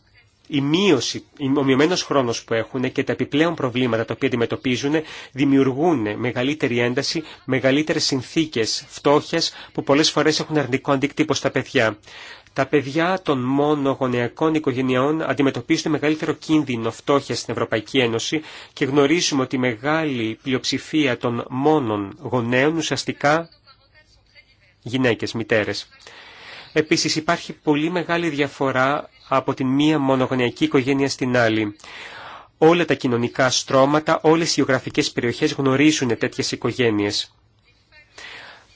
η μείωση, ο μειωμένο χρόνο που έχουν και τα επιπλέον προβλήματα τα οποία αντιμετωπίζουν δημιουργούν μεγαλύτερη ένταση, μεγαλύτερε συνθήκε φτώχεια που πολλέ φορέ έχουν αρνητικό αντίκτυπο στα παιδιά. Τα παιδιά των μόνο γονεακών οικογενειών αντιμετωπίζουν μεγαλύτερο κίνδυνο φτώχεια στην Ευρωπαϊκή Ένωση και γνωρίζουμε ότι η μεγάλη πλειοψηφία των μόνων γονέων ουσιαστικά γυναίκες, μητέρες. Επίσης υπάρχει πολύ μεγάλη διαφορά από την μία μονογονεϊκή οικογένεια στην άλλη. Όλα τα κοινωνικά στρώματα, όλες οι γεωγραφικές περιοχές γνωρίζουν τέτοιες οικογένειες.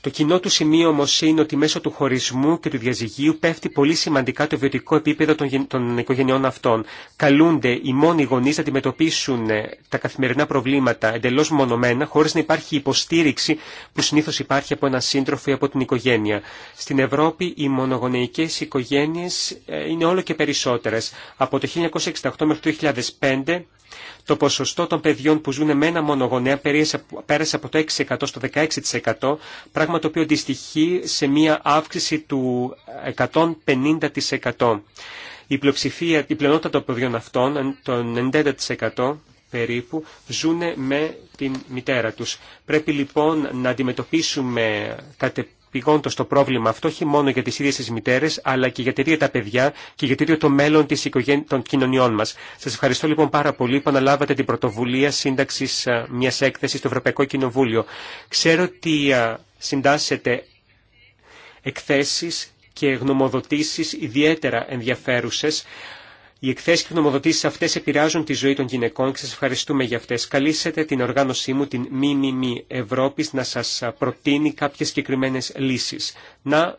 Το κοινό του σημείο όμω είναι ότι μέσω του χωρισμού και του διαζυγίου πέφτει πολύ σημαντικά το βιωτικό επίπεδο των οικογενειών αυτών. Καλούνται οι μόνοι γονεί να αντιμετωπίσουν ε, τα καθημερινά προβλήματα εντελώ μονομένα, χωρί να υπάρχει υποστήριξη που συνήθω υπάρχει από έναν σύντροφο ή από την οικογένεια. Στην Ευρώπη οι μονογονεϊκέ οικογένειε ε, είναι όλο και περισσότερε. Από το 1968 μέχρι το 2005 το ποσοστό των παιδιών που ζουν με ένα μονογονέα πέρασε από το 6% στο 16%, πράγμα το οποίο αντιστοιχεί σε μία αύξηση του 150%. Η, πλειοψηφία, η πλειονότητα των παιδιών αυτών, το 90% περίπου, ζουν με την μητέρα τους. Πρέπει λοιπόν να αντιμετωπίσουμε κατε πηγόντω το πρόβλημα αυτό όχι μόνο για τι ίδιε τι μητέρε, αλλά και για τα ίδια τα παιδιά και για το το μέλλον της οικογέν... των κοινωνιών μα. Σα ευχαριστώ λοιπόν πάρα πολύ που αναλάβατε την πρωτοβουλία σύνταξη ε, μια έκθεση στο Ευρωπαϊκό Κοινοβούλιο. Ξέρω ότι ε, συντάσσετε εκθέσει και γνωμοδοτήσεις ιδιαίτερα ενδιαφέρουσες οι εκθέσει και νομοδοτήσει αυτέ επηρεάζουν τη ζωή των γυναικών και σα ευχαριστούμε για αυτέ. Καλήσετε την οργάνωσή μου, την ΜΜΜ Ευρώπη, να σα προτείνει κάποιε συγκεκριμένε λύσει. Να,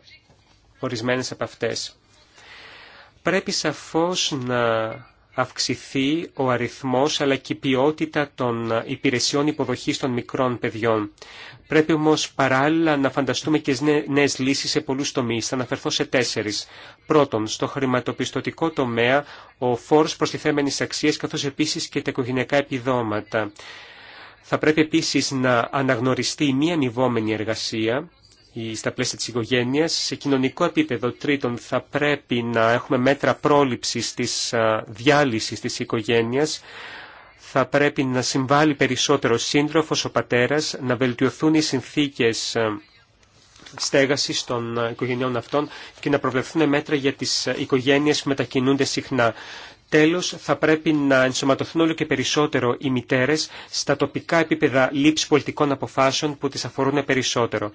ορισμένε από αυτέ. Πρέπει σαφώ να αυξηθεί ο αριθμός αλλά και η ποιότητα των υπηρεσιών υποδοχής των μικρών παιδιών. Πρέπει όμως παράλληλα να φανταστούμε και νέες λύσεις σε πολλούς τομείς. Θα αναφερθώ σε τέσσερις. Πρώτον, στο χρηματοπιστωτικό τομέα ο φόρος προστιθέμενης αξίας καθώς επίσης και τα οικογενειακά επιδόματα. Θα πρέπει επίσης να αναγνωριστεί μία μη ανιβόμενη εργασία στα πλαίσια της οικογένειας. Σε κοινωνικό επίπεδο τρίτον θα πρέπει να έχουμε μέτρα πρόληψης της διάλυσης της οικογένειας. Θα πρέπει να συμβάλλει περισσότερο σύντροφος ο πατέρας, να βελτιωθούν οι συνθήκες στέγαση των οικογενειών αυτών και να προβλεφθούν μέτρα για τις οικογένειες που μετακινούνται συχνά. Τέλος, θα πρέπει να ενσωματωθούν όλο και περισσότερο οι μητέρες στα τοπικά επίπεδα λήψη πολιτικών αποφάσεων που τις αφορούν περισσότερο.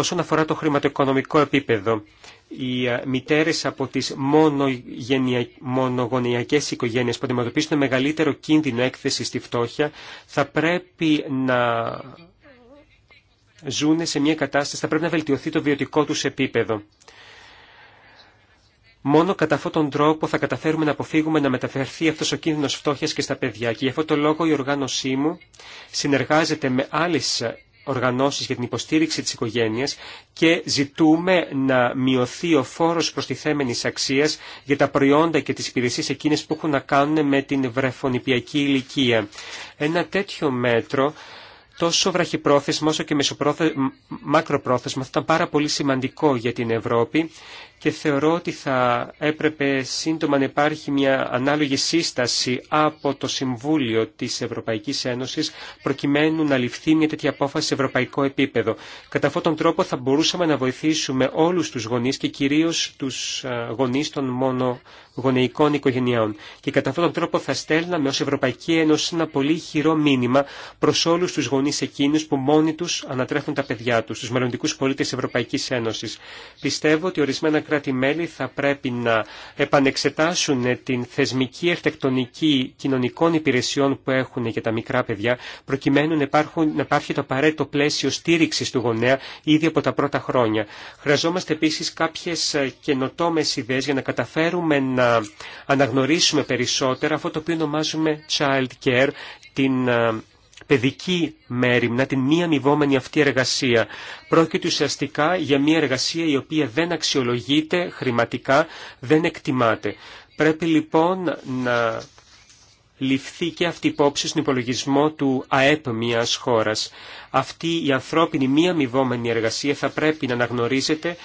Όσον αφορά το χρηματοοικονομικό επίπεδο, οι ε, μητέρες από τις μονογονιακές οικογένειες που αντιμετωπίζουν μεγαλύτερο κίνδυνο έκθεση στη φτώχεια θα πρέπει να ζουν σε μια κατάσταση, θα πρέπει να βελτιωθεί το βιωτικό τους επίπεδο. Μόνο κατά αυτόν τον τρόπο θα καταφέρουμε να αποφύγουμε να μεταφερθεί αυτό ο κίνδυνο φτώχεια και στα παιδιά. Και γι' αυτό το λόγο η οργάνωσή μου συνεργάζεται με άλλε οργανώσεις για την υποστήριξη της οικογένειας και ζητούμε να μειωθεί ο φόρος προστιθέμενης αξίας για τα προϊόντα και τις υπηρεσίες εκείνες που έχουν να κάνουν με την βρεφονιπιακή ηλικία. Ένα τέτοιο μέτρο τόσο βραχυπρόθεσμο όσο και μακροπρόθεσμο, θα ήταν πάρα πολύ σημαντικό για την Ευρώπη και θεωρώ ότι θα έπρεπε σύντομα να υπάρχει μια ανάλογη σύσταση από το Συμβούλιο της Ευρωπαϊκής Ένωσης προκειμένου να ληφθεί μια τέτοια απόφαση σε ευρωπαϊκό επίπεδο. Κατά αυτόν τον τρόπο θα μπορούσαμε να βοηθήσουμε όλους τους γονείς και κυρίως τους ε, γονείς των μόνο γονεϊκών οικογενειών. Και κατά αυτόν τον τρόπο θα στέλναμε ως Ευρωπαϊκή Ένωση ένα πολύ χειρό μήνυμα προς όλους τους γονείς εκείνους που μόνοι τους ανατρέφουν τα παιδιά τους, τους μελλοντικούς πολίτες Ευρωπαϊκής Ένωσης. Πιστεύω ότι ορισμένα κράτη-μέλη θα πρέπει να επανεξετάσουν την θεσμική αρχιτεκτονική κοινωνικών υπηρεσιών που έχουν για τα μικρά παιδιά, προκειμένου να, υπάρχει το απαραίτητο πλαίσιο στήριξη του γονέα ήδη από τα πρώτα χρόνια. Χρειαζόμαστε επίση κάποιε καινοτόμε ιδέε για να καταφέρουμε να αναγνωρίσουμε περισσότερα αυτό το οποίο ονομάζουμε child care, την ε, παιδική μέρημνα, την μη αμοιβόμενη αυτή εργασία. Πρόκειται ουσιαστικά για μια εργασία η οποία δεν αξιολογείται χρηματικά, δεν εκτιμάται. Πρέπει λοιπόν να ληφθεί και αυτή η υπόψη στον υπολογισμό του ΑΕΠ μιας χώρας. Αυτή η ανθρώπινη μη αμοιβόμενη εργασία θα πρέπει να αναγνωρίζεται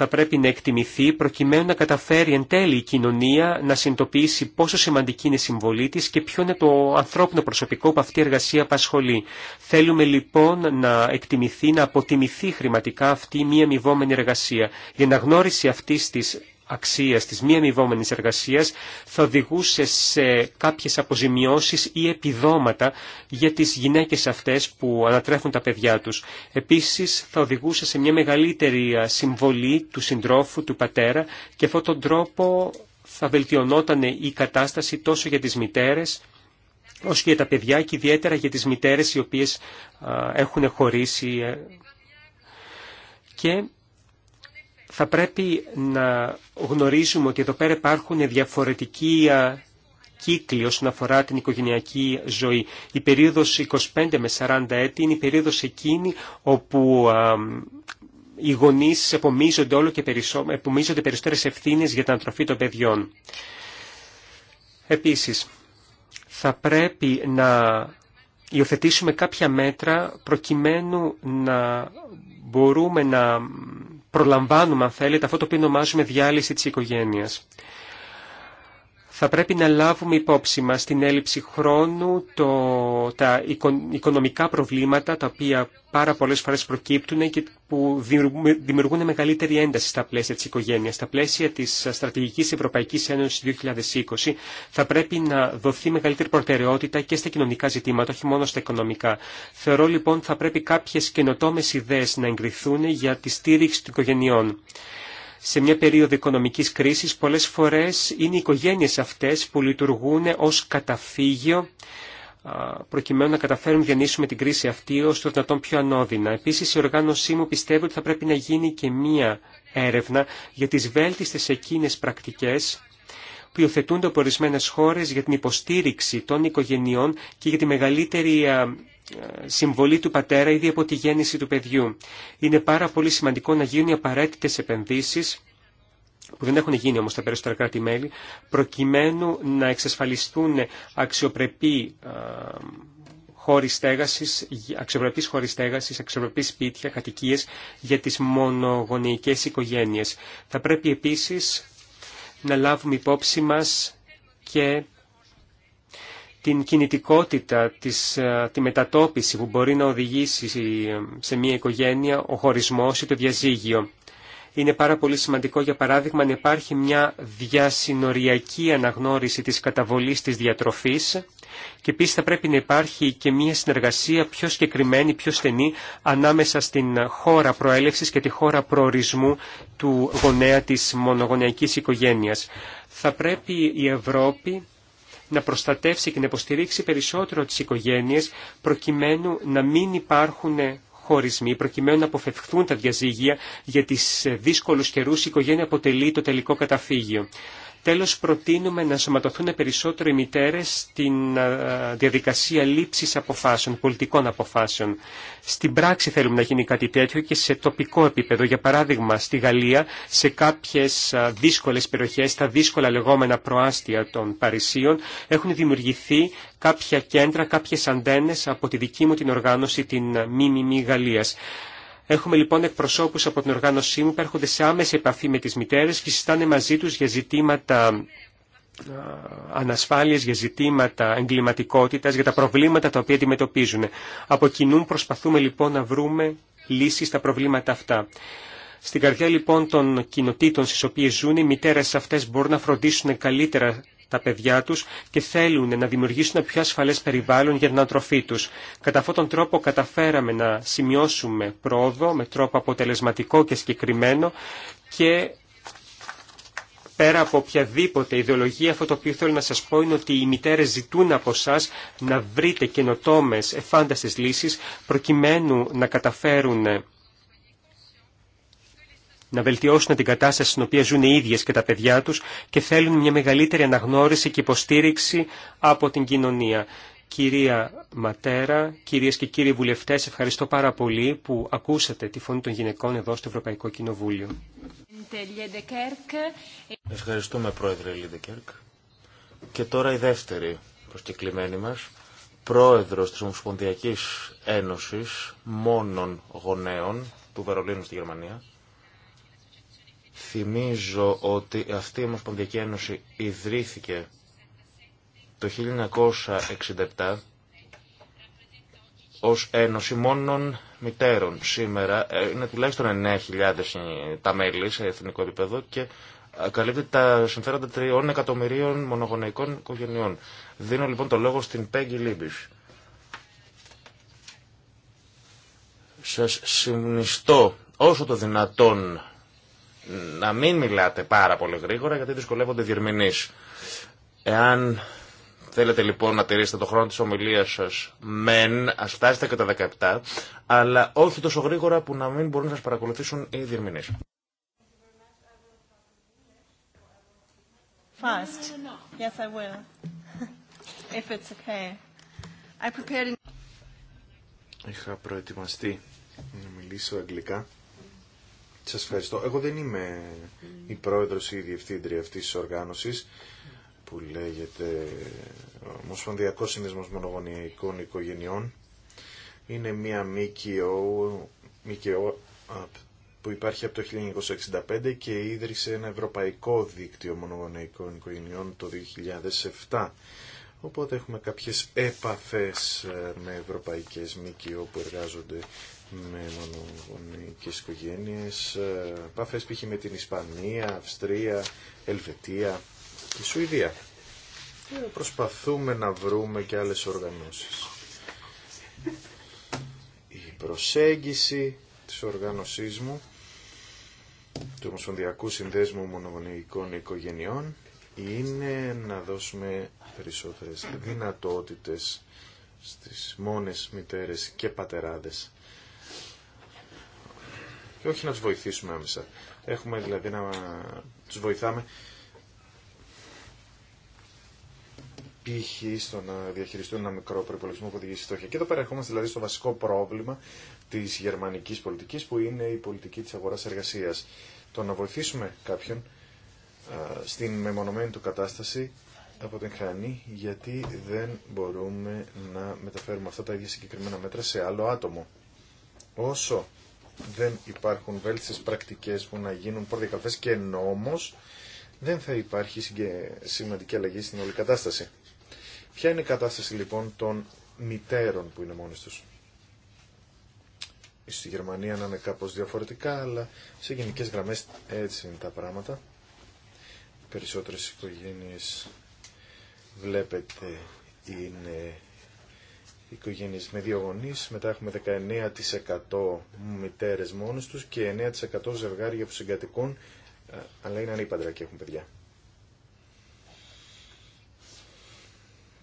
θα πρέπει να εκτιμηθεί προκειμένου να καταφέρει εν τέλει η κοινωνία να συνειδητοποιήσει πόσο σημαντική είναι η συμβολή της και ποιο είναι το ανθρώπινο προσωπικό που αυτή η εργασία απασχολεί. Θέλουμε λοιπόν να εκτιμηθεί, να αποτιμηθεί χρηματικά αυτή η μη αμοιβόμενη εργασία. Η αναγνώριση αυτής της αξίας της μη αμοιβόμενης εργασίας θα οδηγούσε σε κάποιες αποζημιώσεις ή επιδόματα για τις γυναίκες αυτές που ανατρέφουν τα παιδιά τους. Επίσης θα οδηγούσε σε μια μεγαλύτερη συμβολή του συντρόφου, του πατέρα και αυτόν τον τρόπο θα βελτιωνόταν η κατάσταση τόσο για τις μητέρες όσο και για τα παιδιά και ιδιαίτερα για τις μητέρες οι οποίες έχουν χωρίσει ε, και θα πρέπει να γνωρίζουμε ότι εδώ πέρα υπάρχουν διαφορετικοί κύκλοι όσον αφορά την οικογενειακή ζωή. Η περίοδος 25 με 40 έτη είναι η περίοδος εκείνη όπου οι γονείς επομίζονται, όλο και περισσό, περισσότερες ευθύνες για την αντροφή των παιδιών. Επίσης, θα πρέπει να υιοθετήσουμε κάποια μέτρα προκειμένου να μπορούμε να προλαμβάνουμε, αν θέλετε, αυτό το οποίο ονομάζουμε διάλυση τη οικογένεια θα πρέπει να λάβουμε υπόψη μας την έλλειψη χρόνου, το, τα οικονομικά προβλήματα τα οποία πάρα πολλές φορές προκύπτουν και που δημιουργούν μεγαλύτερη ένταση στα πλαίσια της οικογένειας. Στα πλαίσια της Στρατηγικής Ευρωπαϊκής Ένωσης 2020 θα πρέπει να δοθεί μεγαλύτερη προτεραιότητα και στα κοινωνικά ζητήματα, όχι μόνο στα οικονομικά. Θεωρώ λοιπόν θα πρέπει κάποιες καινοτόμες ιδέες να εγκριθούν για τη στήριξη των οικογενειών σε μια περίοδο οικονομικής κρίσης πολλές φορές είναι οι οικογένειες αυτές που λειτουργούν ως καταφύγιο προκειμένου να καταφέρουν να διανύσουμε την κρίση αυτή ως το δυνατόν πιο ανώδυνα. Επίσης η οργάνωσή μου πιστεύει ότι θα πρέπει να γίνει και μία έρευνα για τις βέλτιστες εκείνες πρακτικές που υιοθετούνται από ορισμένε χώρες για την υποστήριξη των οικογενειών και για τη μεγαλύτερη συμβολή του πατέρα ήδη από τη γέννηση του παιδιού. Είναι πάρα πολύ σημαντικό να γίνουν οι απαραίτητες επενδύσεις που δεν έχουν γίνει όμως τα περισσότερα κράτη-μέλη, προκειμένου να εξασφαλιστούν αξιοπρεπή χώροι στέγασης, αξιοπρεπής χώροι στέγασης, αξιοπρεπής σπίτια, κατοικίες για τις μονογονεϊκές οικογένειες. Θα πρέπει επίσης να λάβουμε υπόψη μας και την κινητικότητα, της, ε, τη μετατόπιση που μπορεί να οδηγήσει σε μια οικογένεια, ο χωρισμός ή το διαζύγιο. Είναι πάρα πολύ σημαντικό, για παράδειγμα, να υπάρχει μια διασυνοριακή αναγνώριση της καταβολής της διατροφής και επίση θα πρέπει να υπάρχει και μια συνεργασία πιο συγκεκριμένη, πιο στενή ανάμεσα στην χώρα προέλευσης και τη χώρα προορισμού του γονέα της μονογονεϊκής οικογένειας. Θα πρέπει η Ευρώπη να προστατεύσει και να υποστηρίξει περισσότερο τις οικογένειες προκειμένου να μην υπάρχουν χωρισμοί, προκειμένου να αποφευχθούν τα διαζύγια για τις δύσκολους καιρούς η οικογένεια αποτελεί το τελικό καταφύγιο. Τέλος, προτείνουμε να σωματωθούν περισσότερο οι μητέρες στην διαδικασία λήψης αποφάσεων, πολιτικών αποφάσεων. Στην πράξη θέλουμε να γίνει κάτι τέτοιο και σε τοπικό επίπεδο. Για παράδειγμα, στη Γαλλία, σε κάποιες δύσκολες περιοχές, στα δύσκολα λεγόμενα προάστια των Παρισίων, έχουν δημιουργηθεί κάποια κέντρα, κάποιες αντένες από τη δική μου την οργάνωση, την ΜΜΜ Γαλλίας. Έχουμε λοιπόν εκπροσώπους από την οργάνωσή μου που έρχονται σε άμεση επαφή με τις μητέρες και συστάνε μαζί τους για ζητήματα ανασφάλειες, για ζητήματα εγκληματικότητας, για τα προβλήματα τα οποία αντιμετωπίζουν. Από κοινού προσπαθούμε λοιπόν να βρούμε λύσεις στα προβλήματα αυτά. Στην καρδιά λοιπόν των κοινοτήτων στις οποίες ζουν, οι μητέρες αυτές μπορούν να φροντίσουν καλύτερα τα παιδιά τους και θέλουν να δημιουργήσουν ένα πιο ασφαλέ περιβάλλον για την ανατροφή του. Κατά αυτόν τον τρόπο καταφέραμε να σημειώσουμε πρόοδο με τρόπο αποτελεσματικό και συγκεκριμένο και πέρα από οποιαδήποτε ιδεολογία, αυτό το οποίο θέλω να σας πω είναι ότι οι μητέρες ζητούν από εσά να βρείτε καινοτόμε εφάνταστες λύσεις προκειμένου να καταφέρουν να βελτιώσουν την κατάσταση στην οποία ζουν οι ίδιες και τα παιδιά τους και θέλουν μια μεγαλύτερη αναγνώριση και υποστήριξη από την κοινωνία. Κυρία Ματέρα, κυρίες και κύριοι βουλευτές, ευχαριστώ πάρα πολύ που ακούσατε τη φωνή των γυναικών εδώ στο Ευρωπαϊκό Κοινοβούλιο. Ευχαριστούμε Πρόεδρε Κέρκ.
Και τώρα η δεύτερη προσκεκλημένη μας, Πρόεδρος της Ομοσπονδιακής Ένωσης Μόνων Γονέων του Βερολίνου στη Γερμανία, Θυμίζω ότι αυτή η Ομοσπονδιακή Ένωση ιδρύθηκε το 1967 ως Ένωση Μόνων Μητέρων. Σήμερα ε, είναι τουλάχιστον 9.000 τα μέλη σε εθνικό επίπεδο και ε, καλύπτει τα συμφέροντα τριών εκατομμυρίων μονογονεϊκών οικογενειών. Δίνω λοιπόν το λόγο στην Πέγγι Λίμπης. Σας συμνιστώ όσο το δυνατόν να μην μιλάτε πάρα πολύ γρήγορα γιατί δυσκολεύονται διερμηνεί. Εάν θέλετε λοιπόν να τηρήσετε το χρόνο τη ομιλία σα μεν, α φτάσετε και τα 17, αλλά όχι τόσο γρήγορα που να μην μπορούν να σα παρακολουθήσουν οι διερμηνεί.
Fast. Yes, I will. If it's okay. I prepared...
Είχα προετοιμαστεί να μιλήσω αγγλικά Σα ευχαριστώ. Εγώ δεν είμαι η πρόεδρο ή η διευθύντρια αυτής της οργάνωσης που λέγεται Ομοσπονδιακό Σύνδεσμο Μονογονεϊκών Οικογενειών. Είναι μια ΜΚΟ, που υπάρχει από το 1965 και ίδρυσε ένα ευρωπαϊκό δίκτυο μονογονεϊκών οικογενειών το 2007. Οπότε έχουμε κάποιες έπαφες με ευρωπαϊκές ΜΚΟ που εργάζονται με μονογονικές οικογένειες, ε, επαφές π.χ. με την Ισπανία, Αυστρία, Ελβετία και Σουηδία. Και ε, προσπαθούμε να βρούμε και άλλες οργανώσεις. Η προσέγγιση της οργάνωσής μου, του Ομοσπονδιακού Συνδέσμου Μονογονικών Οικογενειών, είναι να δώσουμε περισσότερες δυνατότητες στις μόνες μητέρες και πατεράδες και όχι να τους βοηθήσουμε άμεσα. Έχουμε δηλαδή να τους βοηθάμε π.χ. στο να διαχειριστούν ένα μικρό προπολογισμό που οδηγεί στη φτώχεια. Και εδώ πέρα δηλαδή στο βασικό πρόβλημα της γερμανικής πολιτικής που είναι η πολιτική της αγοράς εργασίας. Το να βοηθήσουμε κάποιον στην μεμονωμένη του κατάσταση από την Χάνη, γιατί δεν μπορούμε να μεταφέρουμε αυτά τα ίδια συγκεκριμένα μέτρα σε άλλο άτομο. Όσο δεν υπάρχουν βέλτιστες πρακτικές που να γίνουν προδιαγραφές και νόμος, δεν θα υπάρχει σημαντική αλλαγή στην όλη κατάσταση. Ποια είναι η κατάσταση λοιπόν των μητέρων που είναι μόνες τους. Στη Γερμανία να είναι κάπως διαφορετικά, αλλά σε γενικές γραμμές έτσι είναι τα πράγματα. Περισσότερε περισσότερες βλέπετε είναι οικογένειες με δύο γονείς, μετά έχουμε 19% μητέρες μόνος τους και 9% ζευγάρια που συγκατοικούν, ε, αλλά είναι ανήπαντρα και έχουν παιδιά.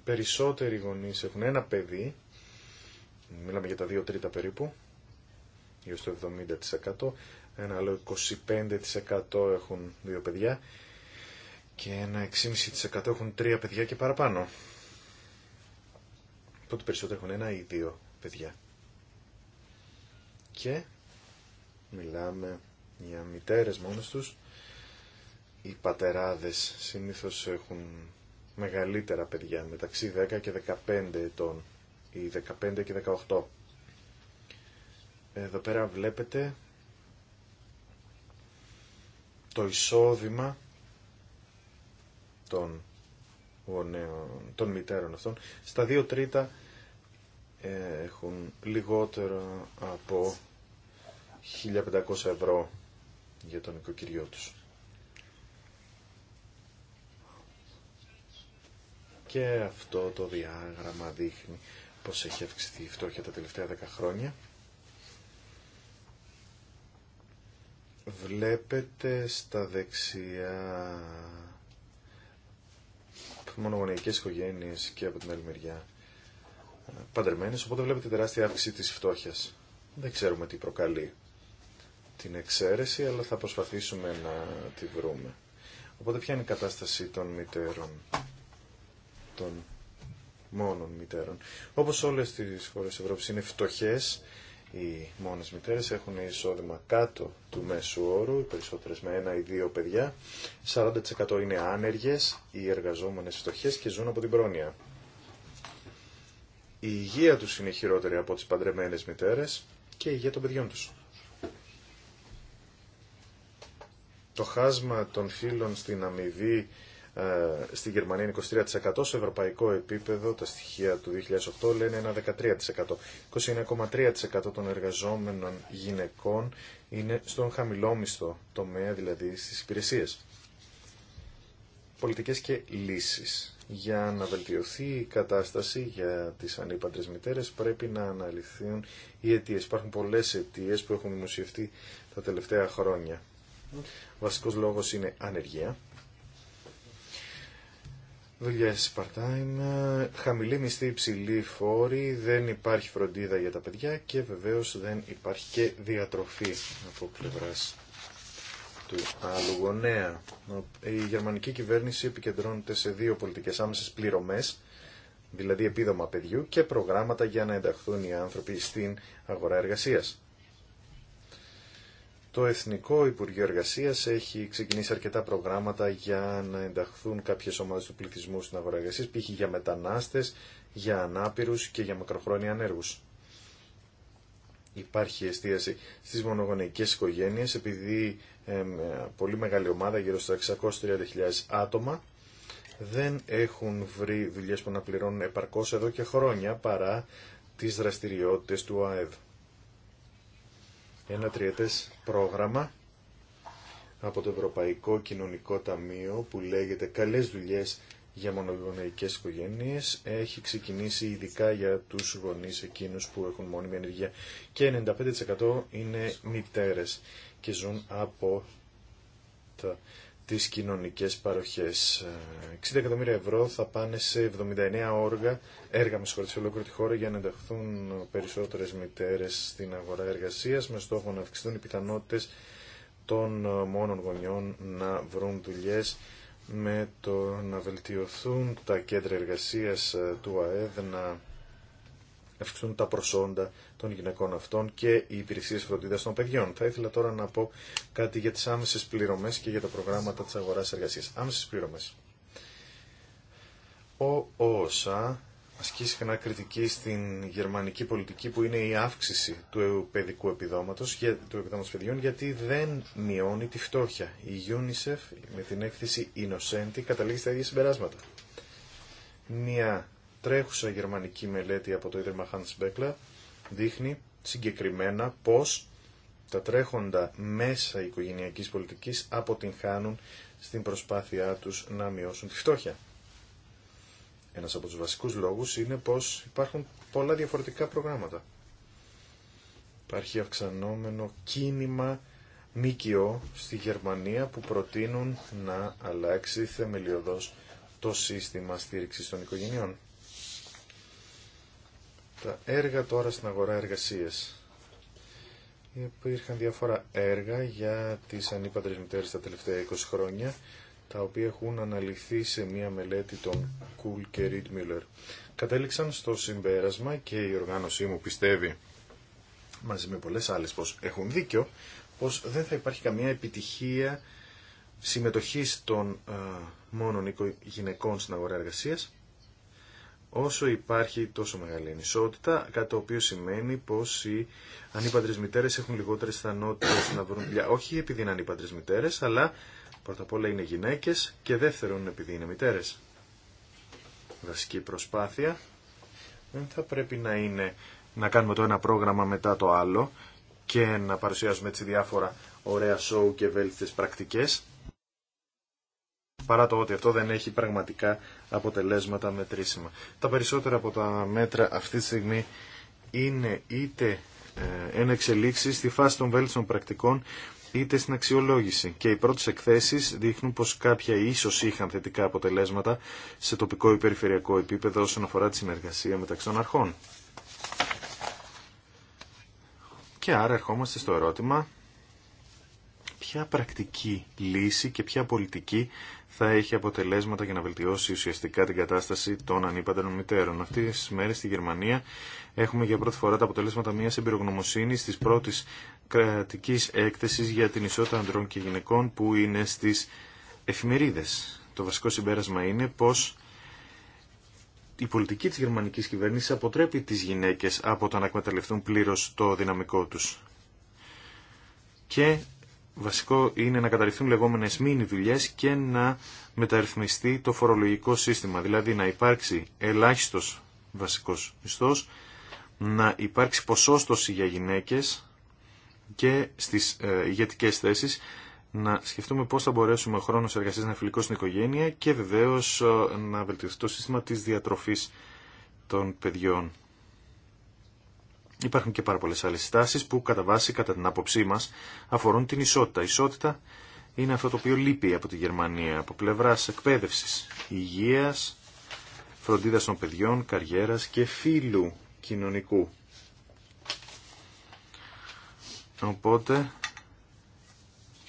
Περισσότεροι γονείς έχουν ένα παιδί, μιλάμε για τα 2 τρίτα περίπου, γύρω στο 70%, ένα άλλο 25% έχουν δύο παιδιά και ένα 6,5% έχουν τρία παιδιά και παραπάνω. Οπότε περισσότερο έχουν ένα ή δύο παιδιά. Και μιλάμε για μητέρες μόνες τους. Οι πατεράδες συνήθως έχουν μεγαλύτερα παιδιά, μεταξύ 10 και 15 ετών ή 15 και 18. Εδώ πέρα βλέπετε το εισόδημα των των μητέρων αυτών, στα δύο τρίτα ε, έχουν λιγότερο από 1500 ευρώ για τον οικοκυριό τους. Και αυτό το διάγραμμα δείχνει πως έχει αυξηθεί η φτώχεια τα τελευταία 10 χρόνια. Βλέπετε στα δεξιά μονογονεϊκές οικογένειες και από την άλλη μεριά ε, παντρεμένες, οπότε βλέπετε τεράστια αύξηση της φτώχειας. Δεν ξέρουμε τι προκαλεί την εξαίρεση, αλλά θα προσπαθήσουμε να τη βρούμε. Οπότε ποια είναι η κατάσταση των μητέρων, των μόνων μητέρων. Όπως όλες τις χώρες της Ευρώπης είναι φτωχές, οι μόνες μητέρες έχουν εισόδημα κάτω του μέσου όρου, οι περισσότερες με ένα ή δύο παιδιά. 40% είναι άνεργες, οι εργαζόμενες φτωχές και ζουν από την πρόνοια. Η υγεία τους είναι χειρότερη από τις παντρεμένες μητέρες και η υγεία των παιδιών τους. Το χάσμα των φύλων στην αμοιβή ε, Στη Γερμανία είναι 23%, σε ευρωπαϊκό επίπεδο τα στοιχεία του 2008 λένε ένα 13%. 29,3% των εργαζόμενων γυναικών είναι στον χαμηλόμισθο τομέα, δηλαδή στις υπηρεσίες. Πολιτικές και λύσεις. Για να βελτιωθεί η κατάσταση για τις ανήπαντρες μητέρες πρέπει να αναλυθούν οι αιτίε. Υπάρχουν πολλές αιτίε που έχουν δημοσιευτεί τα τελευταία χρόνια. Ο βασικός λόγος είναι ανεργία σε part part-time, χαμηλή μισθή, υψηλή φόρη, δεν υπάρχει φροντίδα για τα παιδιά και βεβαίως δεν υπάρχει και διατροφή από πλευράς του άλλου γονέα. Η γερμανική κυβέρνηση επικεντρώνεται σε δύο πολιτικές άμεσες πληρωμές, δηλαδή επίδομα παιδιού και προγράμματα για να ενταχθούν οι άνθρωποι στην αγορά εργασίας. Το Εθνικό Υπουργείο Εργασία έχει ξεκινήσει αρκετά προγράμματα για να ενταχθούν κάποιε ομάδε του πληθυσμού στην αγορά εργασία, π.χ. για μετανάστε, για ανάπηρου και για μακροχρόνια ανέργου. Υπάρχει εστίαση στις μονογονεϊκές οικογένειες επειδή πολύ μεγάλη ομάδα, γύρω στα 630.000 άτομα, δεν έχουν βρει δουλειέ που να πληρώνουν επαρκώ εδώ και χρόνια παρά τι δραστηριότητε του ΑΕΔ ένα τριετές πρόγραμμα από το Ευρωπαϊκό Κοινωνικό Ταμείο που λέγεται «Καλές δουλειές για μονογονεϊκές οικογένειες». Έχει ξεκινήσει ειδικά για τους γονείς εκείνους που έχουν μόνιμη ενεργεία και 95% είναι μητέρες και ζουν από τα τις κοινωνικές παροχές. 60 ε, εκατομμύρια ευρώ θα πάνε σε 79 όργα, έργα με σε ολόκληρη τη χώρα για να ενταχθούν περισσότερες μητέρες στην αγορά εργασίας με στόχο να αυξηθούν οι πιθανότητε των μόνων γονιών να βρουν δουλειές με το να βελτιωθούν τα κέντρα εργασίας ε, του ΑΕΔ, να αυξηθούν τα προσόντα των γυναικών αυτών και οι υπηρεσίε φροντίδα των παιδιών. Θα ήθελα τώρα να πω κάτι για τι άμεσε πληρωμέ και για τα προγράμματα τη αγορά εργασία. Άμεσε πληρωμέ. Ο ΩΣΑ ασκεί συχνά κριτική στην γερμανική πολιτική που είναι η αύξηση του παιδικού επιδόματος, του επιδόματος παιδιών γιατί δεν μειώνει τη φτώχεια. Η UNICEF με την έκθεση Innocenti καταλήγει στα ίδια συμπεράσματα. Μια τρέχουσα γερμανική μελέτη από το Ίδρυμα Hans Beckler δείχνει συγκεκριμένα πως τα τρέχοντα μέσα οικογενειακής πολιτικής αποτυγχάνουν στην προσπάθειά τους να μειώσουν τη φτώχεια. Ένας από τους βασικούς λόγους είναι πως υπάρχουν πολλά διαφορετικά προγράμματα. Υπάρχει αυξανόμενο κίνημα ΜΚΟ στη Γερμανία που προτείνουν να αλλάξει θεμελιωδώς το σύστημα στήριξης των οικογενειών τα έργα τώρα στην αγορά εργασίας. Υπήρχαν διάφορα έργα για τις ανήπαντρες μητέρες τα τελευταία 20 χρόνια, τα οποία έχουν αναλυθεί σε μία μελέτη των Κουλ και Ρίτ Κατέληξαν στο συμπέρασμα και η οργάνωσή μου πιστεύει, μαζί με πολλές άλλες, πως έχουν δίκιο, πως δεν θα υπάρχει καμία επιτυχία συμμετοχής των ε, μόνων γυναικών στην αγορά εργασίας όσο υπάρχει τόσο μεγάλη ανισότητα, κάτι το οποίο σημαίνει πως οι ανήπαντρε μητέρε έχουν λιγότερες πιθανότητε να βρουν δουλειά. Όχι επειδή είναι ανήπαντρε μητέρες, αλλά πρώτα απ' όλα είναι γυναίκες και δεύτερον επειδή είναι μητέρες. Βασική προσπάθεια δεν θα πρέπει να είναι να κάνουμε το ένα πρόγραμμα μετά το άλλο και να παρουσιάζουμε έτσι διάφορα ωραία σοου και βέλτιστες πρακτικέ παρά το ότι αυτό δεν έχει πραγματικά αποτελέσματα μετρήσιμα. Τα περισσότερα από τα μέτρα αυτή τη στιγμή είναι είτε ε, εν εξελίξει στη φάση των βέλτιστων πρακτικών είτε στην αξιολόγηση. Και οι πρώτες εκθέσεις δείχνουν πως κάποια ίσως είχαν θετικά αποτελέσματα σε τοπικό ή περιφερειακό επίπεδο όσον αφορά τη συνεργασία μεταξύ των αρχών. Και άρα ερχόμαστε στο ερώτημα ποια πρακτική λύση και ποια πολιτική θα έχει αποτελέσματα για να βελτιώσει ουσιαστικά την κατάσταση των ανήπαντων μητέρων. Αυτέ τι μέρε στη Γερμανία έχουμε για πρώτη φορά τα αποτελέσματα μια εμπειρογνωμοσύνη τη πρώτη κρατική έκθεση για την ισότητα ανδρών και γυναικών που είναι στι εφημερίδε. Το βασικό συμπέρασμα είναι πω η πολιτική της γερμανικής κυβέρνησης αποτρέπει τις γυναίκες από το να εκμεταλλευτούν πλήρως το δυναμικό τους και βασικό είναι να καταρριφθούν λεγόμενες μήνυ δουλειές και να μεταρρυθμιστεί το φορολογικό σύστημα. Δηλαδή να υπάρξει ελάχιστος βασικός μισθός, να υπάρξει ποσόστοση για γυναίκες και στις ε, ηγετικές θέσεις, να σκεφτούμε πώς θα μπορέσουμε ο χρόνος εργασίας να φιλικό στην οικογένεια και βεβαίως ε, να βελτιωθεί το σύστημα της διατροφής των παιδιών. Υπάρχουν και πάρα πολλέ άλλε στάσεις που κατά βάση, κατά την άποψή μα αφορούν την ισότητα. Η ισότητα είναι αυτό το οποίο λείπει από τη Γερμανία, από πλευρά εκπαίδευση υγεία, φροντίδα των παιδιών, καριέρας και φίλου κοινωνικού. Οπότε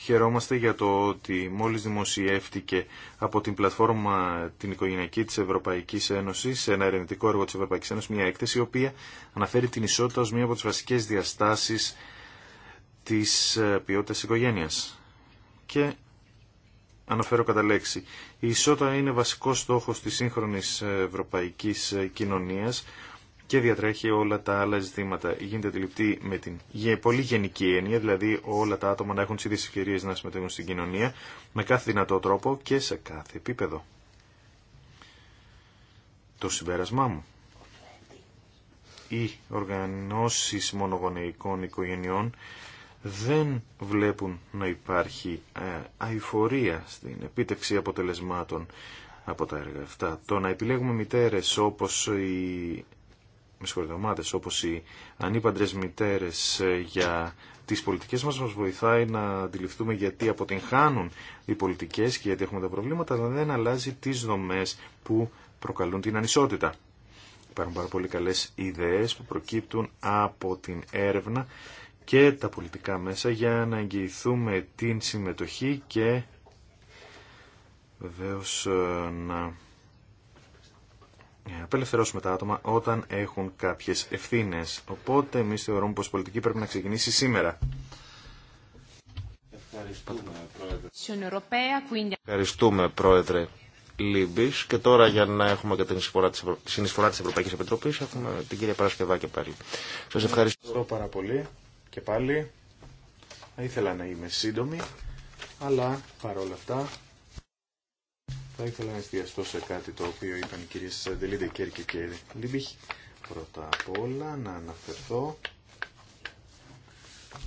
χαιρόμαστε για το ότι μόλις δημοσιεύτηκε από την πλατφόρμα την οικογενειακή της Ευρωπαϊκής Ένωσης σε ένα ερευνητικό έργο της Ευρωπαϊκής Ένωσης μια έκθεση η οποία αναφέρει την ισότητα ως μία από τις βασικές διαστάσεις της ε, ποιότητας οικογένειας. Και αναφέρω κατά λέξη. Η ισότητα είναι βασικό στόχος της σύγχρονης ε, ευρωπαϊκής ε, κοινωνίας και διατρέχει όλα τα άλλα ζητήματα. Γίνεται αντιληπτή με την πολύ γενική έννοια, δηλαδή όλα τα άτομα να έχουν τι ίδιε ευκαιρίε να συμμετέχουν στην κοινωνία με κάθε δυνατό τρόπο και σε κάθε επίπεδο. Το συμπέρασμά μου. Οι οργανώσει μονογονεϊκών οικογενειών δεν βλέπουν να υπάρχει ε, αηφορία στην επίτευξη αποτελεσμάτων από τα έργα αυτά. Το να επιλέγουμε μητέρες όπως η με συγχωρείτε, όπως οι ανήπαντρες μητέρες ε, για τις πολιτικές μας μας βοηθάει να αντιληφθούμε γιατί αποτυγχάνουν οι πολιτικές και γιατί έχουμε τα προβλήματα, αλλά δεν αλλάζει τις δομές που προκαλούν την ανισότητα. Υπάρχουν πάρα πολύ καλές ιδέες που προκύπτουν από την έρευνα και τα πολιτικά μέσα για να εγγυηθούμε την συμμετοχή και βεβαίως ε, να ε, απελευθερώσουμε τα άτομα όταν έχουν κάποιε ευθύνε. Οπότε εμεί θεωρούμε πω η πολιτική πρέπει να ξεκινήσει σήμερα.
Ευχαριστούμε, Πρόεδρε.
Ευχαριστούμε, Λίμπης. Και τώρα για να έχουμε και την συνεισφορά της, Ευρωπαϊκή Επιτροπή, Ευρωπαϊκής Επιτροπής έχουμε την κυρία Παρασκευά και πάλι. Σας ευχαριστώ.
ευχαριστώ πάρα πολύ και πάλι. θα Ήθελα να είμαι σύντομη, αλλά παρόλα αυτά θα ήθελα να εστιαστώ σε κάτι το οποίο είπαν οι κυρίες Δελίδε Κέρκη και Λίμπιχ. Πρώτα απ' όλα να αναφερθώ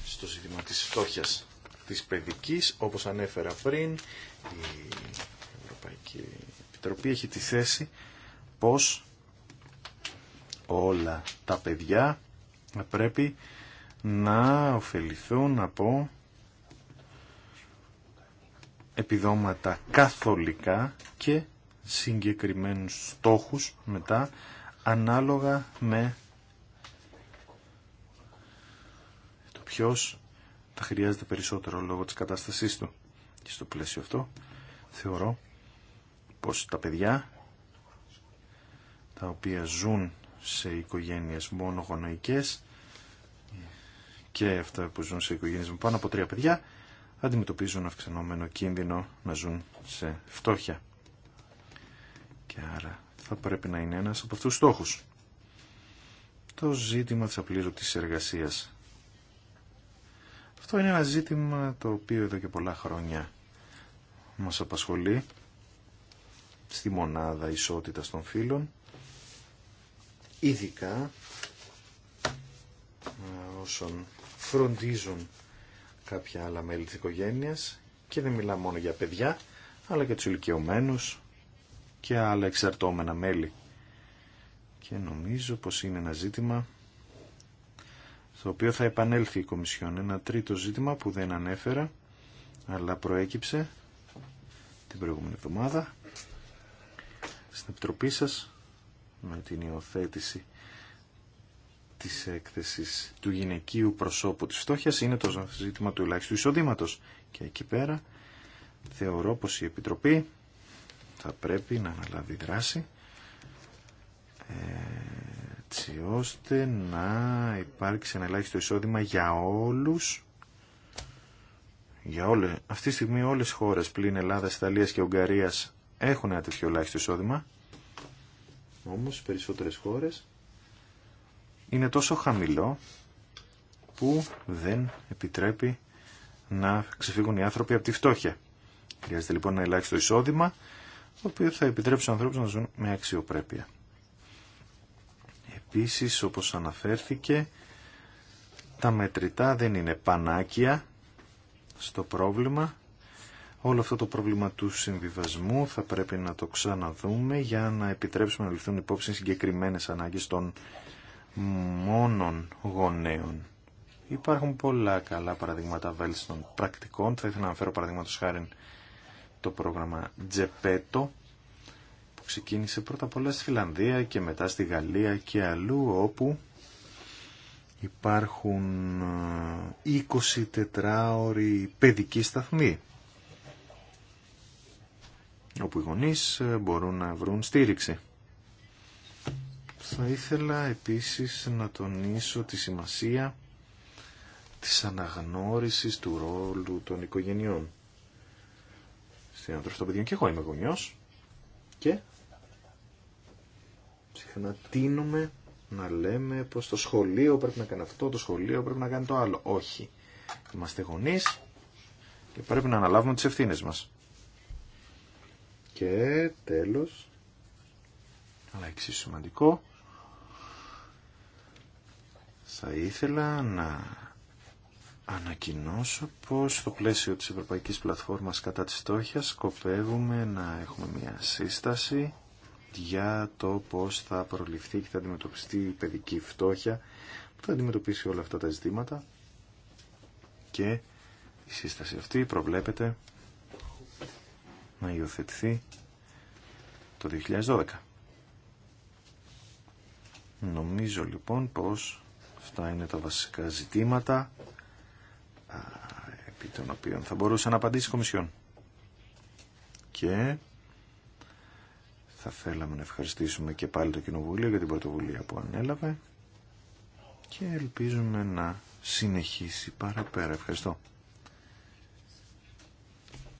στο ζήτημα της φτώχειας της παιδικής. Όπως ανέφερα πριν, η Ευρωπαϊκή Επιτροπή έχει τη θέση πως όλα τα παιδιά πρέπει να ωφεληθούν από επιδόματα καθολικά και συγκεκριμένους στόχους μετά ανάλογα με το ποιος τα χρειάζεται περισσότερο λόγω της κατάστασής του. Και στο πλαίσιο αυτό θεωρώ πως τα παιδιά τα οποία ζουν σε οικογένειες μόνο γονοϊκές και αυτά που ζουν σε οικογένειες με πάνω από τρία παιδιά αντιμετωπίζουν αυξανόμενο κίνδυνο να ζουν σε φτώχεια. Και άρα θα πρέπει να είναι ένας από αυτούς τους στόχους. Το ζήτημα της απλήρωτης εργασίας. Αυτό είναι ένα ζήτημα το οποίο εδώ και πολλά χρόνια μας απασχολεί στη μονάδα ισότητας των φύλων, ειδικά ε, όσων φροντίζουν κάποια άλλα μέλη της οικογένειας και δεν μιλά μόνο για παιδιά, αλλά και τους ηλικιωμένους και άλλα εξαρτώμενα μέλη. Και νομίζω πως είναι ένα ζήτημα στο οποίο θα επανέλθει η Κομισιόν. Ένα τρίτο ζήτημα που δεν ανέφερα, αλλά προέκυψε την προηγούμενη εβδομάδα στην Επιτροπή σας με την υιοθέτηση της έκθεσης του γυναικείου προσώπου της φτώχεια είναι το ζήτημα του ελάχιστου εισόδηματο. Και εκεί πέρα θεωρώ πως η Επιτροπή θα πρέπει να αναλάβει δράση έτσι ώστε να υπάρξει ένα ελάχιστο εισόδημα για όλους για όλες. Αυτή τη στιγμή όλες οι χώρες πλην Ελλάδας, Ιταλίας και Ουγγαρίας έχουν ένα τέτοιο ελάχιστο εισόδημα όμως περισσότερες χώρες είναι τόσο χαμηλό που δεν επιτρέπει να ξεφύγουν οι άνθρωποι από τη φτώχεια. Χρειάζεται λοιπόν ένα ελάχιστο εισόδημα, το οποίο θα επιτρέψει στους ανθρώπους να ζουν με αξιοπρέπεια. Επίσης, όπως αναφέρθηκε, τα μετρητά δεν είναι πανάκια στο πρόβλημα. Όλο αυτό το πρόβλημα του συμβιβασμού θα πρέπει να το ξαναδούμε για να επιτρέψουμε να ληφθούν υπόψη συγκεκριμένες ανάγκες των μόνον γονέων. Υπάρχουν πολλά καλά παραδείγματα βέλτιστων πρακτικών. Θα ήθελα να αναφέρω παραδείγματος χάρη το πρόγραμμα Τζεπέτο που ξεκίνησε πρώτα απ' όλα στη Φιλανδία και μετά στη Γαλλία και αλλού όπου υπάρχουν 24 ε, ώροι παιδική σταθμή όπου οι γονείς ε, μπορούν να βρουν στήριξη. Θα ήθελα επίσης να τονίσω τη σημασία της αναγνώρισης του ρόλου των οικογενειών στην ανατροφή των παιδιών. Και εγώ είμαι γονιός και συχνά τίνουμε να λέμε πως το σχολείο πρέπει να κάνει αυτό, το σχολείο πρέπει να κάνει το άλλο. Όχι. Είμαστε γονείς και πρέπει να αναλάβουμε τις ευθύνες μας. Και τέλος αλλά εξίσου σημαντικό θα ήθελα να ανακοινώσω πως στο πλαίσιο της Ευρωπαϊκής Πλατφόρμας κατά της στόχιας σκοπεύουμε να έχουμε μια σύσταση για το πώς θα προληφθεί και θα αντιμετωπιστεί η παιδική φτώχεια που θα αντιμετωπίσει όλα αυτά τα ζητήματα και η σύσταση αυτή προβλέπεται να υιοθετηθεί το 2012. Νομίζω λοιπόν πως αυτά είναι τα βασικά ζητήματα επί των οποίων θα μπορούσε να απαντήσει η Κομισιόν. Και θα θέλαμε να ευχαριστήσουμε και πάλι το Κοινοβούλιο για την πρωτοβουλία που ανέλαβε και ελπίζουμε να συνεχίσει παραπέρα. Ευχαριστώ.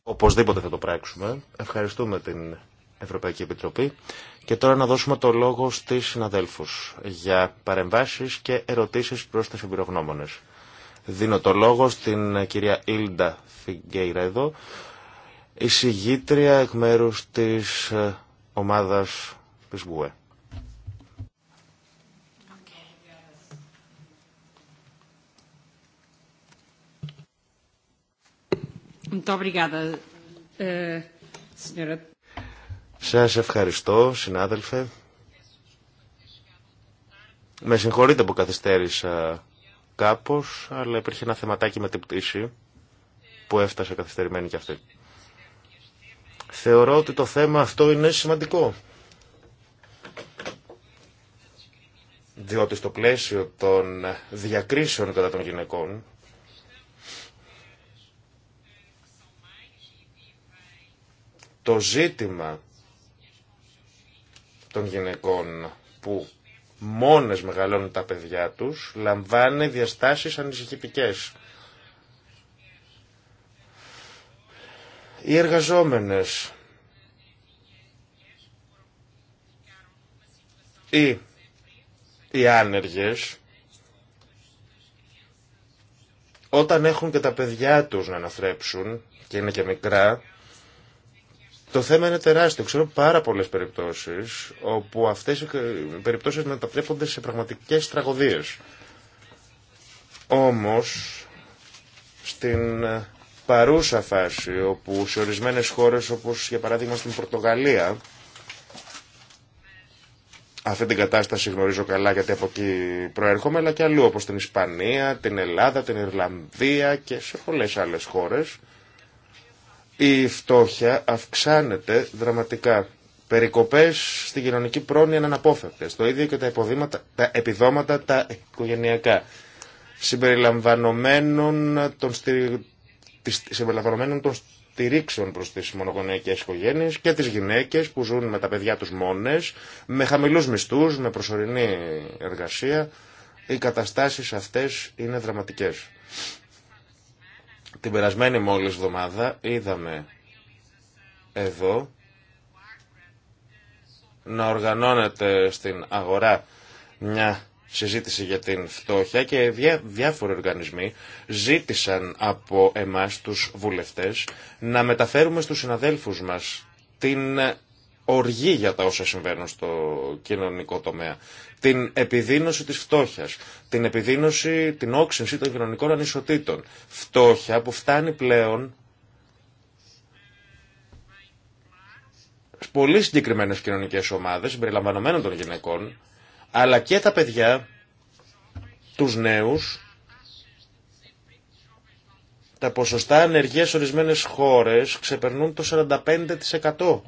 Οπωσδήποτε θα το πράξουμε. Ευχαριστούμε την Ευρωπαϊκή Επιτροπή και τώρα να δώσουμε το λόγο στις συναδέλφους για παρεμβάσεις και ερωτήσεις προς τις εμπειρογνώμονες. Δίνω το λόγο στην κυρία Ήλντα Φιγκέιρα εδώ, εισηγήτρια εκ μέρους της ε, ομάδας της ΒΟΕ. Σας ευχαριστώ, συνάδελφε. Με συγχωρείτε που καθυστέρησα κάπως, αλλά υπήρχε ένα θεματάκι με την πτήση που έφτασε καθυστερημένη κι αυτή. Θεωρώ ότι το θέμα αυτό είναι σημαντικό. Διότι στο πλαίσιο των διακρίσεων κατά των γυναικών, το ζήτημα των γυναικών που μόνες μεγαλώνουν τα παιδιά τους λαμβάνει διαστάσεις ανησυχητικές. Οι εργαζόμενες ή οι άνεργες όταν έχουν και τα παιδιά τους να αναθρέψουν και είναι και μικρά το θέμα είναι τεράστιο. Ξέρω πάρα πολλέ περιπτώσει όπου αυτέ οι περιπτώσει μετατρέπονται σε πραγματικέ τραγωδίε. Όμω, στην ε, παρούσα φάση, όπου σε ορισμένε χώρε, όπω για παράδειγμα στην Πορτογαλία, αυτή την κατάσταση γνωρίζω καλά γιατί από εκεί προέρχομαι, αλλά και αλλού, όπως στην Ισπανία, την Ελλάδα, την Ιρλανδία και σε πολλές άλλες χώρες, η φτώχεια αυξάνεται δραματικά. Περικοπές στην κοινωνική πρόνοια είναι αναπόφευκτες. Το ίδιο και τα, τα επιδόματα τα οικογενειακά. Συμπεριλαμβανομένων των, στηρι... συμπεριλαμβανομένων των στηρίξεων προς τις μονογονεϊκές οικογένειες και τις γυναίκες που ζουν με τα παιδιά τους μόνες, με χαμηλούς μισθούς, με προσωρινή εργασία. Οι καταστάσεις αυτές είναι δραματικές. Την περασμένη μόλις εβδομάδα είδαμε εδώ να οργανώνεται στην αγορά μια συζήτηση για την φτώχεια και διά, διάφοροι οργανισμοί ζήτησαν από εμάς τους βουλευτές να μεταφέρουμε στους συναδέλφους μας την οργή για τα όσα συμβαίνουν στο κοινωνικό τομέα. Την επιδείνωση της φτώχειας, την επιδείνωση, την όξυνση των κοινωνικών ανισοτήτων. Φτώχεια που φτάνει πλέον πολύ συγκεκριμένε κοινωνικές ομάδες, συμπεριλαμβανομένων των γυναικών, αλλά και τα παιδιά, τους νέους, τα ποσοστά ανεργίας σε ορισμένες χώρες ξεπερνούν το 45%.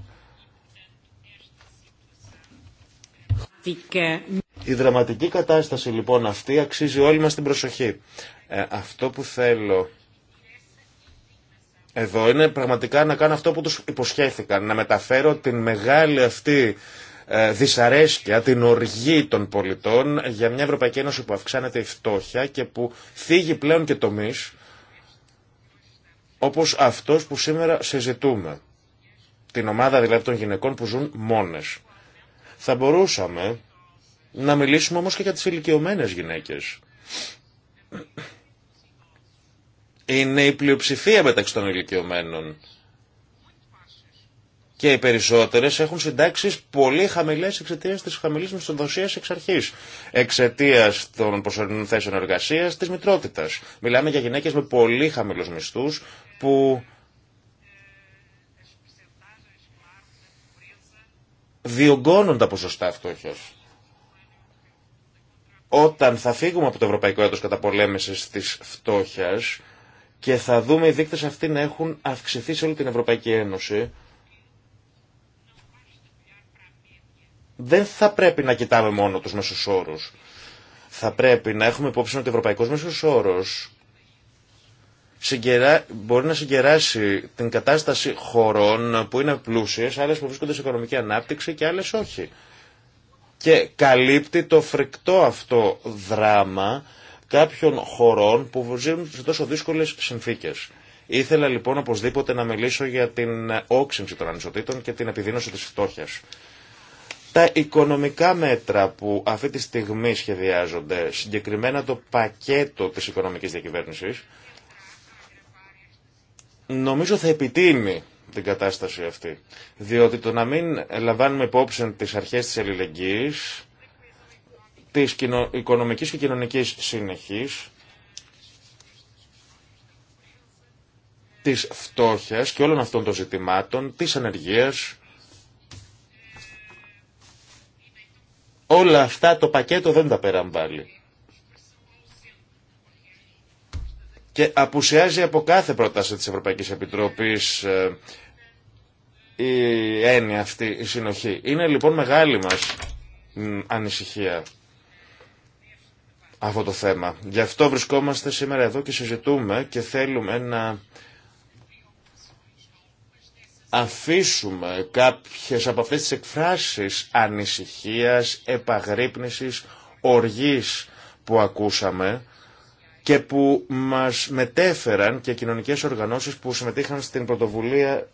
Η δραματική κατάσταση λοιπόν αυτή αξίζει όλη μας την προσοχή. Ε, αυτό που θέλω εδώ είναι πραγματικά να κάνω αυτό που τους υποσχέθηκαν, να μεταφέρω την μεγάλη αυτή ε, δυσαρέσκεια, την οργή των πολιτών για μια Ευρωπαϊκή Ένωση που αυξάνεται η φτώχεια και που θίγει πλέον και τομεί όπως αυτός που σήμερα συζητούμε. Την ομάδα δηλαδή των γυναικών που ζουν μόνες. Θα μπορούσαμε να μιλήσουμε όμως και για τις ηλικιωμένε γυναίκες. Είναι η πλειοψηφία μεταξύ των ηλικιωμένων. Και οι περισσότερες έχουν συντάξεις πολύ χαμηλές εξαιτία της χαμηλής μισθοδοσίας εξ αρχής, Εξαιτία των προσωρινών θέσεων εργασία, τη μητρότητα. Μιλάμε για γυναίκες με πολύ χαμηλού μισθού που διωγγώνουν τα ποσοστά φτώχειας. Όταν θα φύγουμε από το Ευρωπαϊκό κατά Καταπολέμησης της Φτώχειας και θα δούμε οι δείκτες αυτοί να έχουν αυξηθεί σε όλη την Ευρωπαϊκή Ένωση, δεν θα πρέπει να κοιτάμε μόνο τους μέσους όρους. Θα πρέπει να έχουμε υπόψη ότι ο ευρωπαϊκός μέσος όρος συγκερά... μπορεί να συγκεράσει την κατάσταση χωρών που είναι πλούσιες, άλλες που βρίσκονται σε οικονομική ανάπτυξη και άλλες όχι. Και καλύπτει το φρικτό αυτό δράμα κάποιων χωρών που ζουν σε τόσο δύσκολες συνθήκες. Ήθελα λοιπόν οπωσδήποτε να μιλήσω για την όξυνση των ανισοτήτων και την επιδείνωση της φτώχειας. Τα οικονομικά μέτρα που αυτή τη στιγμή σχεδιάζονται, συγκεκριμένα το πακέτο της οικονομικής διακυβέρνησης, νομίζω θα επιτείνει την κατάσταση αυτή. Διότι το να μην λαμβάνουμε υπόψη τις αρχές της αλληλεγγύης, της οικονομικής και κοινωνικής συνεχής, της φτώχειας και όλων αυτών των ζητημάτων, της ανεργίας, όλα αυτά το πακέτο δεν τα πέραν και απουσιάζει από κάθε πρόταση της Ευρωπαϊκής Επιτροπής ε, η έννοια αυτή, η συνοχή. Είναι λοιπόν μεγάλη μας ανησυχία αυτό το θέμα. Γι' αυτό βρισκόμαστε σήμερα εδώ και συζητούμε και θέλουμε να αφήσουμε κάποιες από αυτές τις εκφράσεις ανησυχίας, επαγρύπνησης, οργής που ακούσαμε και που μας μετέφεραν και κοινωνικές οργανώσεις που συμμετείχαν στην πρωτοβουλία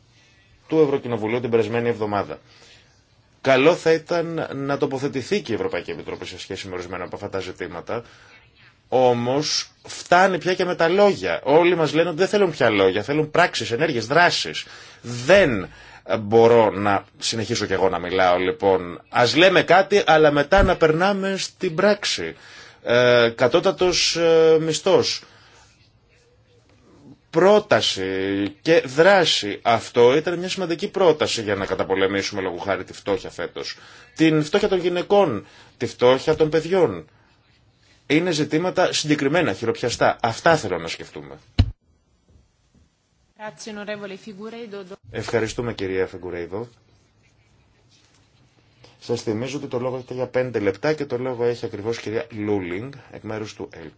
του Ευρωκοινοβουλίου την περασμένη εβδομάδα. Καλό θα ήταν να τοποθετηθεί και η Ευρωπαϊκή Επιτροπή σε σχέση με ορισμένα από αυτά τα ζητήματα, όμως φτάνει πια και με τα λόγια. Όλοι μας λένε ότι δεν θέλουν πια λόγια, θέλουν πράξεις, ενέργειες, δράσεις. Δεν μπορώ να συνεχίσω κι εγώ να μιλάω λοιπόν. Ας λέμε κάτι αλλά μετά να περνάμε στην πράξη ε, κατώτατος ε, μισθός, πρόταση και δράση. Αυτό ήταν μια σημαντική πρόταση για να καταπολεμήσουμε λόγω χάρη τη φτώχεια φέτος. Την φτώχεια των γυναικών, τη φτώχεια των παιδιών. Είναι ζητήματα συγκεκριμένα, χειροπιαστά. Αυτά θέλω να σκεφτούμε. Ευχαριστούμε κυρία Φεγκουρέιδο. Σα θυμίζω ότι το λόγο έχετε για πέντε λεπτά και το λόγο έχει ακριβώ κυρία Λούλινγκ εκ μέρου του ΕΛΚ.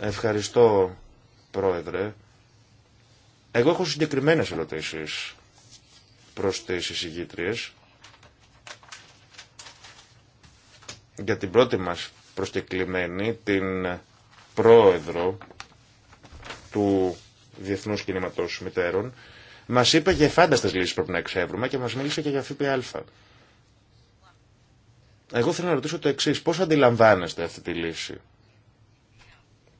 Ευχαριστώ, Πρόεδρε. Εγώ έχω συγκεκριμένε ερωτήσει προ τι εισηγήτριε. Για την πρώτη μα προσκεκλημένη, την πρόεδρο του Διεθνούς Κινήματος Μητέρων, Μα είπε για φάνταστε λύσει πρέπει να εξεύρουμε και μα μίλησε και για ΦΠΑ. Εγώ θέλω να ρωτήσω το εξή. Πώ αντιλαμβάνεστε αυτή τη λύση,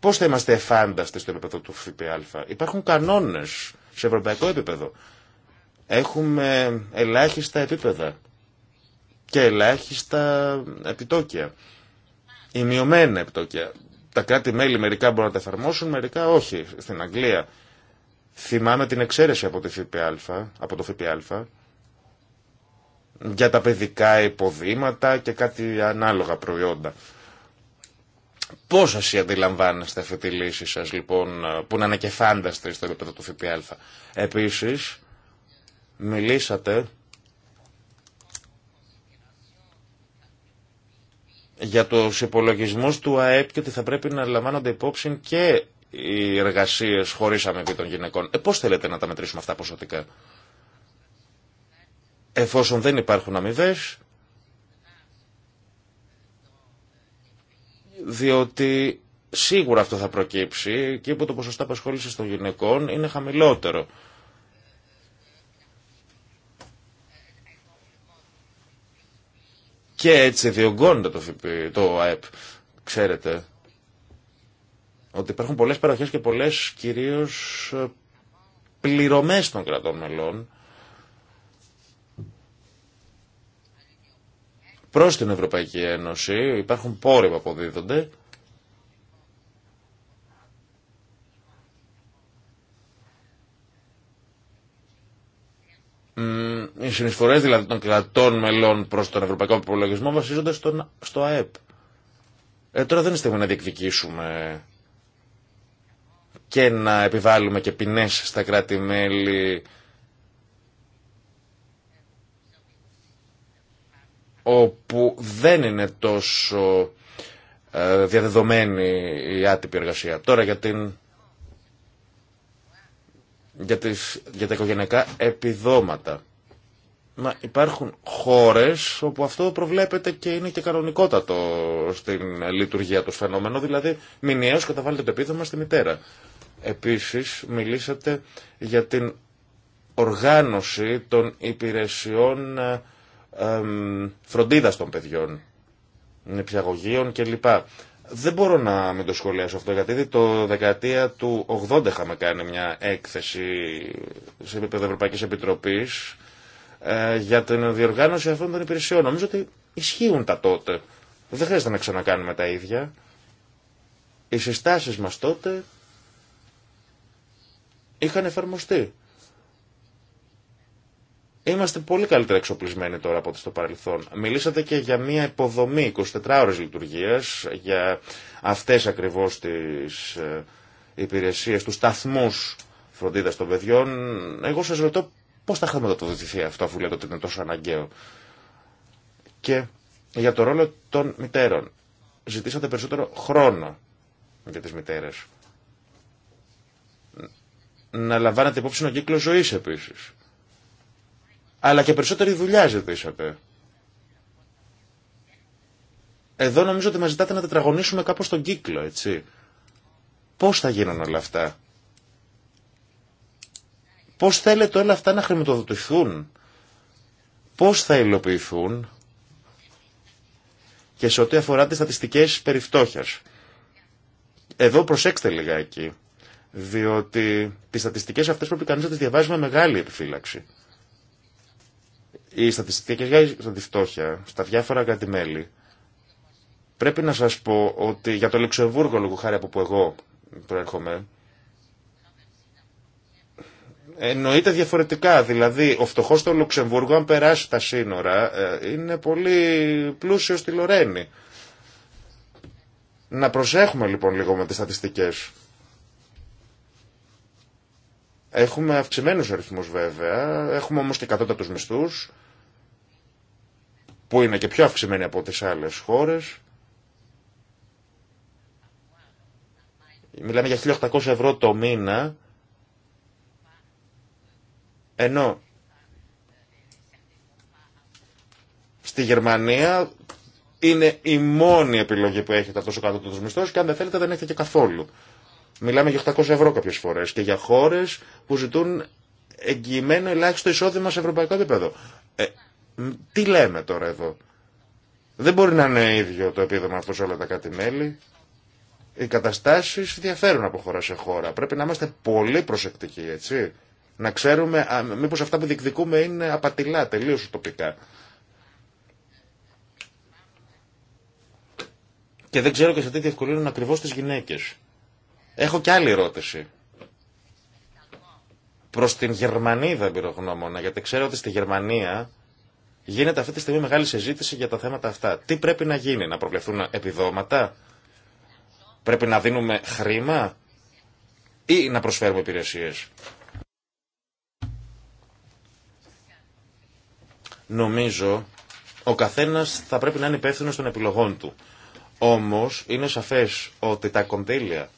Πώ θα είμαστε εφάνταστε στο επίπεδο του ΦΠΑ, Υπάρχουν κανόνε σε ευρωπαϊκό επίπεδο. Έχουμε ελάχιστα επίπεδα και ελάχιστα επιτόκια. Η μειωμένη επιτόκια. Τα κράτη-μέλη μερικά μπορούν να τα εφαρμόσουν, μερικά όχι. Στην Αγγλία Θυμάμαι την εξαίρεση από, τη ΦΠΑ, από το ΦΠΑ για τα παιδικά υποδήματα και κάτι ανάλογα προϊόντα. Πώς σας αντιλαμβάνεστε αυτή τη λύση σας λοιπόν που να ανακεφάνταστε στο επίπεδο του ΦΠΑ. Επίσης μιλήσατε για τους υπολογισμούς του ΑΕΠ και ότι θα πρέπει να λαμβάνονται υπόψη και οι εργασίε χωρί αμοιβή των γυναικών. Ε, πώς θέλετε να τα μετρήσουμε αυτά ποσοτικά. Εφόσον δεν υπάρχουν αμοιβέ, διότι σίγουρα αυτό θα προκύψει και που το ποσοστό απασχόληση των γυναικών είναι χαμηλότερο. Και έτσι διωγγώνεται το, το ΑΕΠ, ξέρετε ότι υπάρχουν πολλές παροχές και πολλές κυρίως ε, πληρωμές των κρατών μελών προς την Ευρωπαϊκή Ένωση, υπάρχουν πόροι που αποδίδονται Οι συνεισφορές δηλαδή των κρατών μελών προς τον ευρωπαϊκό προπολογισμό βασίζονται στο ΑΕΠ. Ε, τώρα δεν είστε να διεκδικήσουμε και να επιβάλλουμε και ποινές στα κράτη-μέλη όπου δεν είναι τόσο ε, διαδεδομένη η άτυπη εργασία. Τώρα για, την, για, τα οικογενειακά επιδόματα. Μα υπάρχουν χώρες όπου αυτό προβλέπεται και είναι και κανονικότατο στην λειτουργία του φαινόμενο, δηλαδή μηνιαίως καταβάλλεται το επίδομα στη μητέρα. Επίσης, μιλήσατε για την οργάνωση των υπηρεσιών ε, φροντίδας των παιδιών, νηπιαγωγείων κλπ. Δεν μπορώ να μην το σχολιάσω αυτό, γιατί το δεκαετία του 80 είχαμε κάνει μια έκθεση σε επίπεδο Ευρωπαϊκής Επιτροπής ε, για την διοργάνωση αυτών των υπηρεσιών. Νομίζω ότι ισχύουν τα τότε. Δεν χρειάζεται να ξανακάνουμε τα ίδια. Οι συστάσεις μας τότε είχαν εφαρμοστεί. Είμαστε πολύ καλύτερα εξοπλισμένοι τώρα από ό,τι στο παρελθόν. Μιλήσατε και για μια υποδομή 24 ώρες λειτουργίας, για αυτές ακριβώς τις ε, υπηρεσίες, τους σταθμούς φροντίδας των παιδιών. Εγώ σας ρωτώ πώς θα χρηματοδοτηθεί αυτό αφού λέτε ότι είναι τόσο αναγκαίο. Και για το ρόλο των μητέρων. Ζητήσατε περισσότερο χρόνο για τις μητέρες να λαμβάνετε υπόψη ο κύκλο ζωή επίση. Αλλά και περισσότερη δουλειά ζητήσατε. Εδώ νομίζω ότι μα ζητάτε να τετραγωνίσουμε κάπως τον κύκλο, έτσι. Πώ θα γίνουν όλα αυτά. Πώ θέλετε όλα αυτά να χρηματοδοτηθούν. Πώ θα υλοποιηθούν. Και σε ό,τι αφορά τι στατιστικέ περιφτώχεια. Εδώ προσέξτε λιγάκι. Διότι τις στατιστικές αυτές πρέπει κανείς να τις διαβάζει με μεγάλη επιφύλαξη. Οι στατιστικές για τη φτώχεια στα διάφορα κατημέλη πρέπει να σας πω ότι για το Λουξεμβούργο, λόγω χάρη από που εγώ προέρχομαι εννοείται διαφορετικά. Δηλαδή, ο φτωχό στο Λουξεμβούργο, αν περάσει τα σύνορα, ε, είναι πολύ πλούσιο στη Λορένη. Να προσέχουμε λοιπόν λίγο με τις στατιστικές. Έχουμε αυξημένου αριθμούς βέβαια, έχουμε όμως και κατώτατου μισθού που είναι και πιο αυξημένοι από τις άλλες χώρες. Μιλάμε για 1.800 ευρώ το μήνα, ενώ στη Γερμανία είναι η μόνη επιλογή που έχετε αυτό ο κατώτατο μισθό και αν δεν θέλετε δεν έχετε και καθόλου. Μιλάμε για 800 ευρώ κάποιε φορές και για χώρες που ζητούν εγγυημένο ελάχιστο εισόδημα σε ευρωπαϊκό επίπεδο. Ε, τι λέμε τώρα εδώ. Δεν μπορεί να είναι ίδιο το επίδομα αυτό σε όλα τα κάτι μέλη. Οι καταστάσει διαφέρουν από χώρα σε χώρα. Πρέπει να είμαστε πολύ προσεκτικοί, έτσι. Να ξέρουμε Μήπω μήπως αυτά που διεκδικούμε είναι απατηλά, τελείω τοπικά. Και δεν ξέρω και σε τι διευκολύνουν ακριβώ τι γυναίκε. Έχω και άλλη ερώτηση. Προ την Γερμανίδα εμπειρογνώμονα, γιατί ξέρω ότι στη Γερμανία γίνεται αυτή τη στιγμή μεγάλη συζήτηση για τα θέματα αυτά. Τι πρέπει να γίνει, να προβλεφθούν επιδόματα, πρέπει να δίνουμε χρήμα ή να προσφέρουμε υπηρεσίες. Νομίζω ο καθένας θα πρέπει να είναι υπεύθυνο των επιλογών του. Όμως είναι σαφές ότι τα κονδύλια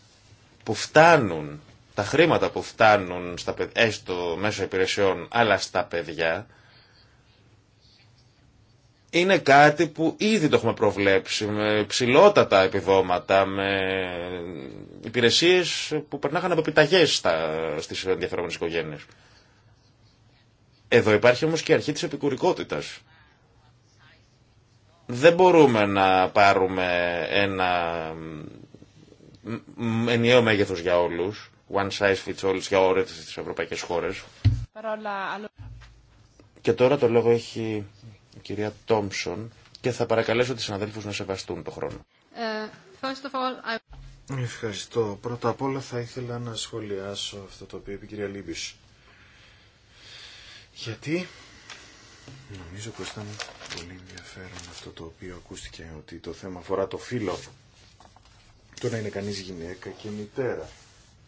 που φτάνουν, τα χρήματα που φτάνουν στα έστω μέσω υπηρεσιών, αλλά στα παιδιά, είναι κάτι που ήδη το έχουμε προβλέψει με ψηλότατα επιδόματα, με υπηρεσίες που περνάχαν από επιταγές στα, στις ενδιαφερόμενες Εδώ υπάρχει όμως και η αρχή της επικουρικότητας. Δεν μπορούμε να πάρουμε ένα ενιαίο μέγεθος για όλους, one size fits all για όλες τις ευρωπαϊκές χώρες. Και τώρα το λόγο έχει η κυρία Τόμψον και θα παρακαλέσω τις συναδέλφους να σεβαστούν το χρόνο. Ε, Ευχαριστώ.
Πρώτα απ' όλα θα ήθελα να σχολιάσω αυτό το οποίο είπε η κυρία Λίμπης. Γιατί νομίζω πως ήταν πολύ ενδιαφέρον αυτό το οποίο ακούστηκε ότι το θέμα αφορά το φύλλο το να είναι κανείς γυναίκα και μητέρα.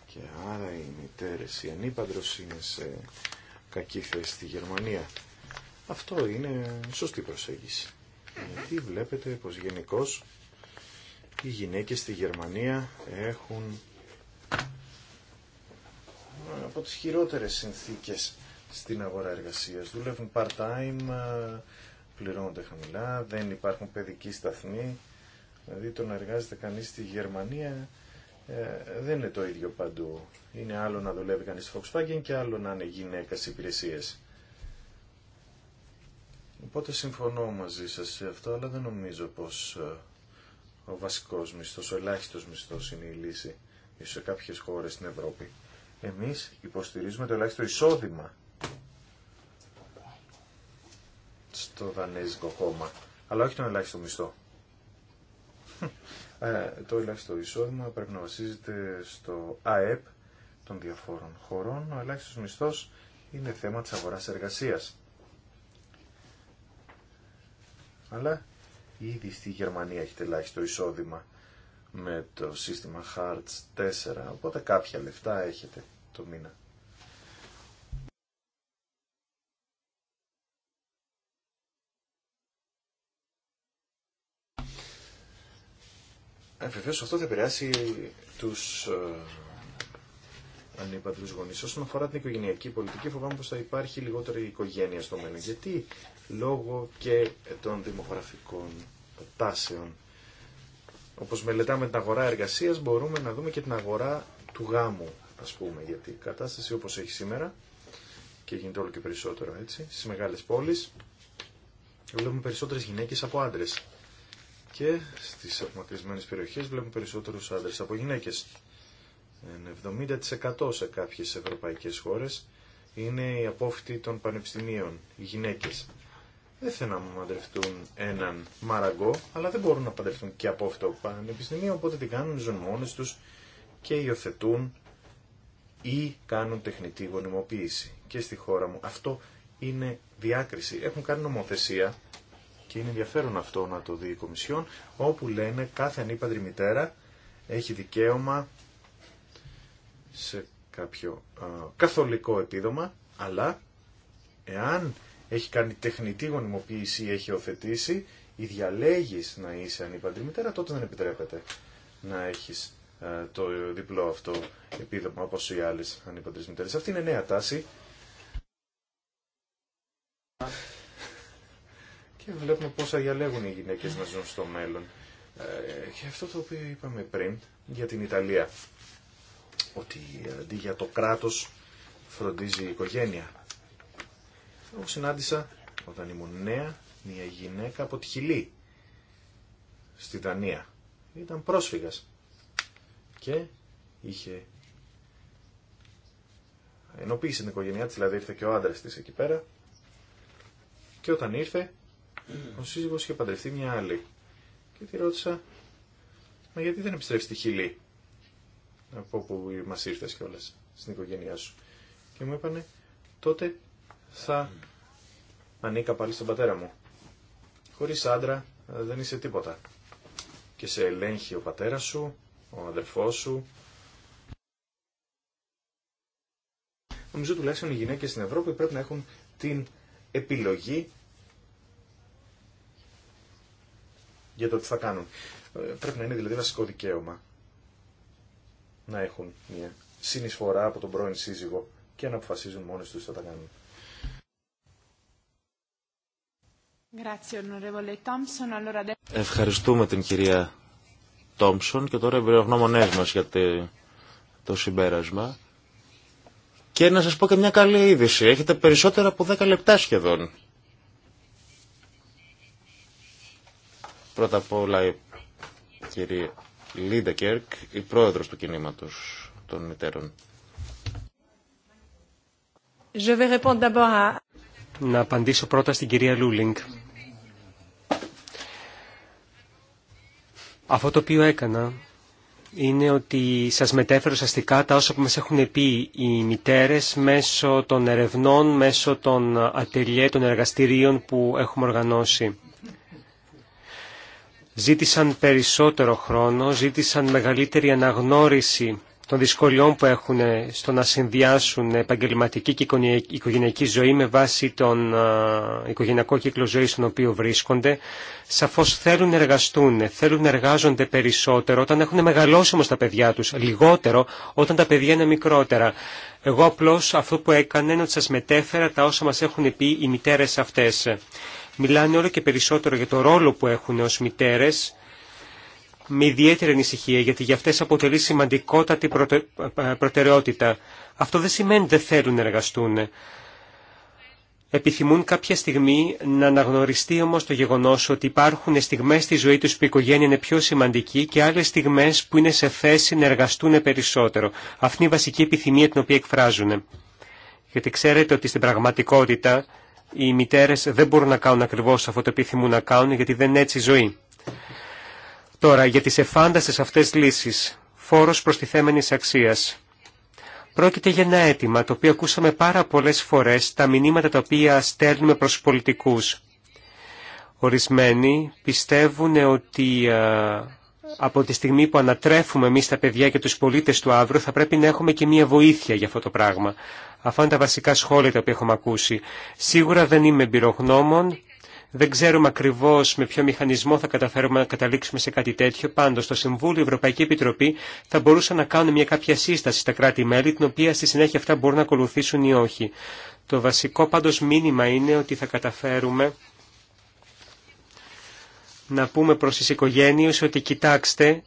Και άρα οι μητέρες, οι ανήπαντρος είναι σε κακή θέση στη Γερμανία. Αυτό είναι σωστή προσέγγιση. Γιατί βλέπετε πως γενικώ οι γυναίκες στη Γερμανία έχουν από τις χειρότερες συνθήκες στην αγορά εργασίας. Δουλεύουν part-time, πληρώνονται χαμηλά, δεν υπάρχουν παιδικοί σταθμοί Δηλαδή το να εργάζεται κανείς στη Γερμανία ε, δεν είναι το ίδιο παντού. Είναι άλλο να δουλεύει κανείς στη Volkswagen και άλλο να είναι γυναίκα στις υπηρεσίες. Οπότε συμφωνώ μαζί σας σε αυτό, αλλά δεν νομίζω πως ε, ο βασικός μισθός, ο ελάχιστος μισθός είναι η λύση σε κάποιες χώρες στην Ευρώπη. Εμείς υποστηρίζουμε το ελάχιστο εισόδημα στο δανέζικο κόμμα, αλλά όχι τον ελάχιστο μισθό. Ε, το ελάχιστο εισόδημα πρέπει να βασίζεται στο ΑΕΠ των διαφόρων χωρών. Ο ελάχιστος μισθός είναι θέμα της αγοράς εργασίας. Αλλά ήδη στη Γερμανία έχει ελάχιστο εισόδημα με το σύστημα Hartz 4, οπότε κάποια λεφτά έχετε το μήνα. Ε, βεβαίως αυτό θα επηρεάσει τους ε, του γονείς. Όσον αφορά την οικογενειακή πολιτική φοβάμαι πως θα υπάρχει λιγότερη οικογένεια στο μέλλον. Γιατί λόγω και των δημογραφικών τάσεων. Όπως μελετάμε την αγορά εργασίας μπορούμε να δούμε και την αγορά του γάμου ας πούμε. Γιατί η κατάσταση όπως έχει σήμερα και γίνεται όλο και περισσότερο έτσι, στις μεγάλες πόλεις βλέπουμε περισσότερες γυναίκες από άντρες και στις απομακρυσμένες περιοχές βλέπουν περισσότερους άντρες από γυναίκες. 70% σε κάποιες ευρωπαϊκές χώρες είναι οι απόφοιτοι των πανεπιστημίων, οι γυναίκες. Δεν θέλουν να παντρευτούν έναν μαραγκό, αλλά δεν μπορούν να παντρευτούν και απόφυτο πανεπιστημίο, οπότε τι κάνουν, ζουν μόνες τους και υιοθετούν ή κάνουν τεχνητή γονιμοποίηση. Και στη χώρα μου αυτό είναι διάκριση. Έχουν κάνει νομοθεσία και είναι ενδιαφέρον αυτό να το δει η Κομισιόν, όπου λένε κάθε ανήπαντρη μητέρα έχει δικαίωμα σε κάποιο καθολικό επίδομα, αλλά εάν έχει κάνει τεχνητή γονιμοποίηση ή έχει οθετήσει, ή διαλέγεις να είσαι ανήπαντρη μητέρα, τότε δεν επιτρέπεται να έχεις το διπλό αυτό επίδομα όπως οι άλλες ανήπαντρες μητέρες. Αυτή είναι νέα τάση και βλέπουμε πώς αγιαλεύουν διαλέγουν οι γυναίκες να ζουν στο μέλλον. Ε, και αυτό το οποίο είπαμε πριν για την Ιταλία, ότι αντί για το κράτος φροντίζει η οικογένεια. Εγώ συνάντησα όταν ήμουν νέα μια γυναίκα από τη Χιλή στη Δανία. Ήταν πρόσφυγας και είχε ενοποίησε την οικογένειά της, δηλαδή ήρθε και ο άντρας της εκεί πέρα και όταν ήρθε ο σύζυγος είχε παντρευτεί μια άλλη. Και τη ρώτησα, μα γιατί δεν επιστρέφεις στη Χιλή, από όπου μας ήρθες κιόλα στην οικογένειά σου. Και μου είπανε, τότε θα ανήκα πάλι στον πατέρα μου. Χωρίς άντρα δεν είσαι τίποτα. Και σε ελέγχει ο πατέρα σου, ο αδερφός σου, Νομίζω τουλάχιστον οι γυναίκες στην Ευρώπη πρέπει να έχουν την επιλογή για το τι θα κάνουν. Ε, πρέπει να είναι δηλαδή βασικό δικαίωμα να έχουν μια συνεισφορά από τον πρώην σύζυγο και να αποφασίζουν μόνες τους τι θα τα κάνουν.
Ευχαριστούμε την κυρία Τόμψον και τώρα εμπειρογνώμονές μας για το συμπέρασμα. Και να σας πω και μια καλή είδηση. Έχετε περισσότερα από 10 λεπτά σχεδόν. Πρώτα απ' όλα η κυρία Λίντα η πρόεδρος του κινήματος
των μητέρων. Να απαντήσω πρώτα στην κυρία Λούλινγκ. Αυτό το οποίο έκανα είναι ότι σας μετέφερω σαστικά τα όσα που μας έχουν πει οι μητέρες μέσω των ερευνών, μέσω των ατελιέ, των εργαστηρίων που έχουμε οργανώσει ζήτησαν περισσότερο χρόνο, ζήτησαν μεγαλύτερη αναγνώριση των δυσκολιών που έχουν στο να συνδυάσουν επαγγελματική και οικογενειακή ζωή με βάση τον οικογενειακό κύκλο ζωής στον οποίο βρίσκονται. Σαφώς θέλουν να εργαστούν, θέλουν να εργάζονται περισσότερο όταν έχουν μεγαλώσει όμως τα παιδιά τους, λιγότερο όταν τα παιδιά είναι μικρότερα. Εγώ απλώς αυτό που έκανα είναι ότι σας μετέφερα τα όσα μας έχουν πει οι μητέρες αυτές μιλάνε όλο και περισσότερο για το ρόλο που έχουν ως μητέρες, με ιδιαίτερη ανησυχία, γιατί για αυτές αποτελεί σημαντικότατη προτε... προτεραιότητα. Αυτό δεν σημαίνει δεν θέλουν να εργαστούν. Επιθυμούν κάποια στιγμή να αναγνωριστεί όμως το γεγονός ότι υπάρχουν στιγμές στη ζωή τους που η οικογένεια είναι πιο σημαντική και άλλες στιγμές που είναι σε θέση να εργαστούν περισσότερο. Αυτή είναι η βασική επιθυμία την οποία εκφράζουν. Γιατί ξέρετε ότι στην πραγματικότητα οι μητέρες δεν μπορούν να κάνουν ακριβώς αυτό το επιθυμούν να κάνουν γιατί δεν είναι έτσι η ζωή. Τώρα, για τις εφάνταστες αυτές λύσεις, φόρος προστιθέμενης αξίας. Πρόκειται για ένα αίτημα το οποίο ακούσαμε πάρα πολλές φορές τα μηνύματα τα οποία στέλνουμε προς πολιτικούς. Ορισμένοι πιστεύουν ότι από τη στιγμή που ανατρέφουμε εμεί τα παιδιά και τους πολίτες του αύριο θα πρέπει να έχουμε και μία βοήθεια για αυτό το πράγμα. Αυτά είναι τα βασικά σχόλια τα οποία έχουμε ακούσει. Σίγουρα δεν είμαι εμπειρογνώμων, δεν ξέρουμε ακριβώ με ποιο μηχανισμό θα καταφέρουμε να καταλήξουμε σε κάτι τέτοιο. Πάντω, το Συμβούλιο, η Ευρωπαϊκή Επιτροπή θα μπορούσαν να κάνουν μια κάποια σύσταση στα κράτη-μέλη, την οποία στη συνέχεια αυτά μπορούν να ακολουθήσουν ή όχι. Το βασικό πάντω μήνυμα είναι ότι θα καταφέρουμε να πούμε προ τι οικογένειε ότι κοιτάξτε,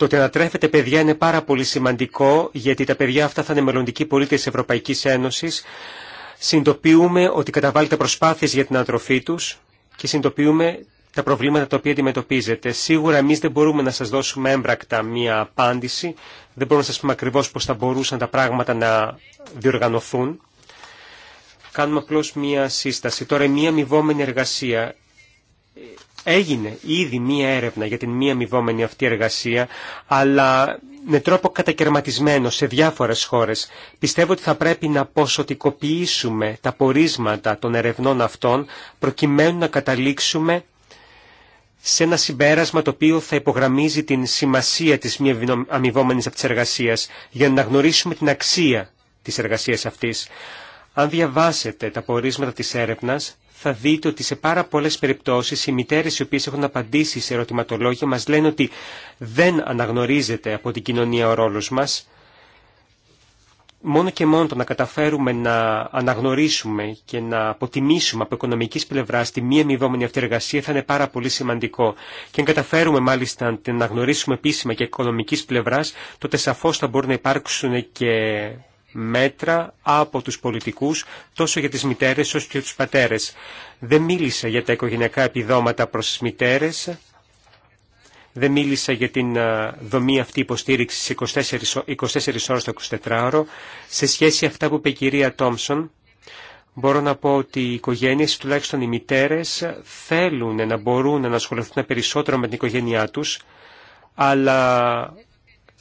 το ότι ανατρέφεται παιδιά είναι πάρα πολύ σημαντικό, γιατί τα παιδιά αυτά θα είναι μελλοντικοί πολίτε τη Ευρωπαϊκής Ένωσης. Συντοποιούμε ότι καταβάλλεται προσπάθειε για την ανατροφή του και συντοποιούμε τα προβλήματα τα οποία αντιμετωπίζετε. Σίγουρα εμεί δεν μπορούμε να σα δώσουμε έμπρακτα μία απάντηση, δεν μπορούμε να σα πούμε ακριβώ πώ θα μπορούσαν τα πράγματα να διοργανωθούν. Κάνουμε απλώ μία σύσταση. Τώρα, μία αμοιβόμενη εργασία. Έγινε ήδη μία έρευνα για την μία αμοιβόμενη αυτή εργασία, αλλά με τρόπο κατακαιρματισμένο σε διάφορες χώρες. Πιστεύω ότι θα πρέπει να ποσοτικοποιήσουμε τα πορίσματα των ερευνών αυτών, προκειμένου να καταλήξουμε σε ένα συμπέρασμα το οποίο θα υπογραμμίζει την σημασία της μία αμοιβόμενης αυτής εργασίας, για να γνωρίσουμε την αξία της εργασίας αυτής. Αν διαβάσετε τα πορίσματα της έρευνας, θα δείτε ότι σε πάρα πολλές περιπτώσεις οι μητέρες οι οποίες έχουν απαντήσει σε ερωτηματολόγια μας λένε ότι δεν αναγνωρίζεται από την κοινωνία ο ρόλος μας. Μόνο και μόνο το να καταφέρουμε να αναγνωρίσουμε και να αποτιμήσουμε από οικονομικής πλευράς τη μία αμοιβόμενη αυτή θα είναι πάρα πολύ σημαντικό. Και αν καταφέρουμε μάλιστα να την αναγνωρίσουμε επίσημα και οικονομικής πλευράς, τότε σαφώς θα μπορούν να υπάρξουν και μέτρα από τους πολιτικούς τόσο για τις μητέρες όσο και για τους πατέρες. Δεν μίλησα για τα οικογενειακά επιδόματα προς τις μητέρες, δεν μίλησα για την δομή αυτή υποστήριξης 24, 24 ώρες το 24ωρο. Σε σχέση αυτά που είπε η κυρία Τόμσον, μπορώ να πω ότι οι οικογένειες, τουλάχιστον οι μητέρες, θέλουν να μπορούν να ασχοληθούν περισσότερο με την οικογένειά τους, αλλά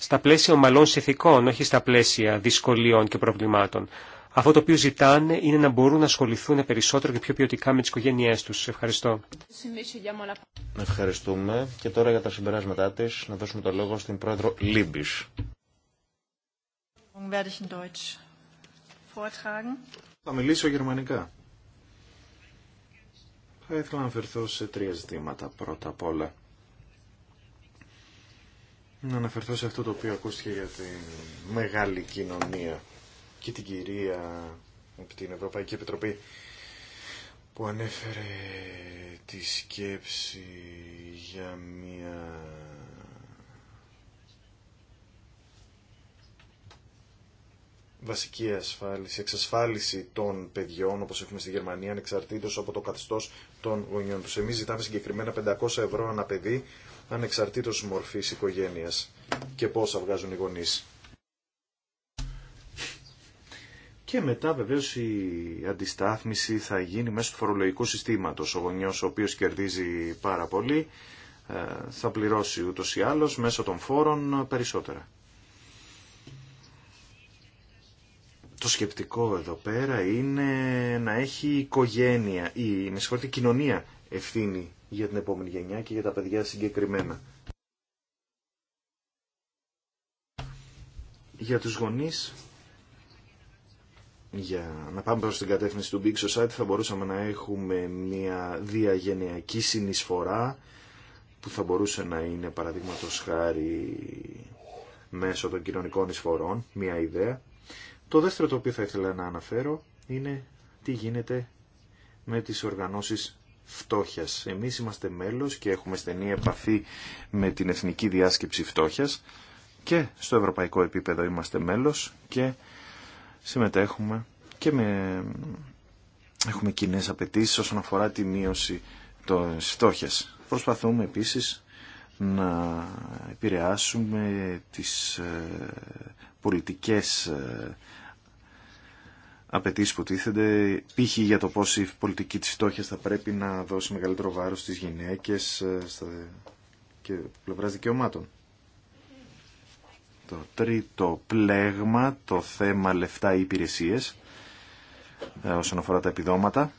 στα πλαίσια ομαλών συνθηκών, όχι στα πλαίσια δυσκολιών και προβλημάτων. Αυτό το οποίο ζητάνε είναι να μπορούν να ασχοληθούν περισσότερο και πιο ποιοτικά με τις οικογένειές τους. Ευχαριστώ. Ευχαριστούμε. Και τώρα για τα συμπεράσματά της να δώσουμε το λόγο στην πρόεδρο Λίμπης.
Θα μιλήσω γερμανικά. Θα ήθελα να αφαιρθώ σε τρία ζητήματα. Πρώτα απ' όλα να αναφερθώ σε αυτό το οποίο ακούστηκε για τη μεγάλη κοινωνία και την κυρία από την Ευρωπαϊκή Επιτροπή που ανέφερε τη σκέψη για μια βασική ασφάλιση, εξασφάλιση των παιδιών όπως έχουμε στη Γερμανία ανεξαρτήτως από το καθεστώς των γονιών τους. Εμείς ζητάμε συγκεκριμένα 500 ευρώ ανά παιδί ανεξαρτήτως μορφής οικογένειας και θα βγάζουν οι γονείς. Και μετά βεβαίω η αντιστάθμιση θα γίνει μέσω του φορολογικού συστήματος. Ο γονιός ο οποίος κερδίζει πάρα πολύ ε, θα πληρώσει ούτως ή άλλως μέσω των φόρων περισσότερα. Το σκεπτικό εδώ πέρα είναι να έχει οικογένεια ή με συγχωρείτε κοινωνία ευθύνη για την επόμενη γενιά και για τα παιδιά συγκεκριμένα. Για τους γονείς, για να πάμε προς την κατεύθυνση του Big Society, θα μπορούσαμε να έχουμε μια διαγενειακή συνεισφορά που θα μπορούσε να είναι παραδείγματο χάρη μέσω των κοινωνικών εισφορών, μια ιδέα. Το δεύτερο το οποίο θα ήθελα να αναφέρω είναι τι γίνεται με τις οργανώσεις φτώχειας. Εμείς είμαστε μέλος και έχουμε στενή επαφή με την Εθνική Διάσκεψη Φτώχειας και στο ευρωπαϊκό επίπεδο είμαστε μέλος και συμμετέχουμε και με... έχουμε κοινέ απαιτήσει όσον αφορά τη μείωση των φτώχειας. Προσπαθούμε επίσης να επηρεάσουμε τις ε, πολιτικές ε, απαιτήσει που τίθενται, π.χ. για το πώ η πολιτική τη φτώχεια θα πρέπει να δώσει μεγαλύτερο βάρο στις γυναίκες ε, στα... και πλευρά δικαιωμάτων. Το τρίτο πλέγμα, το θέμα λεφτά ή υπηρεσίες, ε, όσον αφορά τα επιδόματα.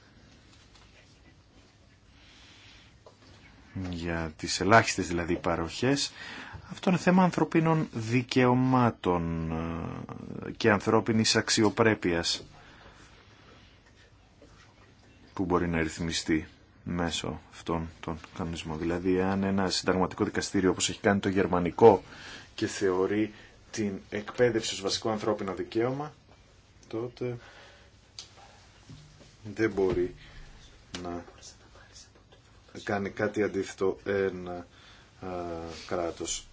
για τις ελάχιστες δηλαδή παροχές αυτό είναι θέμα ανθρωπίνων δικαιωμάτων ε, και ανθρώπινης αξιοπρέπειας που μπορεί να ρυθμιστεί μέσω αυτών των κανονισμών. Δηλαδή, αν ένα συνταγματικό δικαστήριο, όπως έχει κάνει το γερμανικό και θεωρεί την εκπαίδευση ως βασικό ανθρώπινο δικαίωμα, τότε δεν μπορεί να κάνει κάτι αντίθετο ένα κράτος.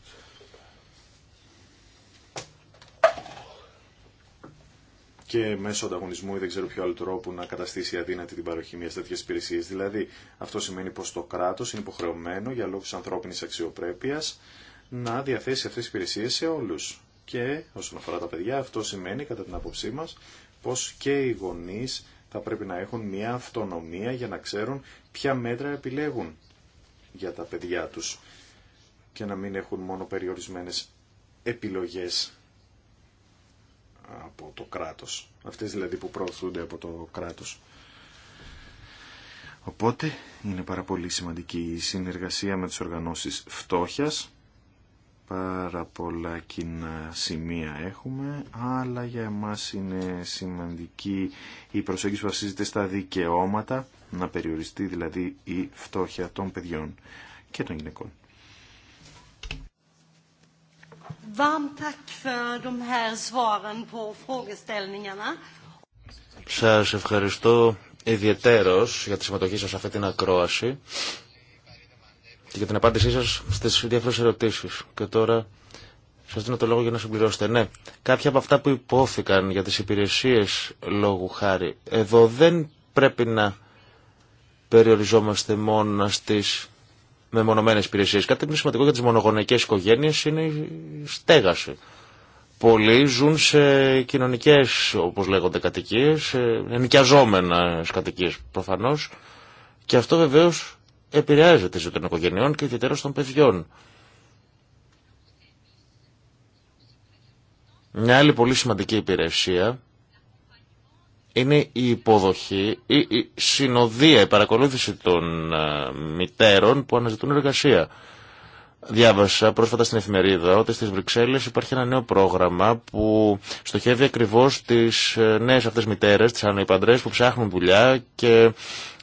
και μέσω ανταγωνισμού ή δεν ξέρω ποιο άλλο τρόπο να καταστήσει αδύνατη την παροχή μια τέτοια υπηρεσία. Δηλαδή, αυτό σημαίνει πω το κράτο είναι υποχρεωμένο για λόγου ανθρώπινη αξιοπρέπεια να διαθέσει αυτέ τι υπηρεσίε σε όλου. Και όσον αφορά τα παιδιά, αυτό σημαίνει, κατά την άποψή μα, πω και οι γονεί θα πρέπει να έχουν μια αυτονομία για να ξέρουν ποια μέτρα επιλέγουν για τα παιδιά τους και να μην έχουν μόνο περιορισμένες επιλογές από το κράτος. Αυτές δηλαδή που προωθούνται από το κράτος. Οπότε είναι πάρα πολύ σημαντική η συνεργασία με τις οργανώσεις φτώχειας. Πάρα πολλά κοινά σημεία έχουμε, αλλά για εμάς είναι σημαντική η προσέγγιση που βασίζεται στα δικαιώματα, να περιοριστεί δηλαδή η φτώχεια των παιδιών και των γυναικών.
Varmt tack för de här svaren på frågeställningarna.
Σας ευχαριστώ ιδιαιτέρως για τη συμμετοχή σας σε αυτή την ακρόαση και για την απάντησή σας στις διάφορες ερωτήσεις. Και τώρα σας δίνω το λόγο για να συμπληρώσετε. Ναι, κάποια από αυτά που υπόθηκαν για τις υπηρεσίες λόγου χάρη, εδώ δεν πρέπει να περιοριζόμαστε μόνο στις με μονομένε υπηρεσίε. Κάτι που είναι σημαντικό για τι μονογονεϊκέ οικογένειε είναι η στέγαση. Πολλοί ζουν σε κοινωνικέ, όπω λέγονται, κατοικίε, ενοικιαζόμενε κατοικίε προφανώ. Και αυτό βεβαίω επηρεάζεται ζωή των οικογενειών και ιδιαίτερα των παιδιών. Μια άλλη πολύ σημαντική υπηρεσία είναι η υποδοχή, η η συνοδεία, η παρακολούθηση των ε, μητέρων που αναζητούν εργασία. Διάβασα πρόσφατα στην εφημερίδα ότι στις Βρυξέλλες υπάρχει ένα νέο πρόγραμμα που στοχεύει ακριβώς τις ε, νέες αυτές μητέρες, τις ανοιπαντρές που ψάχνουν δουλειά και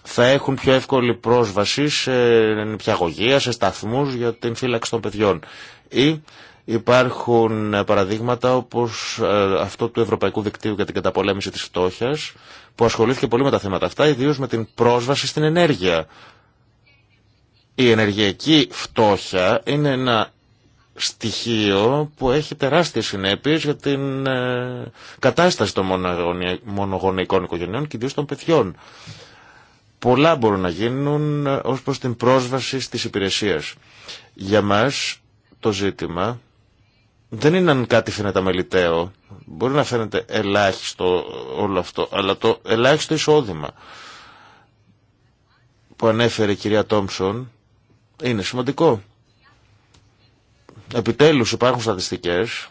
θα έχουν πιο εύκολη πρόσβαση σε νηπιαγωγεία, σε σταθμούς για την φύλαξη των παιδιών Υπάρχουν ε, παραδείγματα όπως ε, αυτό του Ευρωπαϊκού Δικτύου για την καταπολέμηση της φτώχειας που ασχολήθηκε πολύ με τα θέματα αυτά, ιδίως με την πρόσβαση στην ενέργεια. Η ενεργειακή φτώχεια είναι ένα στοιχείο που έχει τεράστιες συνέπειες για την ε, κατάσταση των μονογονεϊκών οικογενειών και ιδίως των παιδιών. Πολλά μπορούν να γίνουν ως προς την πρόσβαση στις υπηρεσίες. Για μας το ζήτημα δεν είναι κάτι φαίνεται αμεληταίο. Μπορεί να φαίνεται ελάχιστο όλο αυτό, αλλά το ελάχιστο εισόδημα που ανέφερε η κυρία Τόμψον είναι σημαντικό. Επιτέλους υπάρχουν στατιστικές,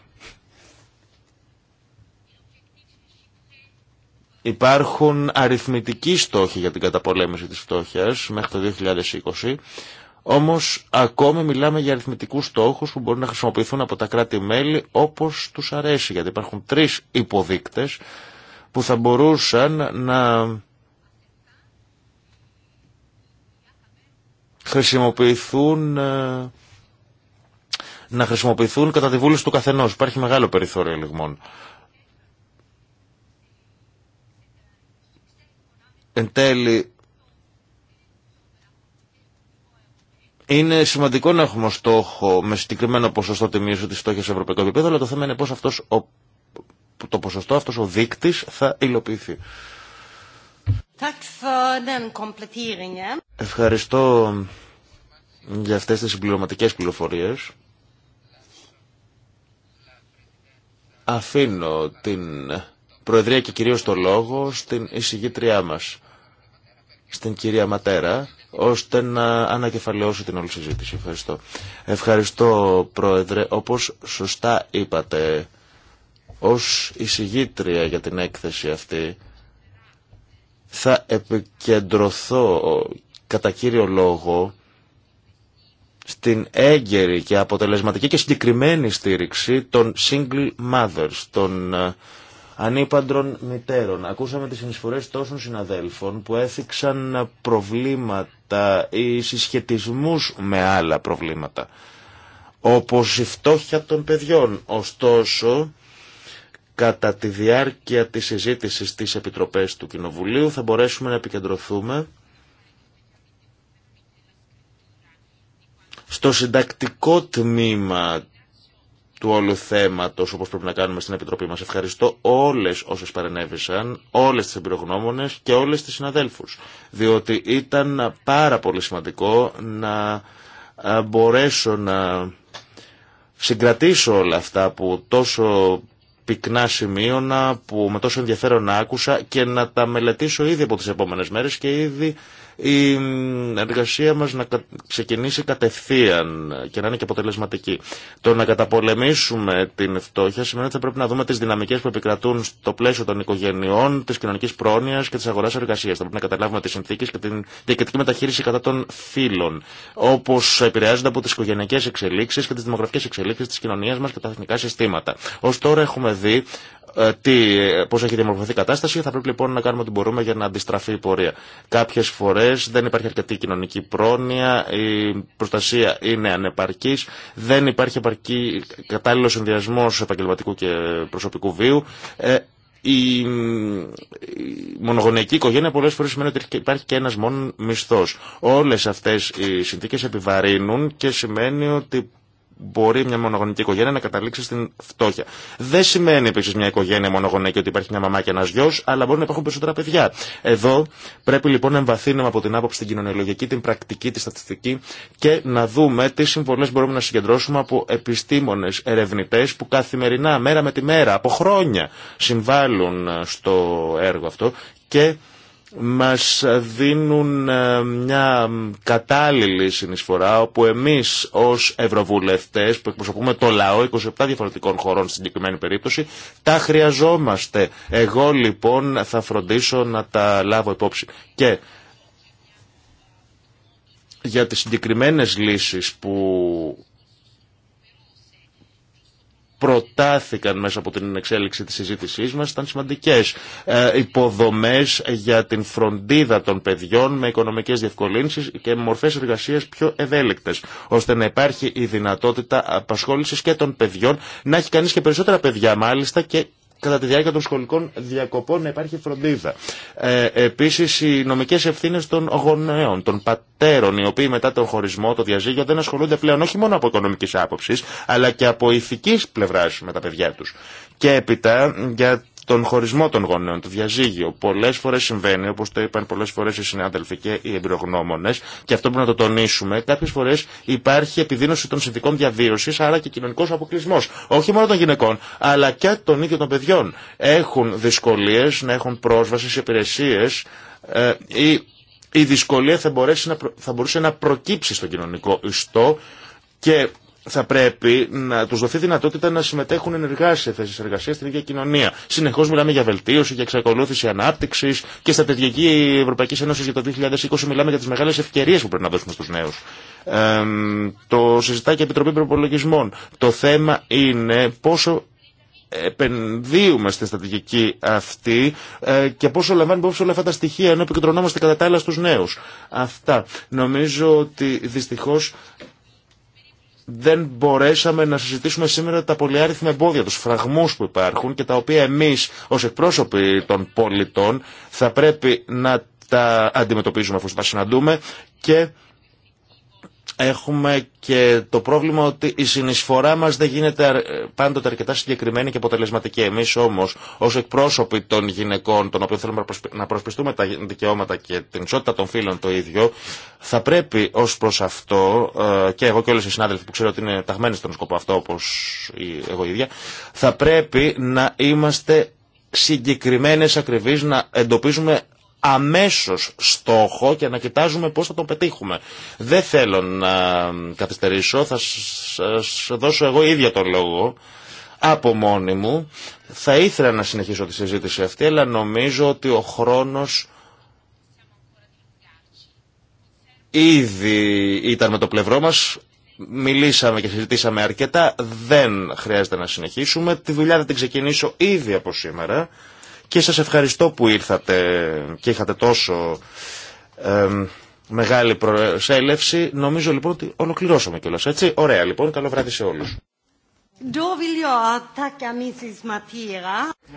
υπάρχουν αριθμητικοί στόχοι για την καταπολέμηση της φτώχειας μέχρι το 2020 όμως ακόμη μιλάμε για αριθμητικούς στόχους που μπορούν να χρησιμοποιηθούν από τα κράτη-μέλη όπως τους αρέσει. Γιατί υπάρχουν τρεις υποδείκτες που θα μπορούσαν να χρησιμοποιηθούν ε, να χρησιμοποιηθούν κατά τη βούληση του καθενός. Υπάρχει μεγάλο περιθώριο λιγμών. Εν τέλει, Είναι σημαντικό να έχουμε στόχο με συγκεκριμένο ποσοστό μείωση της στόχης σε ευρωπαϊκό επίπεδο, αλλά το θέμα είναι πώς αυτός ο, το ποσοστό, αυτό ο δείκτη θα υλοποιηθεί. Ευχαριστώ για αυτές τις συμπληρωματικές πληροφορίες. Αφήνω την Προεδρία και κυρίως το λόγο στην εισηγήτριά μας, στην κυρία Ματέρα, ώστε να ανακεφαλαιώσει την όλη συζήτηση. Ευχαριστώ. Ευχαριστώ, Πρόεδρε. Όπως σωστά είπατε, ως εισηγήτρια για την έκθεση αυτή, θα επικεντρωθώ κατά κύριο λόγο στην έγκαιρη και αποτελεσματική και συγκεκριμένη στήριξη των single mothers, των ε, ανήπαντρων μητέρων. Ακούσαμε τις συνεισφορές τόσων συναδέλφων που έθιξαν προβλήματα ή συσχετισμούς με άλλα προβλήματα, όπως η φτώχεια των παιδιών. Ωστόσο, κατά τη διάρκεια της συζήτησης στις Επιτροπές του Κοινοβουλίου θα μπορέσουμε να επικεντρωθούμε στο συντακτικό τμήμα του όλου θέματος όπως πρέπει να κάνουμε στην Επιτροπή μας. Ευχαριστώ όλες όσες παρενέβησαν, όλες τις εμπειρογνώμονες και όλες τις συναδέλφους. Διότι ήταν πάρα πολύ σημαντικό να ε, μπορέσω να συγκρατήσω όλα αυτά που τόσο πυκνά σημείωνα, που με τόσο ενδιαφέρον άκουσα και να τα μελετήσω ήδη από τις επόμενες μέρες και ήδη η εργασία μας να ξεκινήσει κατευθείαν και να είναι και αποτελεσματική. Το να καταπολεμήσουμε την φτώχεια σημαίνει ότι θα πρέπει να δούμε τις δυναμικές που επικρατούν στο πλαίσιο των οικογενειών, της κοινωνικής πρόνοιας και της αγοράς εργασίας. Θα πρέπει να καταλάβουμε τις συνθήκες και την διακριτική μεταχείριση κατά των φύλων, όπως επηρεάζονται από τις οικογενειακές εξελίξεις και τις δημογραφικές εξελίξεις της κοινωνίας μας και τα εθνικά συστήματα. Ως τώρα έχουμε δει ε, πώ έχει διαμορφωθεί η κατάσταση, θα πρέπει λοιπόν να κάνουμε ό,τι μπορούμε για να αντιστραφεί η πορεία. κάποιε φορέ δεν υπάρχει αρκετή κοινωνική πρόνοια, η προστασία είναι ανεπαρκής, δεν υπάρχει επαρκή κατάλληλο συνδυασμό επαγγελματικού και προσωπικού βίου. Ε, η, η μονογονεϊκή οικογένεια πολλέ φορέ σημαίνει ότι υπάρχει και ένα μόνο μισθό. Όλε αυτέ οι συνθήκε επιβαρύνουν και σημαίνει ότι μπορεί μια μονογονική οικογένεια να καταλήξει στην φτώχεια. Δεν σημαίνει επίση μια οικογένεια μονογονική ότι υπάρχει μια μαμά και ένα γιο, αλλά μπορεί να υπάρχουν περισσότερα παιδιά. Εδώ πρέπει λοιπόν να εμβαθύνουμε από την άποψη την κοινωνιολογική, την πρακτική, τη στατιστική και να δούμε τι συμβολέ μπορούμε να συγκεντρώσουμε από επιστήμονε, ερευνητέ που καθημερινά, μέρα με τη μέρα, από χρόνια συμβάλλουν στο έργο αυτό και μας δίνουν ε, μια κατάλληλη συνεισφορά όπου εμείς ως ευρωβουλευτές που εκπροσωπούμε το λαό 27 διαφορετικών χωρών στην συγκεκριμένη περίπτωση τα χρειαζόμαστε. Εγώ λοιπόν θα φροντίσω να τα λάβω υπόψη. Και για τις συγκεκριμένες λύσεις που προτάθηκαν μέσα από την εξέλιξη της συζήτησής μας ήταν σημαντικές. Ε, υποδομές για την φροντίδα των παιδιών με οικονομικές διευκολύνσεις και μορφές εργασίας πιο ευέλικτες, ώστε να υπάρχει η δυνατότητα απασχόλησης και των παιδιών, να έχει κανείς και περισσότερα παιδιά μάλιστα και κατά τη διάρκεια των σχολικών διακοπών να υπάρχει φροντίδα. Ε, επίσης οι νομικές ευθύνες των γονέων, των πατέρων, οι οποίοι μετά τον χωρισμό, το διαζύγιο δεν ασχολούνται πλέον όχι μόνο από οικονομικής άποψης, αλλά και από ηθικής πλευράς με τα παιδιά τους. Και έπειτα για τον χωρισμό των γονέων, το διαζύγιο. Πολλέ φορέ συμβαίνει, όπω το είπαν πολλέ φορέ οι συνάδελφοι και οι εμπειρογνώμονε, και αυτό πρέπει να το τονίσουμε, κάποιε φορέ υπάρχει επιδείνωση των συνδικών διαβίωση, άρα και κοινωνικό αποκλεισμό. Όχι μόνο των γυναικών, αλλά και των ίδιων των παιδιών. Έχουν δυσκολίε να έχουν πρόσβαση σε υπηρεσίε ε, ή η δυσκολία θα, θα μπορούσε να προκύψει στο κοινωνικό ιστό και θα πρέπει να του δοθεί δυνατότητα να συμμετέχουν ενεργά σε θέσει εργασία στην ίδια κοινωνία. Συνεχώ μιλάμε για βελτίωση, για εξακολούθηση ανάπτυξη και στα στρατηγική Ευρωπαϊκή Ένωση για το 2020 μιλάμε για τι μεγάλε ευκαιρίε που πρέπει να δώσουμε στου νέου. Ε, το συζητάει και η Επιτροπή Προπολογισμών. Το θέμα είναι πόσο επενδύουμε στη στρατηγική αυτή ε, και πόσο λαμβάνουμε υπόψη όλα αυτά τα στοιχεία ενώ επικεντρωνόμαστε κατά τα άλλα στους νέους. Αυτά. Νομίζω ότι δυστυχώς δεν μπορέσαμε να συζητήσουμε σήμερα τα πολυάριθμα εμπόδια, τους φραγμούς που υπάρχουν και τα οποία εμείς ως εκπρόσωποι των πολιτών θα πρέπει να τα αντιμετωπίζουμε αφού τα συναντούμε και Έχουμε και το πρόβλημα ότι η συνεισφορά μας δεν γίνεται πάντοτε αρκετά συγκεκριμένη και αποτελεσματική. Εμείς όμως ως εκπρόσωποι των γυναικών, των οποίων θέλουμε να προσπιστούμε τα δικαιώματα και την ισότητα των φίλων το ίδιο, θα πρέπει ως προς αυτό, ε, και εγώ και όλες οι συνάδελφοι που ξέρω ότι είναι ταγμένοι στον σκοπό αυτό όπως εγώ ίδια, θα πρέπει να είμαστε συγκεκριμένες ακριβείς να εντοπίζουμε αμέσως στόχο και να κοιτάζουμε πώς θα το πετύχουμε. Δεν θέλω να καθυστερήσω, θα σας δώσω εγώ ίδια τον λόγο από μόνη μου. Θα ήθελα να συνεχίσω τη συζήτηση αυτή, αλλά νομίζω ότι ο χρόνος ήδη ήταν με το πλευρό μας. Μιλήσαμε και συζητήσαμε αρκετά. Δεν χρειάζεται να συνεχίσουμε. Τη δουλειά θα την ξεκινήσω ήδη από σήμερα και σας ευχαριστώ που ήρθατε και είχατε τόσο μεγάλη προσέλευση. Νομίζω λοιπόν ότι ολοκληρώσαμε κιόλας, έτσι. Ωραία λοιπόν, καλό βράδυ σε όλους.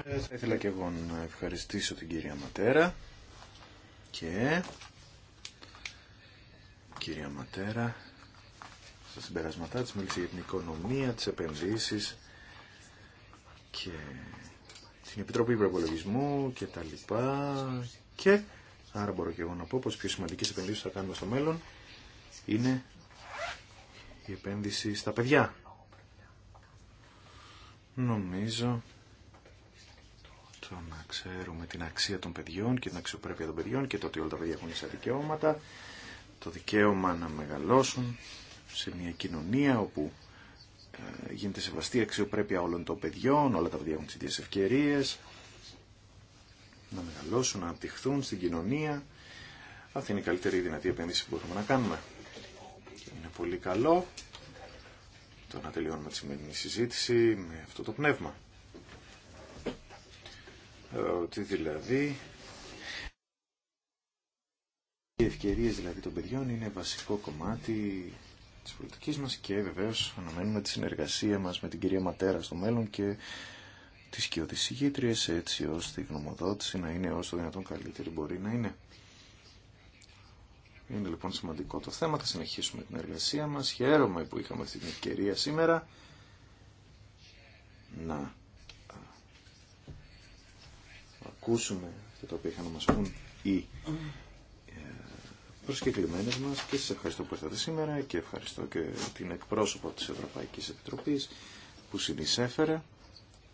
Θα ήθελα και εγώ να ευχαριστήσω την κυρία Ματέρα και κυρία Ματέρα στα συμπερασματά της μίλησε για την οικονομία, τις επενδύσεις και στην Επιτροπή Προπολογισμού και τα λοιπά. Και άρα μπορώ και εγώ να πω πως πιο σημαντική επενδύσεις θα κάνουμε στο μέλλον είναι η επένδυση στα παιδιά. Νομίζω το να ξέρουμε την αξία των παιδιών και την αξιοπρέπεια των παιδιών και το ότι όλα τα παιδιά έχουν ίσα δικαιώματα, το δικαίωμα να μεγαλώσουν σε μια κοινωνία όπου ε, γίνεται σεβαστή αξιοπρέπεια όλων των παιδιών, όλα τα παιδιά έχουν τις ίδιες ευκαιρίες, να μεγαλώσουν, να απτυχθούν στην κοινωνία. Αυτή είναι η καλύτερη δυνατή επένδυση που μπορούμε να κάνουμε. Είναι πολύ καλό το να τελειώνουμε τη σημερινή συζήτηση με αυτό το πνεύμα. Ε, ότι δηλαδή οι ευκαιρίες δηλαδή των παιδιών είναι βασικό κομμάτι της πολιτικής μας και βεβαίως αναμένουμε τη συνεργασία μας με την κυρία Ματέρα στο μέλλον και τις κοιοδησηγήτριες έτσι ώστε η γνωμοδότηση να είναι όσο δυνατόν καλύτερη μπορεί να είναι. Είναι λοιπόν σημαντικό το θέμα, θα συνεχίσουμε την εργασία μας. Χαίρομαι που είχαμε αυτή την ευκαιρία σήμερα να ακούσουμε και το οποίο είχαν να μας πούν οι προσκεκλημένες μας και σας ευχαριστώ που ήρθατε σήμερα και ευχαριστώ και την εκπρόσωπο της Ευρωπαϊκής Επιτροπής που συνεισέφερε.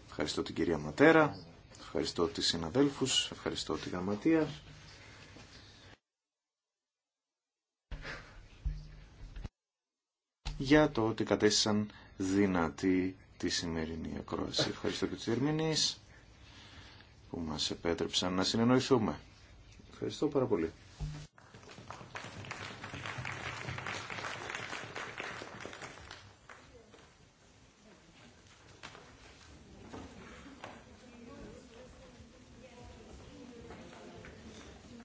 Ευχαριστώ την κυρία Ματέρα, ευχαριστώ τις συναδέλφους, ευχαριστώ τη γραμματεία. για το ότι κατέστησαν δυνατή τη σημερινή ακρόαση. Ευχαριστώ και τους Ερμηνείς που μας επέτρεψαν να συνεννοηθούμε. Ευχαριστώ πάρα πολύ.